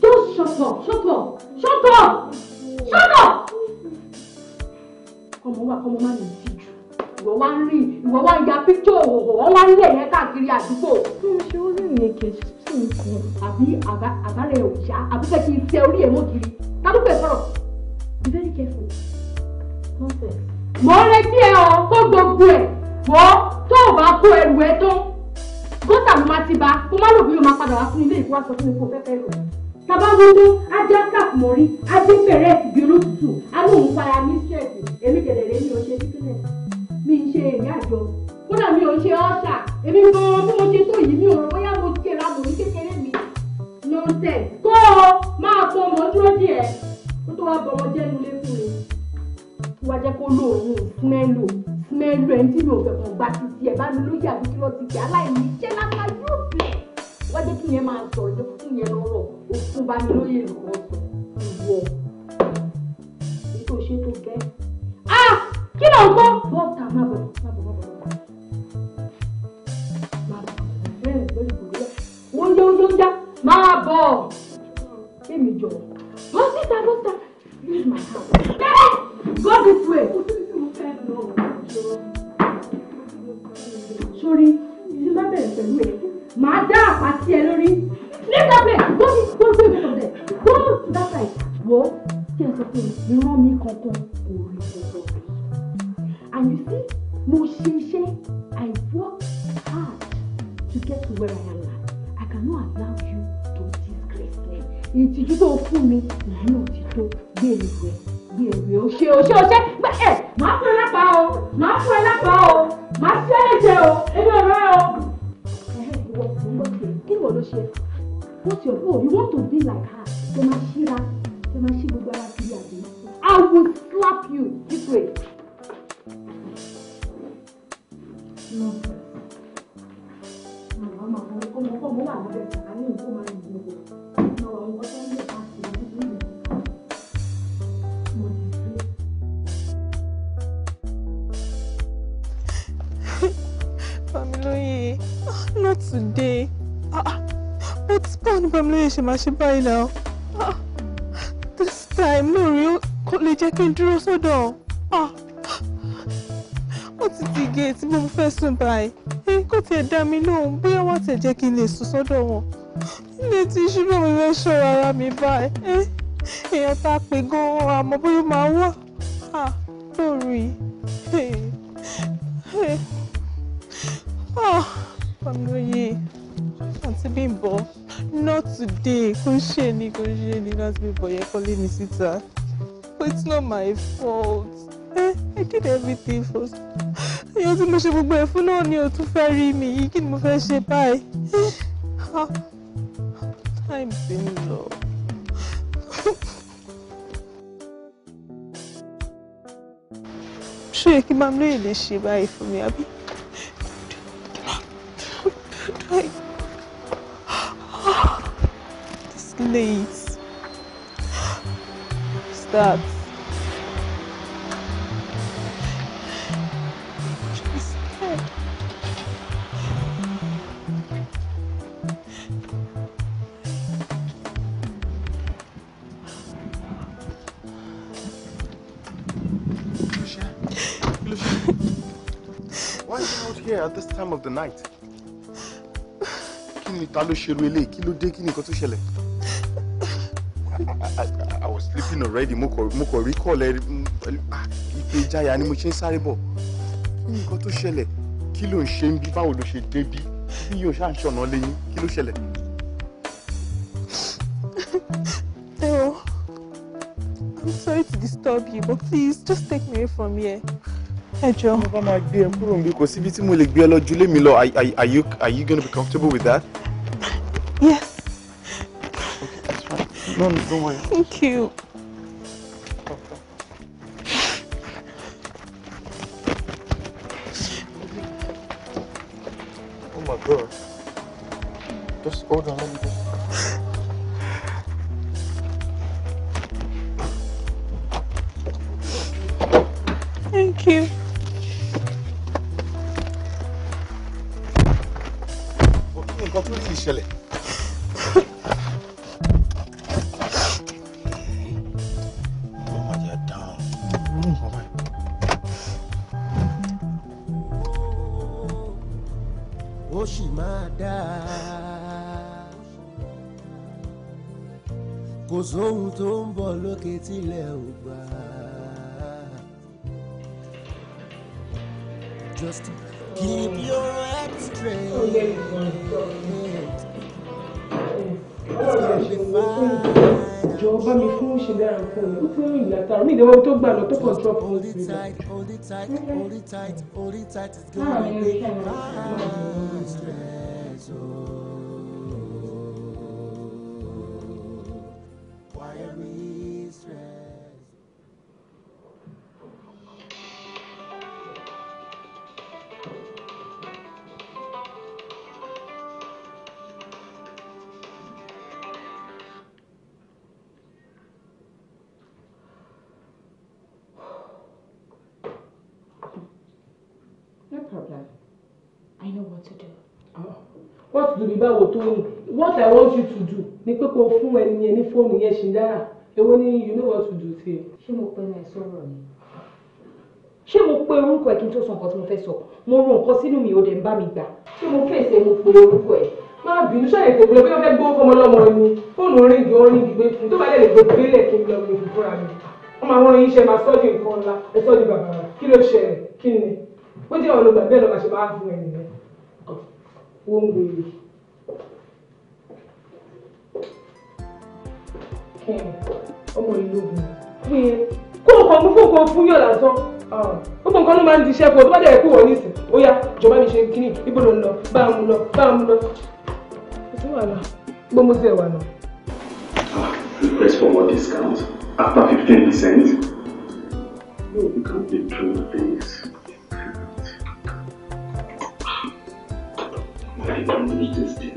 just shut up shut up shut up shut up. ọmọ wa kọ́mọ má nìyí ìwọ wá ń rí ìwọ wá ń ya píkítọ̀ òwò wọn wá ń lé yẹn káàkiri àdúgbò. ṣé ó lè ní èké sí nǹkan. àbí àbálẹ̀ òòṣà àbúkẹ́ kí n tẹ orí ẹ̀ mọ́ kiri. mò ń retí ẹ ọ kó gbogbo ẹ wọ tó o bá kó ẹrù ẹ tó gọ́tà ló máa ti bá kó má lò bí o máa padà wá fún ilé ìfowópamọ́ sọ fún mi kó fẹ́ fẹ́ rẹ̀ tàbá wọnú ajá kàpùmọ́rí ajé bẹ̀rẹ̀ ìbí olótùtù alóhùn para ní ṣẹ́ẹ̀tì èmi gẹ̀dẹ̀ rẹ̀ mi ò ṣe sípínlẹ̀ mi ń ṣe èmi àjọ kódà mi ò ṣe ọ́ṣà èmi gan bí mo ṣe tó yìí mi ò rọ bóyá mo ti ra mò ní kékeré mi nonsense kó o máa pọ̀ mọ́ dúró díẹ̀ kó tó wá bọ̀ ọmọ jẹ́nu lé fún mi wá jẹ́ kó lò òun fún ẹ lò tí mi ò fẹ́ kàn gba títí ẹ bá mi lóye àbí kí wọ́n ti gbé aláìní iṣẹ́ lápá yóò bẹ̀ wá jẹ́ kí yẹn máa sọ̀rọ̀ jẹ́ fún yẹn lọ́rọ̀ òfun bá mi lóye nǹkan sọ ìwọ èyí tó ṣe tó gẹ́. ah kí ló ń gbọ́. bọ́ọ̀tà má bọ̀ má bọ̀ má bọ̀ má bọ̀ bẹ́ẹ̀ lórí ìbòlúwẹ̀ oúnjẹ oúnjẹ oúnjẹ máa bọ̀ èmi jọ̀ bọ́sítà bọ́sítà use my hand go this way. sori tí bá bẹ̀rẹ̀ pẹ̀lú ẹ̀ màá dá àpàtì ẹ lórí leave that place go this. go go away from there go to that side wo kí n sọ pé ìran mi kankan kò rí ọ̀dọ̀ and you see mo ṣe iṣẹ́ I work hard to get to where I am now I cannot allow you to disgrace me ìtìjú tó fún mi ìyẹn ò ti tó gbé mi rẹ. Yèwé o ṣe o ṣe o ṣe pé ẹ máa fún ẹ lápá o máa fún ẹ lápá o máa ṣe é léṣe o ebi ọ̀rẹ́ o. Ìwọ kò ń bọ̀ ṣe what's your goal you want to be like her ṣe máa ṣíra ṣe máa ṣí gbogbo ara kiri àbí I will slap you this way. No. Màmá ọmọ ọmọ ọmọ wà lábẹ́ ìtàn á ní nǹkan máa ń gbogbo. Màmá ọmọ ọmọ Olóyè, ah, not today. Ah, ah. But spawn pẹ̀lú Olóyè ṣe my ṣe báyìí náà. This time mi ò rí kó lè jẹ́ kí n dúró sọ́dọ̀. the ti di géètì bí mo fẹ́ sùn báyìí. Kò tiẹ̀ dá mi lóhùn bóyá wọ́n ti jẹ́ so n lè sùn sọ́dọ̀ wọn. Ilé tí ṣúgbọ́n mi fẹ́ ṣọ́ra ara mi báyìí. Èèyàn tá a pè gan-an àmọ́ bóyá Hey. Hey. Familoye, àǹtí Bímbọ́, not today, kò ṣe ni kò ṣe ni láti Bímbọ́ yẹ kọ́lé It's not my fault. Eh, I did everything for Ẹyọ tí mo ṣe gbogbo ẹ̀ fún náà ni o tún fẹ́ rí mi yìí, kí ni mo fẹ́ ṣe báyìí? Ah, time ti ń lọ. Ṣé kí Mamiloye lè ṣe báyìí fún mi, àbí? Like, oh, this glaze. What's that? Why are you out here at this time of the night? mi ta ló ṣerú eléyìí kí ló dé kí nìkan tó ṣẹlẹ̀. I was sleeping already mo kò rí kọ́ọ̀lẹ́ ìpè ìjayà ni mo ṣe ń sáré bọ̀ kí nìkan tó ṣẹlẹ̀ kí ló ń ṣe ń bí báwo ló ṣe dé bí bí yóò ṣáà ń ṣọ̀nà lẹ́yìn kí ló ṣẹlẹ̀. Theo, I'm sorry to disturb you, but please just take me away from here. Ẹ jọ̀ọ́. Mo bá máa gbé ẹ kúrò níbi kò síbi tí mo lè gbé ẹ lọ ju lé mi lọ. Are you gonna be comfortable with that? No, don't worry. Thank you. tight, hold it tight, hold it tight, hold it tight. It's gonna be my stress. Oh. rí báwo tó rìn what i want you to do ni pé kó fún ẹni yẹn ní fóònù yẹn ṣì ń dára èwo ni you know what to do sí i. ṣé mo pinnu ẹ sọ̀rọ̀ ni ṣé mo pe orúkọ ẹ kí n tó sọ nǹkan tí mo fẹ́ sọ mo ro nǹkan sínú mi ò dẹ̀ ń bá mi gbà ṣé mo fèsì mo pe orúkọ ẹ máa bínú ṣàyẹ̀ tèmi lọ bí wọ́n fẹ́ gbọ́ fọmọ lọ́mọ ni fóònù orin ìgbé orin ìgbé fún tó bá lè lè gbogbo ilẹ̀ kí n lọ gbogbo fúnra mi wọ́n máa wọ́n yín ṣe máa sọ́ nǹkan ńlá ẹ sọ́ bàbá kí ló ṣẹlẹ̀ kí ni bó jẹ́ ọ̀nà gbàgbé ẹ̀ lọ́ba ṣe máa fún ẹ̀ nìyẹn wọ́n ń gbòòrò. E. ọmọ ìlú ògùn kó o kàn mú fún nǹkan fún yàn lásán ah, gbogbo nǹkan ló máa ń di iṣẹ́ fún ọ tó bá dẹ̀ kó wọ̀ nísìn ó yá jọba mi ṣe kíní ibo ló ń lọ bá a mú lọ bá a mú lọ kò sí wàhálà gbogbo mo ti ẹ̀ wà náà. request for more discount after fifteen percent. No, you can't be doing things. I don't need this deal.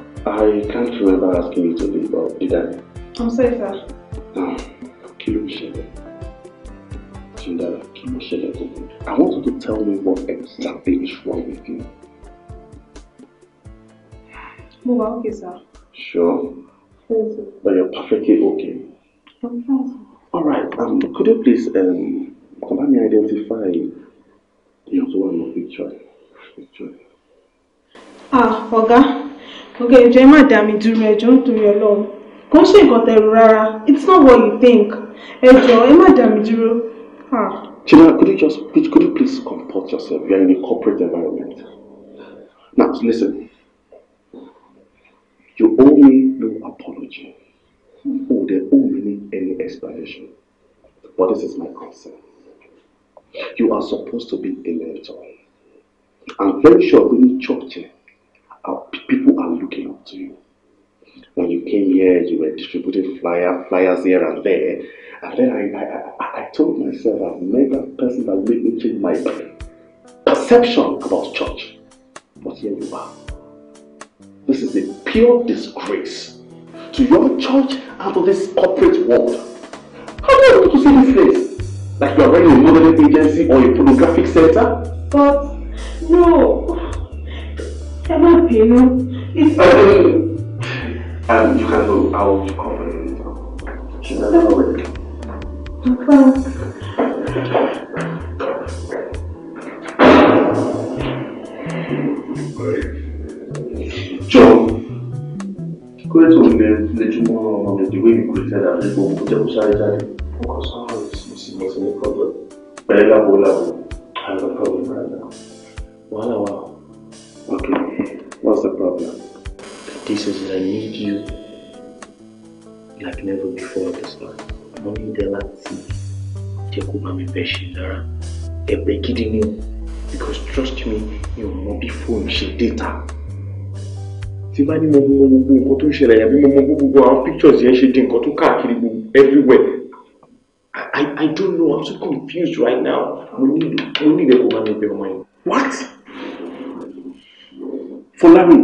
Ah, I can't remember asking you to leave out, did I? I'm sorry, sir. Ah, Now, kí ló ń ṣẹlẹ̀? Tindara, I want you to tell me what exactly is wrong with you. Move wà okay, sir. Sure. Yes, But you're perfectly okay. I'm fine, sir. All right, um, could you please um, come help me identify the other one of picture? Picture. Ah, Oga ọ̀gá ẹ̀jọ̀ ẹ má dá mi dúró ẹ̀jọ̀ nítorí ọlọ́run kò ń ṣe nǹkan tẹ̀rù rárá it's not what you think ẹ̀jọ̀ ẹ má dá mi dúró. Chidera, ah. could you just could you please comport yourself? You are in a corporate environment. Now listen, you owe me no apology. Oh, they owe me any explanation. But this is my concern. You are supposed to be a mentor. I'm very sure we need church people are looking up to you. When you came here, you were distributing flyer, flyers here and there. And then I, I, I told myself, I've met that person that made me change my perception about church. But here you are. This is a pure disgrace to your church and to this corporate world. How do you want to see this place? Like you are running a modeling agency or a pornographic center? But no, ẹ má bínú ìfẹ́. Um, you can go. I will come and she doesn't know it. John, kó lè tó lè lójúmọ́ ọmọ mi ìdíwé mi kò lè tẹ̀lé àdúgbò kó jẹ́ kó sáré jáde. Ọkọ̀ sọ́rọ̀ ìsìn sí mo ti ní kọ́gbọ̀n. Pẹ̀lú láwo láwo. Àlọ́ kọ́gbọ̀n náà. Wàhálà wà. Okay the problem? This is I need you like never before this time. only the last thing. Take kó my mi bẹ́ ṣe dára. Ẹ̀bẹ̀ Because trust me, your mobile phone bí data. Tí bá ní mo mọ gbogbo nǹkan tó ń ṣẹlẹ̀ yàbí mo mọ gbogbo àwọn pictures yẹn ṣe di nǹkan tó káàkiri gbogbo everywhere. I I don't know I'm so confused right now. Mo ní ìdẹ́ kó bá mi bẹ ọmọ yẹn. What? Olami,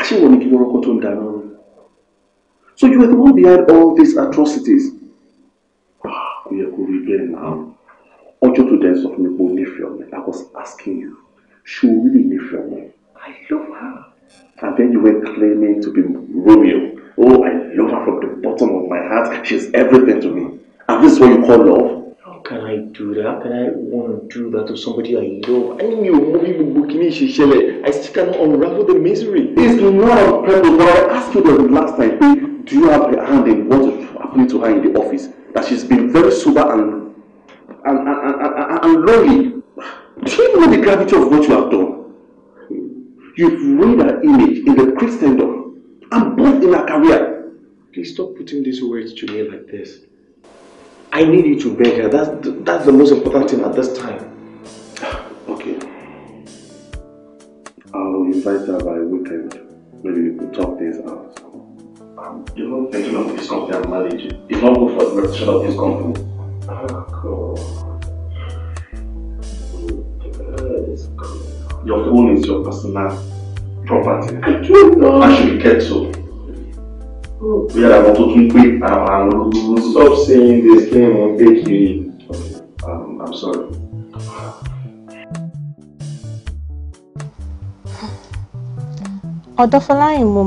àṣewọ̀ ni kí lórúkọ tó ń dáná rú. So you were the one behind all these atrocities. Ah, kò yẹ kó rí bẹ́ẹ̀ náà. Ọjọ́ tó dẹ̀ sọ fún mi pé ó nífẹ̀ẹ́ ọ̀mẹ́. I was asking you, ṣé o really nífẹ̀ẹ́ ọ̀mẹ́? I love her. And then you were claiming to be Romeo. Oh, I love her from the bottom of my heart. She is everything to me. And this is what you call love? can I do that? Can I want to do that to somebody I love? I mean, you're moving booking I still cannot unravel the misery. It's not a problem, but I asked you the last time. Do you have a hand in what happened to her in the office? That she's been very sober and and and, and, and lonely. Do you know the gravity of what you have done? You've ruined her image in the Christendom and both in her career. Please stop putting these words to me like this. I need you to beg her. That's the, that's the most important thing at this time. Okay. I'll invite her by weekend. Maybe we could talk things out. Um, you know, thinking of this company I'm managing. It's not good for the reputation of this company. Oh, God. Your phone is your personal property. I should get so bí àwọn tó tún pé àwọn àlọ́. stop saying this kí ni mo ń pè kiri um, i'm sorry. ọ̀dọ́ Fọláyìn mo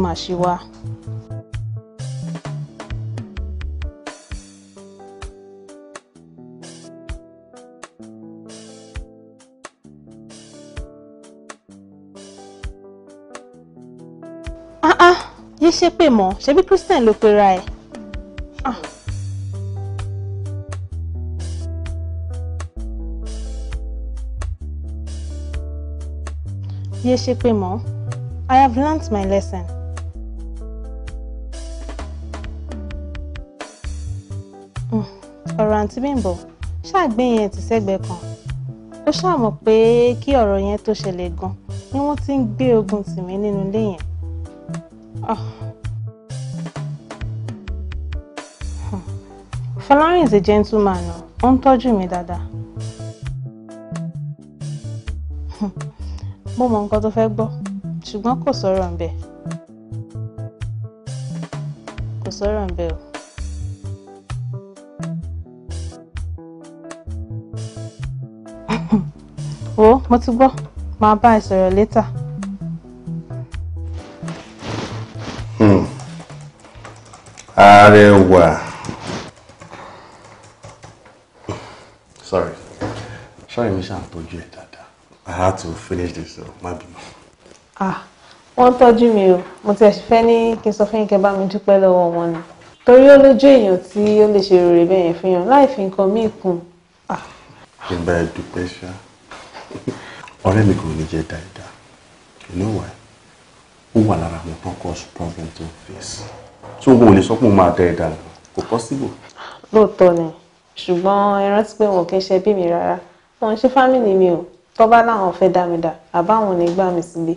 ṣépè mọ́ ṣebí christian ló pera ẹ̀. Ah. yé ṣe pé mọ́ I have learnt my lesson. Hmm. ọ̀rọ̀ àǹtí Bímbọ́ ṣáàgbé yẹn ti sẹ́gbẹ̀ẹ́ kan ó ṣàmọ̀ pé kí ọ̀rọ̀ yẹn tó ṣẹlẹ̀ gan ni wọ́n ti ń gbé ogun tì mí nínú ilé yẹn. Oh. Fọlọ́rìn is a gentleman o ó ń tọ́jú mi dáadáa. [laughs] mo mọ nǹkan tó fẹ́ gbọ́ ṣùgbọ́n kò sọ̀rọ̀ ńbẹ̀ kò sọ̀rọ̀ ńbẹ̀ o. [laughs] wo mo ti gbọ́ máa bá ẹ sọ̀rọ̀ létà. Hmm. Arẹwà. Hmm. sorry sorry mi I told you that i had to finish this so má ah wọ́n tọ́jú mi o mo ti ẹ̀sìn fẹ́ ní kí n sọ fún yín kẹ́ bá mi dúpẹ́ lọ́wọ́ wọn ni torí ó lójú èèyàn tí ó lè ṣe rere bẹ́ẹ̀ yẹn fún yàn láì fi nǹkan míì kún. Ah. kí n bá ẹ dúpẹ́ ṣá ọ̀rẹ́ mi kò ní jẹ́ dáadáa you know why ó wà lára àwọn tó ń cause problem tó face so wọn ò lè sọ pé mo máa dá ẹ dànù kò possible. lóòótọ́ ni ṣùgbọ́n ẹ rántí pé wọn kì í ṣe bí mi rárá wọn ń ṣe fámìlì mi o tó bá fẹ́ dá mi dà àbáwọn ò ní gbà mí sílé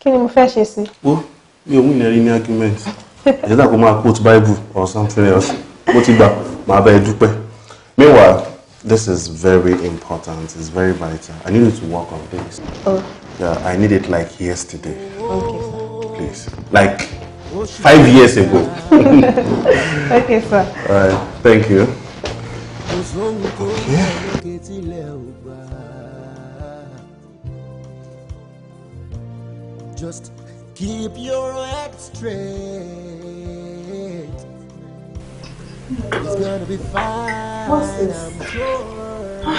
kí ni mo fẹ́ ṣe sí. wo mi ò win ẹ̀rí ní argument ìyẹ́dà kó máa quote bible or something else mo ti gbà máa bá ẹ dúpẹ́ meanwhile this is very important it's very vital i need you to work on this oh. yeah, i need it like yesterday okay, sir. please like five years ago [laughs] okay sir all right thank you. Just keep your head straight. It's gonna be fine. What's this? Sure.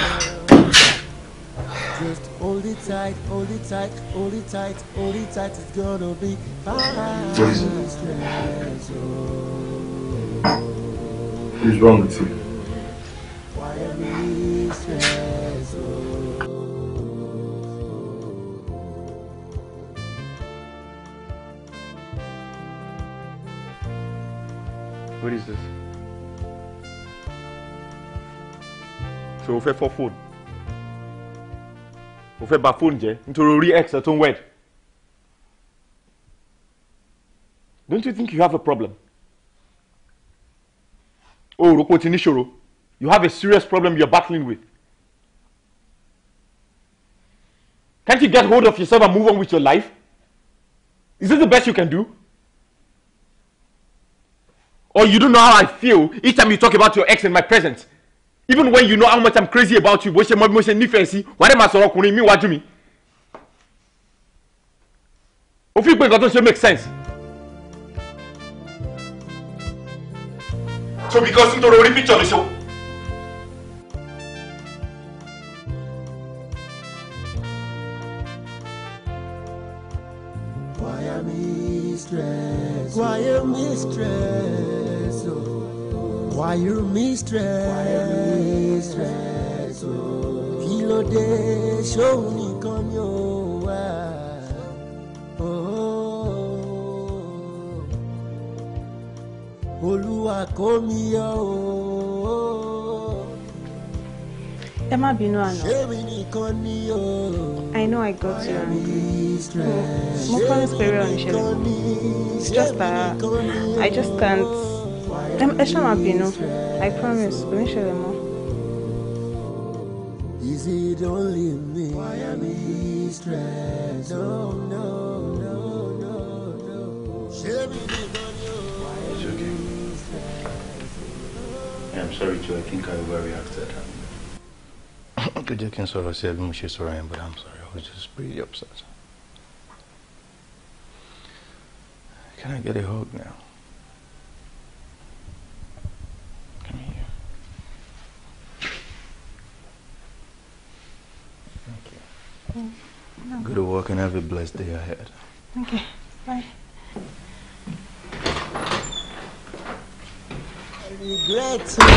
Just hold it tight, hold it tight, hold it tight, hold it tight. It's gonna be fine. Jason. What is wrong with you? What is this? So o fẹ́ phone. O fẹ́ bà phone jẹ́ nítorí orí ex ẹ̀ tó ń Don't you think you have a problem? Oh, rò pé o ti níṣòro. You have a serious problem you're battling with. Can't you get hold of yourself and move on with your life? Is this the best you can do? Or you don't know how I feel each time you talk about your ex in my presence. Even when you know how much I'm crazy about you, bó ṣe mọ bí mo ṣe nífẹ̀ẹ́ sí, wàá dẹ̀ tó ṣe make sense. So because nítorí orí picture ló ṣe. mistress. Choir mistress. Oh. Choir mistress. Choir mistress. Oh. Kí ló dé ni ó wà? Oh. Olúwa kò mí yọ ooo. Oh ẹ má bínú àná. I know I got you angry. Mo promise pé rẹ̀ ò ní ṣẹlẹ̀. It's just that I just can't. Ẹ ṣáà má bínú. I promise kò ní ṣẹlẹ̀ mọ́. Is it only me? Why am I stressed? No, no, no, no, no. Ṣé mi ní kan It's okay. I'm sorry too. I think I overreacted. kò jẹ́ kí I sọ̀rọ̀ sí ẹ bí mo ṣe sọ̀rọ̀ yẹn but I'm sorry I was just pretty upset. Can I get a hug now? Come here. Thank you. Good to work and have a blessed day ahead. Okay, bye. rìgírẹ́tì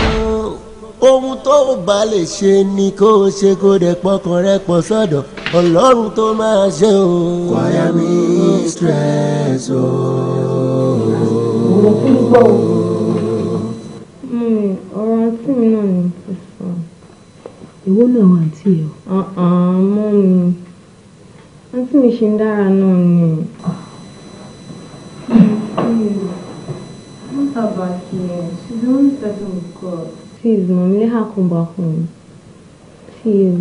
ohun tó o bá lè ṣe ni kó o ṣe kó dẹ̀ pọkàn rẹ pọ̀ sọ́dọ̀ ọlọ́run tó máa ṣe o. choir mistress o. ọ̀rọ̀ àti mi náà ni ìwọ náà wà tí o. Uh-uh, mọ́ mi àǹtí mi ṣe ń dára náà ni. Ah sabahleyin sizin tadınko. Siz mumli hakun bakun. Siz.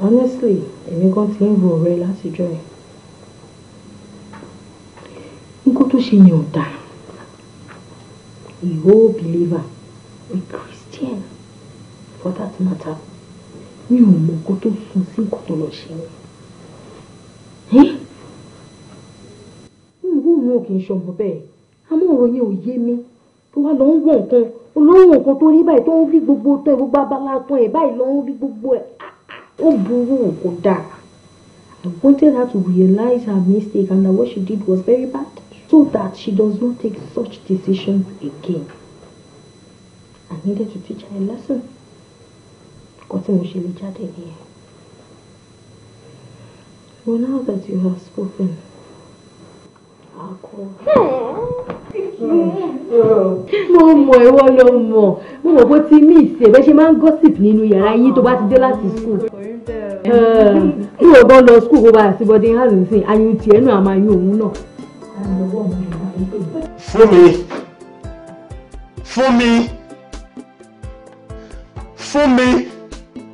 Honestly, èmi gan ti ń ro ọ̀rẹ́ látijọ́ ẹ̀. Nǹkan tó ṣe yẹn ò dáa. Ìwọ believer, a Christian for that matter, mi ò mọ̀ nǹkan tó sun sí nǹkan tó lọ ṣe yẹn irú òun kì í ṣọmọ bẹ́ẹ̀ àmọ́ ọ̀rọ̀ yẹn ò yé mi tó wá lọ ń wọ nǹkan olóhùn nǹkan tó rí báyìí tó ń rí gbogbo tó ẹ gbogbo abala tán ẹ báyìí lọ ń rí gbogbo ẹ ó burú kò dáa I wanted her to realize her mistake and that what she did was very bad so that she does not take such decisions again. I needed to teach her a lesson. Kò tí mo ṣe lè jáde nìyẹn. So now that you have spoken, I'll call. mo mọ ìwọ ló mọ mo mọ bó ti mí ìsè bẹ ṣe máa ń gossip nínú yàrá yín tó bá ti dé láti school kí o bọ́ lọ school kó bá àti bọ́dé hàn nísìnyí ayun tiẹ̀ náà àmà yín òun náà. fún mi fún mi fún mi.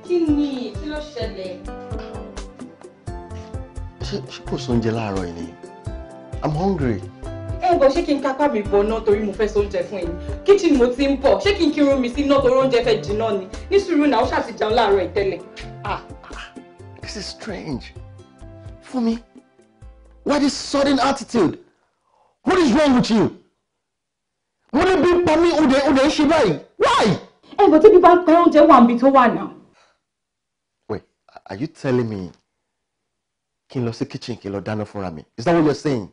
kí ni ṣé kò sóúnjẹ láàárọ̀ yìí ni i'm hungry. ẹ bọ ṣé kí n kápá mi bọ náà torí mo fẹ́ sóúnjẹ fún yín kíchìn mo ti ń bọ̀ ṣé kí n kírun mi sí náà torí oúnjẹ fẹ́ jiná ni ní sùúrù náà ó ṣàti jẹun láàárọ̀ yìí tẹ́lẹ̀. ah, ah, ah. this is strange Fumi why this sudden attitude what is wrong with you mo ní bí pa mí òde òde ṣe báyìí why. ẹ bọ tí bí bá ń pẹ oúnjẹ wà níbi tó wà náà. wait are you telling me kí n lọ sí kitchen kí n lọ dáná fúnra mi is that what you are saying?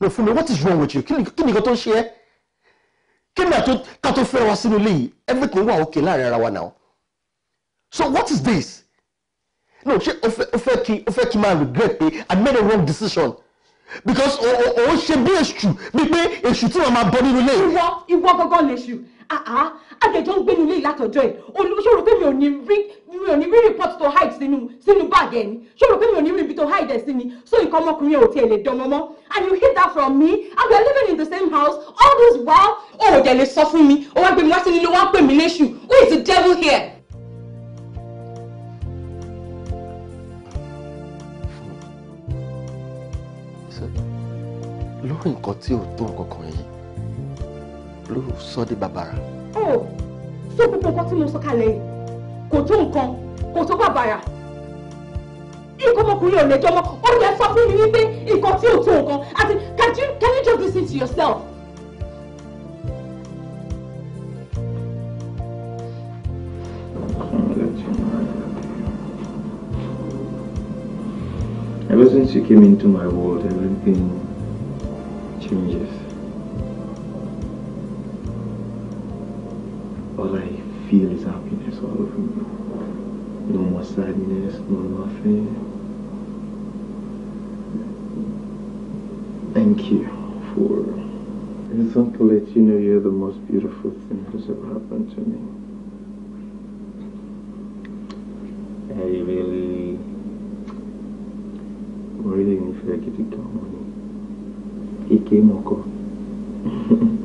no fún mi what is wrong with you kí ni nǹkan tó ń ṣe ẹ́ kí ni ká tó fẹ́ wá sínú ilé yìí everything wà okay láàrin ara wa now so what is this? no ṣé o fẹ́ kí o fẹ́ kí máa regret pé I made a wrong decision because o o o ṣe bí èṣù bí pé èṣù tí wọ́n máa bọ́ nínú ilé. ìwọ ìwọ gangan lè ṣù ah, ah àjẹjọ ń gbénu ilé ìlàtọjọ ẹ ṣòro pé mi ò ní rí mi ò ní rí report to hide sínú sínú báàgì ẹ ni ṣòro pé mi ò ní rí ibi to hide ẹ sí ni so nǹkan ọmọkùnrin ò tiẹ̀ lè dánmọ́ mọ́ and you hid that from me and we are living in the same house all this while o ò dẹ̀ lè sọ fún mi o wá gbé mi wá sí nílé wá pè mí léṣù who is the devil here. lórí nǹkan tí ò tó nǹkan kan yìí ló sọ dé bàbàrà oh so gbogbo nǹkan tí mo sọ kalẹ̀ yìí kò tó nǹkan kò tó bàbàrà nǹkan ọmọkùnrin ò lè jọmọ olùwẹ̀ sọ fún mi wípé nǹkan tí ò tó nǹkan àti can you can you just listen to yourself. Ever since you came into my world, everything changes. feel his happiness all over me. No more sadness, no more fear. Thank you for I just want to let you know you're the most beautiful thing that's ever happened to me. I really, I really didn't feel like it came on. It came on. [laughs]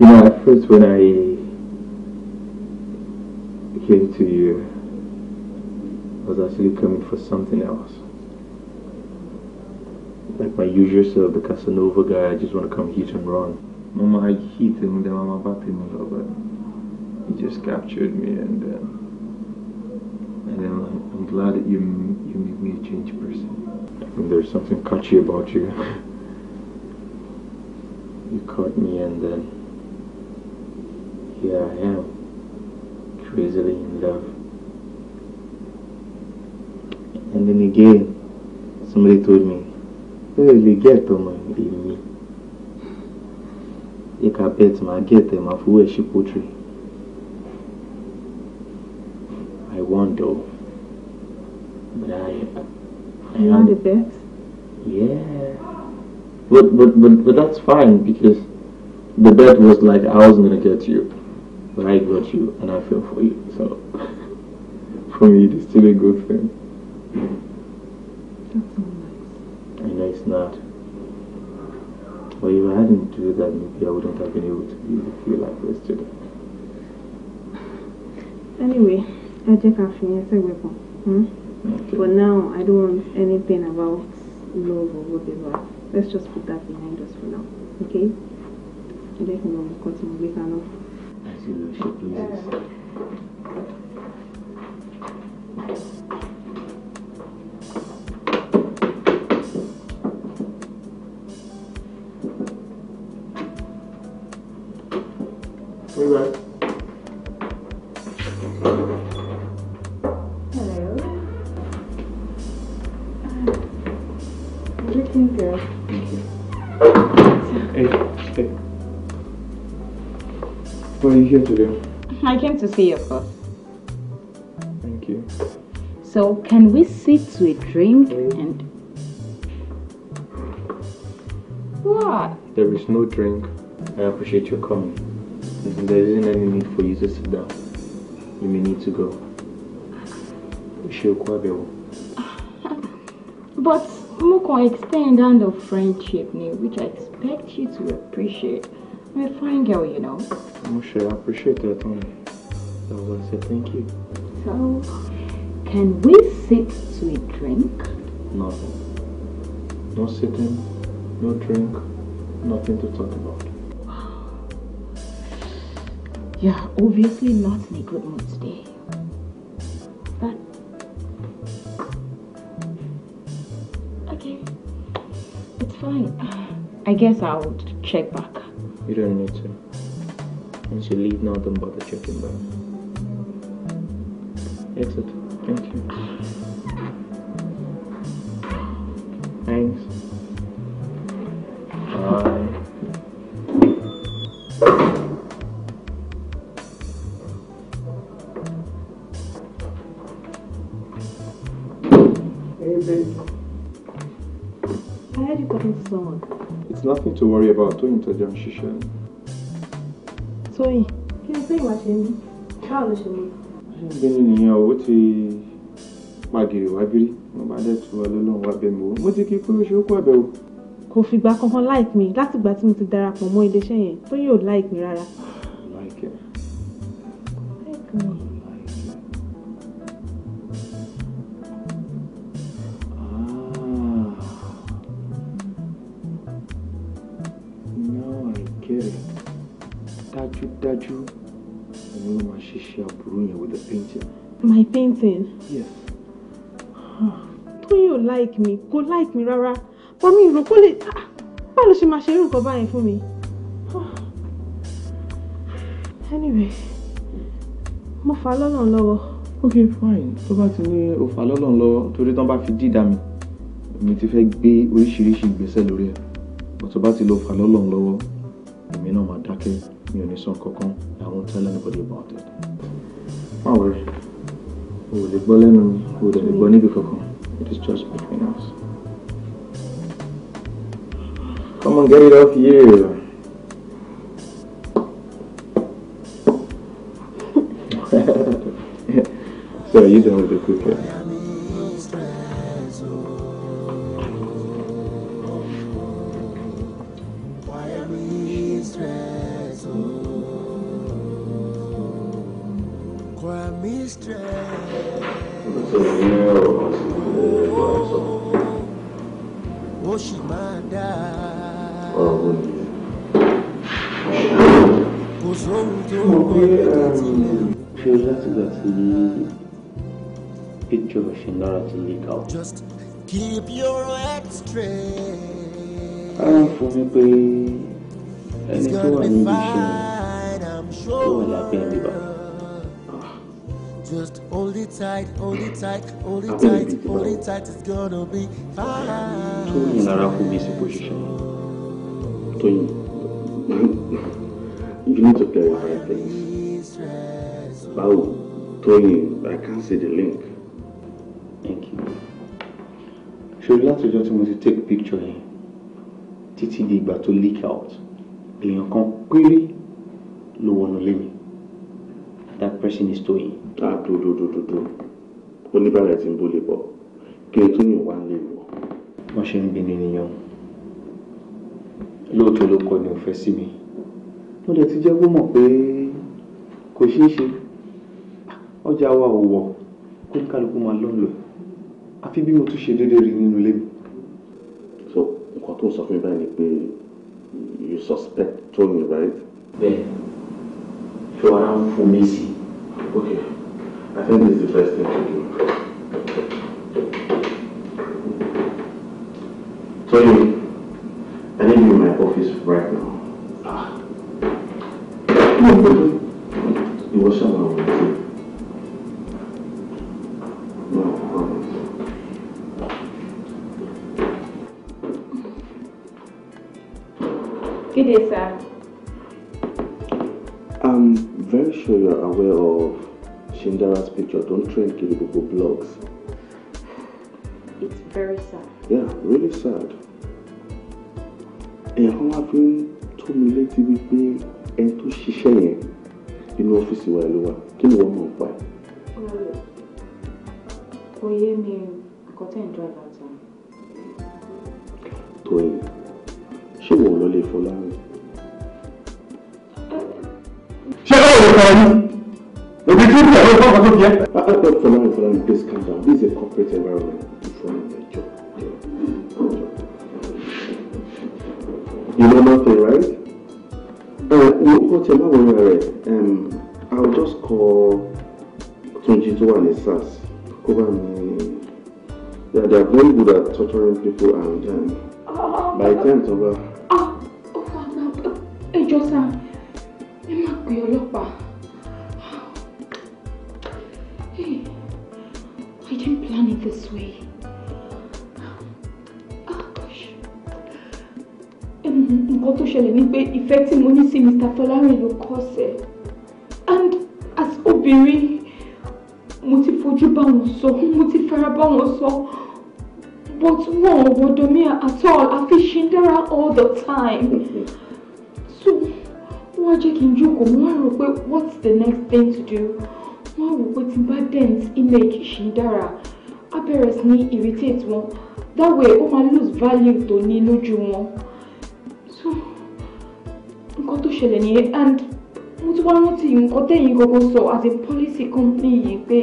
You know, at first when I came to you was actually coming for something else. Like my usual self, the Casanova guy, I just want to come hit and run. Mama had hit him, then Mama bat him, but he just captured me, and then, uh, and then I'm, I'm glad that you you made me a changed person. there's something catchy about you. you caught me, and then here I am crazily in love. And then again, somebody told me, Where will you get them in me? You can bet my get them of where she poetry. I wonder. But I. I you want the best? Yeah. But, but, but, but that's fine because the bet was like, I wasn't going to get you. But I got you and I feel for you. So [laughs] for me, it's still a good thing. That's not nice. I know it's not. But if I hadn't do that, maybe I wouldn't have been able to be with you like this today. Anyway, I take off your weapon. Hmm? Okay. But now I don't want anything about love or whatever. Let's just put that behind us for now. Okay? I go know because we cannot c'est le came today? I came to see you, of course. Thank you. So, can we sit to a drink mm. and. What? There is no drink. I appreciate your coming. There isn't any need for you to sit down. You may need to go. [laughs] But Mukon extend hand of friendship, which I expect you to appreciate. A fine girl, you know. Oh, sure. I appreciate that, honey. That was say thank you. So, can we sit to a drink? Nothing. No sitting, no drink, nothing to talk about. [gasps] yeah, obviously not in a good mood today. But okay, it's fine. I guess I'll check back. You don't need to. Once you leave now, don't bother checking back. Exit. Thank you. Thanks. nothing to worry about Tóyìn tọ́jú ń ṣiṣẹ́ ni. Tóyìn kí ni Tóyìn máa ṣe ní báwo ló ṣe mú. bẹ́ẹ̀ni nìyẹn owó ti pàgìrì wá bírí mo bá dẹ̀ tu ọlọ́lọ́run wá bẹ́ẹ̀ mi wò mo ti kí pé oṣù kú àbẹ̀wò. kò fìgbà kankan like mi látìgbà tí mo ti darapọ̀ mọ́ iléeṣẹ́ yẹn Tóyìn like mi rárá. like it. like me. dájúdájú òun ló máa ṣiṣẹ́ aburú yẹn with the painting. my painting. yes. Ah, tóyìn ò like mi kò like mi rárá bá mi rò kó lè ah, báwo ló ṣe máa ṣe irú nǹkan báyẹn fún mi. Ah. anyway mo fà á lọ́nà lọ́wọ́. ok fine tó bá ti ní o fà á lọ́nà lọ́wọ́ torí tán bá fi dídà mi èmi ti fẹ́ gbé oríṣiríṣi ìgbésẹ̀ lórí ẹ̀ bó tó bá ti lọ fà á lọ́nà lọ́wọ́ èmi náà máa dákẹ́. I won't tell anybody about it. má wẹ̀rẹ̀ o ò lè gbọ́ lẹ́nu mi o it is just between us. come on get it off you. [laughs] so are you done with the cooking? in order Just keep your head straight. Ara ń fún mi pé ẹni tó wà níbi iṣẹ́ tó wà lábẹ́ mi bá. Just hold it tight, hold it tight, hold it tight, hold it tight, it's gonna be fine. Tó yìn lára fún mi sí position. Tó You need to clarify things. Báwo, Tóyìn, I can't see the link. ṣòro látọjọ́ tí mo ti take picture yẹn títí di ìgbà tó leak out èèyàn kan péré ló wọnú lé mi that person is Tóyìn. a ah, dúró dúró do oníbàárà ti ń bólè bọ kí n Tóyìn wá lè wọ. wọ́n ṣe ń bínú nìyẹn lóòótọ́ ló kọ ní òfẹ́ sí mi mo dẹ̀ ti jẹ́ kó mọ̀ pé kò ṣeé ṣe ọjà wa ò wọ̀ kó ní kálukú máa lọ́nlọ́ọ̀ àfi bí mo tún ṣe déédéé rí nínú ilé mi. so nǹkan tó sọ fún mi báyìí ni pé you suspect Tony right. bẹ́ẹ̀ fi wàrà ń fún mi sí. okay I think this is the first thing to do. Tony, I need you in my office right now. Ah. ìwọ ṣàlàyé. picture tó ń trend kiri blogs. it's very sad. yeah really sad. èèyàn kan wá fi ń tó mi létí wípé ẹni tó ṣiṣẹ́ yẹn inú ọ́fíìsì wa ló wà kí ni wọ́n mọ̀ ń pa ẹ̀. kò yé mi nǹkan tẹ̀ ń dọ́là tó. tóyìn ṣé wọn ò lọ lè fọlá rìn. ṣé If you do that, you're not going to get. For now, for now, please calm This is a corporate environment. People from their job. You know nothing, right? Uh, you go tell my worry. Um, I'll just call Tunji to one SARS. Over me. Yeah, they are very good at torturing people and then um, by the time it's over. Ah, oh, Ẹ jọ̀ọ́ sà, ẹ má pe ọlọ́pàá. didn't plan it this way. Ah, nǹkan tó ṣẹlẹ̀ ni pé ìfẹ́ tí mo ní sí Mr. Fọlárin ló kọ́ sẹ́ and as obìnrin mo ti fojú bá wọn sọ mo ti fara bá wọn sọ but wọn ò wọdọ mi at all àfi ṣindára all the time so wọ́n jẹ́ kí n jókòó wọ́n rò pé what's the next thing to do wọ́n wò pé tí n bá dent image ṣì ń dára á bẹ̀rẹ̀ sí ní irritate wọn that way ó máa lose value tó ní lójú wọn so nǹkan tó ṣẹlẹ̀ nìyẹn and mo tún wá rántí nǹkan tẹ̀yìn gbogbo sọ as a policy company yìí pé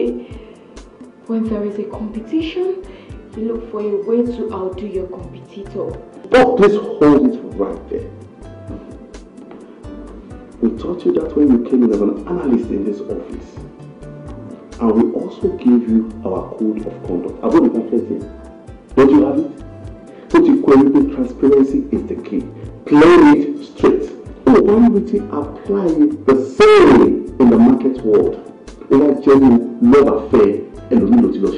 when there is a competition you look for a way to outdo your competitor. but please hold it right there. We taught you that when you came in as an analyst in this office and we also give you our code of conduct. Àbúrò mi kan fẹ́ tiẹ̀. Don't you have it? Ó ti kọ ẹni pé transparency is the key. Play it straight. Oh, wá ní wetin apply it the same in the market world. Ó wá genuine, love affair and ló ti lọ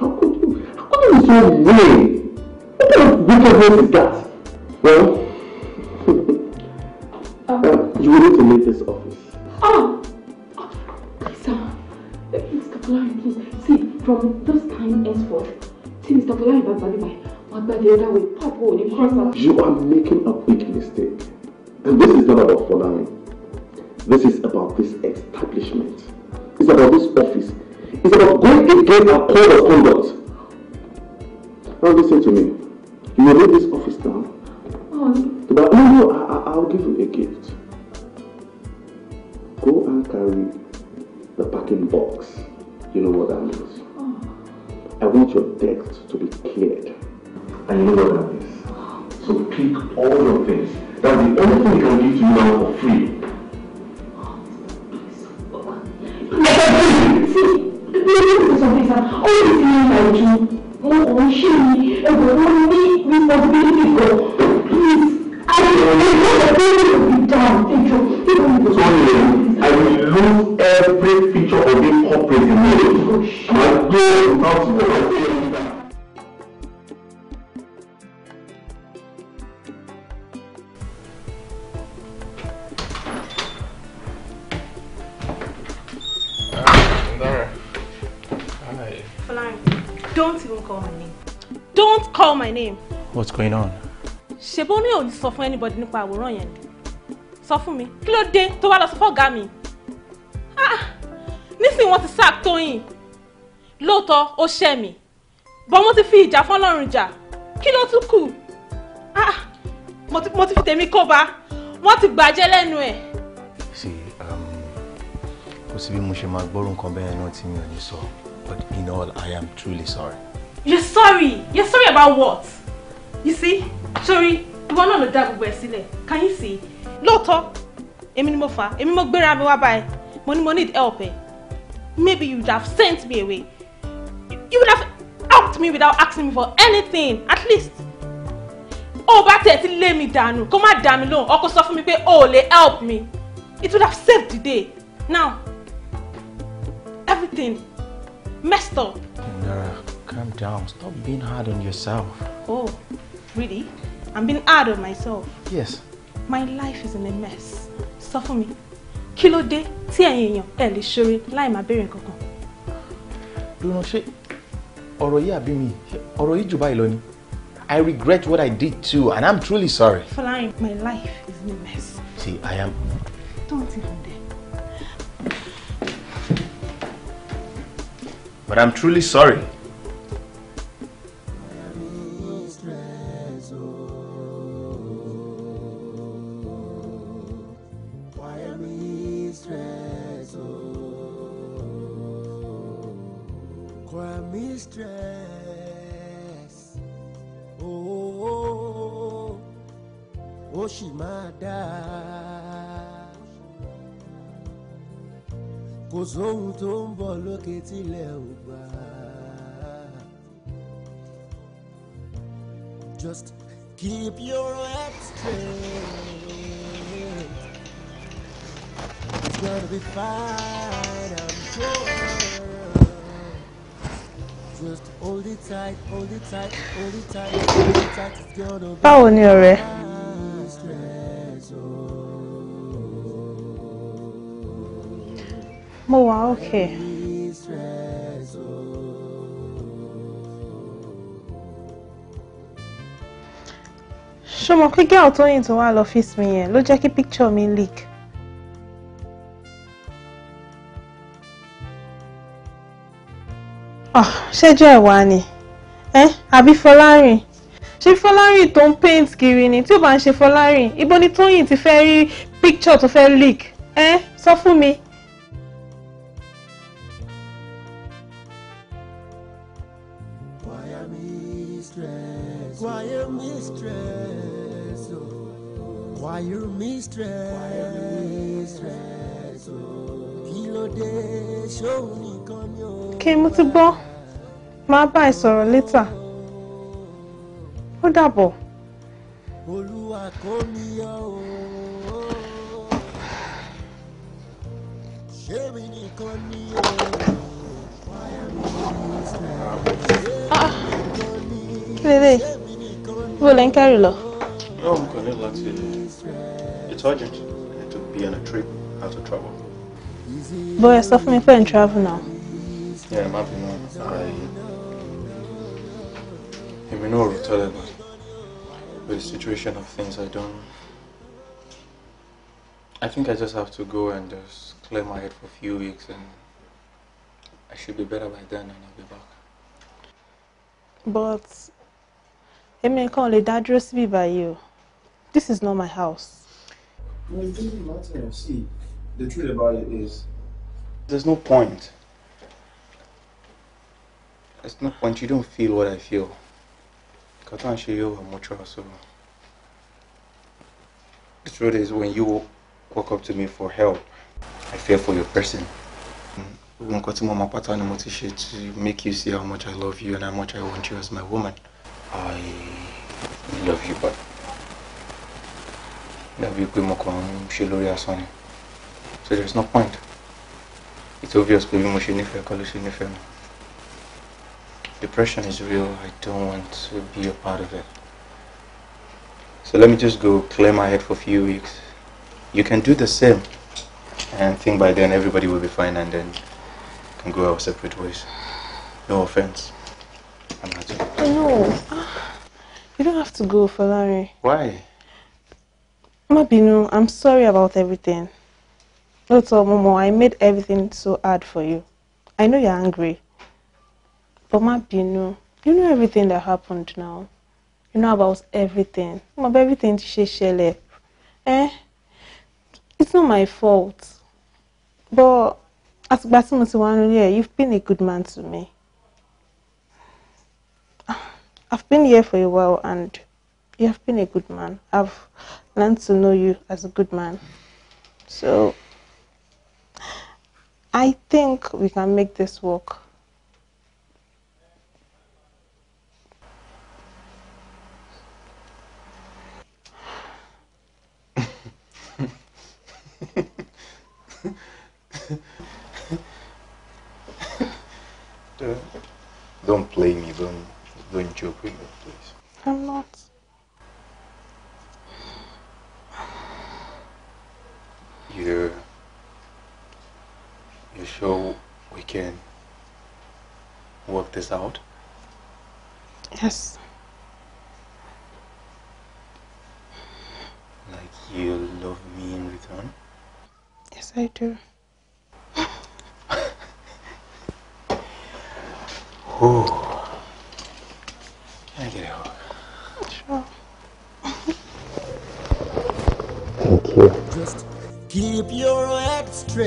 How could you? How could you be so mean? What kind of wickedness is that? Well, [laughs] um, uh, you will need to leave this office. Ah! Fọláyìn see from this time henceforth tí Mr. Fọláyìn bá gbalẹ̀ báyìí wọ́n gba the other way pàpọ̀ òní kọ́sà. You are making a big mistake and this is not about Fọláyìn this is about this establishment it's about this office it's about going against our code of conduct now listen to me you will leave this office now. Oh. But oh, no, no, I, I'll give you a gift. Go and carry the packing box You know what that means? I want your debt to be cleared. And you know what that means? So pick all your things. That's the only thing you can give to you now for free. nípa àwòrán yẹn ni sọ fún mi kí ló dé tó wá lọ sọ fọ́gà mi ah, nísìnyí wọ́n ti sack Tóyìn lóòótọ́ ó ṣẹ̀ mí bọ́n mo ti fi ìjà fọ́lọ́run jà kí ló tún kù ah, mo ti fi tèmi kó bá ti gbàjẹ́ lẹ́nu ẹ̀. ṣe um, kò sí bí mo ṣe máa gbọ́rù nǹkan bẹ́ẹ̀ náà tí mi ò ní sọ but in all I am truly sorry. You're sorry? You're sorry about what? You see? Sorry ìwọ náà ló dá gbogbo ẹ̀ sílẹ̀ can you see. lóòótọ́ èmi ni mo fà á èmi mo gbéra mi wá báyìí mo ní mo need help ẹ maybe you would have sent me away you would have helped me without asking me for anything at least ó bá tẹ̀ tí lé mi dànù kó má dà mí lóhùn ọkọ sọ fún mi pé o ò lè help me it would have saved the day now everything messed up. Indara, calm down. Stop being hard on yourself. Oh, really? I'm being hard on myself. Yes. My life is in a mess. Suffer me. mi, kí ló dé tí ẹ̀yin èèyàn ẹ̀ lè ṣoore láì máa béèrè nǹkan kan? Dùnà ṣé Oro yìí àbí mi, Oro yìí jù báyìí lọ ni. I regret what I did too and I'm truly sorry. Fọláyìn, my life is in a mess. See, I am. Don't even dare. But I'm truly sorry. dress ooo oh, ó sì máa dáa kò sóhun tó ń bọ̀ lókè tilẹ̀ ò just keep your head straight it's gonna be fine I'm sure báwo ni ọ̀rẹ́. mo wà ókè. ṣọmọ pé gẹ́ọ̀ tóyìn tó wá lọ́fíìsì mi yẹn ló jẹ́ kí píkṣọ̀ mi leak. Ah, ṣẹ́jọ́ ẹ̀ wá ni àbí Fọlárìn ṣé Fọlárìn tó ń paint kiri ni tí ó bá ń ṣe Fọlárìn ibo ni Tóyìn ti fẹ́ rí picture tó fẹ́ leak sọ fún mi. Choir mistress, oh. Choir mistress, choir oh. mistress, Kí ló dé ṣóun nìkan ni o. Kí mo ti gbọ́. Máa bá ẹ sọ̀rọ̀ létà. Ó dàbọ̀. Olúwa kò ní yọ ooo. ń kẹ́rù lọ? No, I'm going to let It's urgent. I need to be on a trip out of trouble. Boy, sọ fún mi pé n travel now. Yeah, I'm happy now. I èmi náà rò tẹ́lẹ̀ náà with the situation of things I don't I think I just have to go and just clear my head for a few weeks and I should be better by then and I'll be back. But èmi kan lè dá dúró síbí báyìí o. This is not my house. Well, it doesn't matter. See, the truth about it is, there's no point. There's no point. You don't feel what I feel. Kata and Sheyo are so. The truth is, when you walk up to me for help, I fear for your person. Gbogbo nǹkan tí mo máa to make you see how much I love you and how much I want you as my woman. I love you, but dàbí pé mo kàn ń So there's no point. It's obvious pé bí mo ṣe nífẹ̀ẹ́ kọ́ ló ṣe nífẹ̀ẹ́ mi. Depression is real. I don't want to be a part of it. So let me just go clear my head for a few weeks. You can do the same. And think by then everybody will be fine and then can go our separate ways. No offense. I'm not No. You don't have to go, Falari. Why? Mabino, I'm sorry about everything. No, Momo, I made everything so hard for you. I know you're angry. But my know, you know everything that happened now. You know about everything. About everything she shele. Eh? It's not my fault. But as Basimutiwanule, you've been a good man to me. [sighs] I've been here for a while and you have been a good man. I've learned to know you as a good man. So I think we can make this work. don't play me, don't, don't joke with me, please. I'm not. You're, you're sure we can work this out? Yes. Like you love me in return? Yes, I do. oh. Can I get a hug? Sure. Thank you. Just keep your head straight.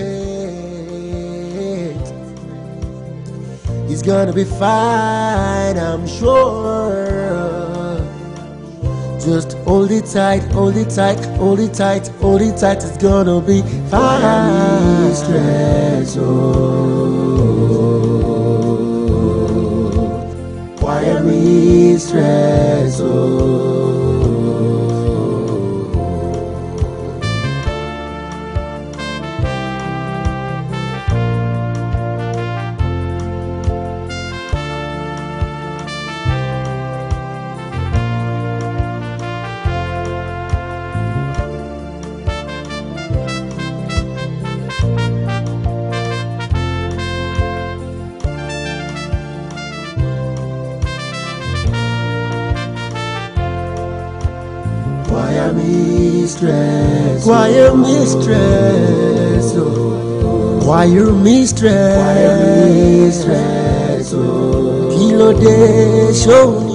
He's gonna be fine, I'm sure. Just hold it tight, hold it tight, hold it tight, hold it tight. It's gonna be fine. Stress, oh, Quiet me, stress, oh. mistress, oh. choir mistress, oh. choir mistress, choir mistress, oh. kí ló dé ṣóun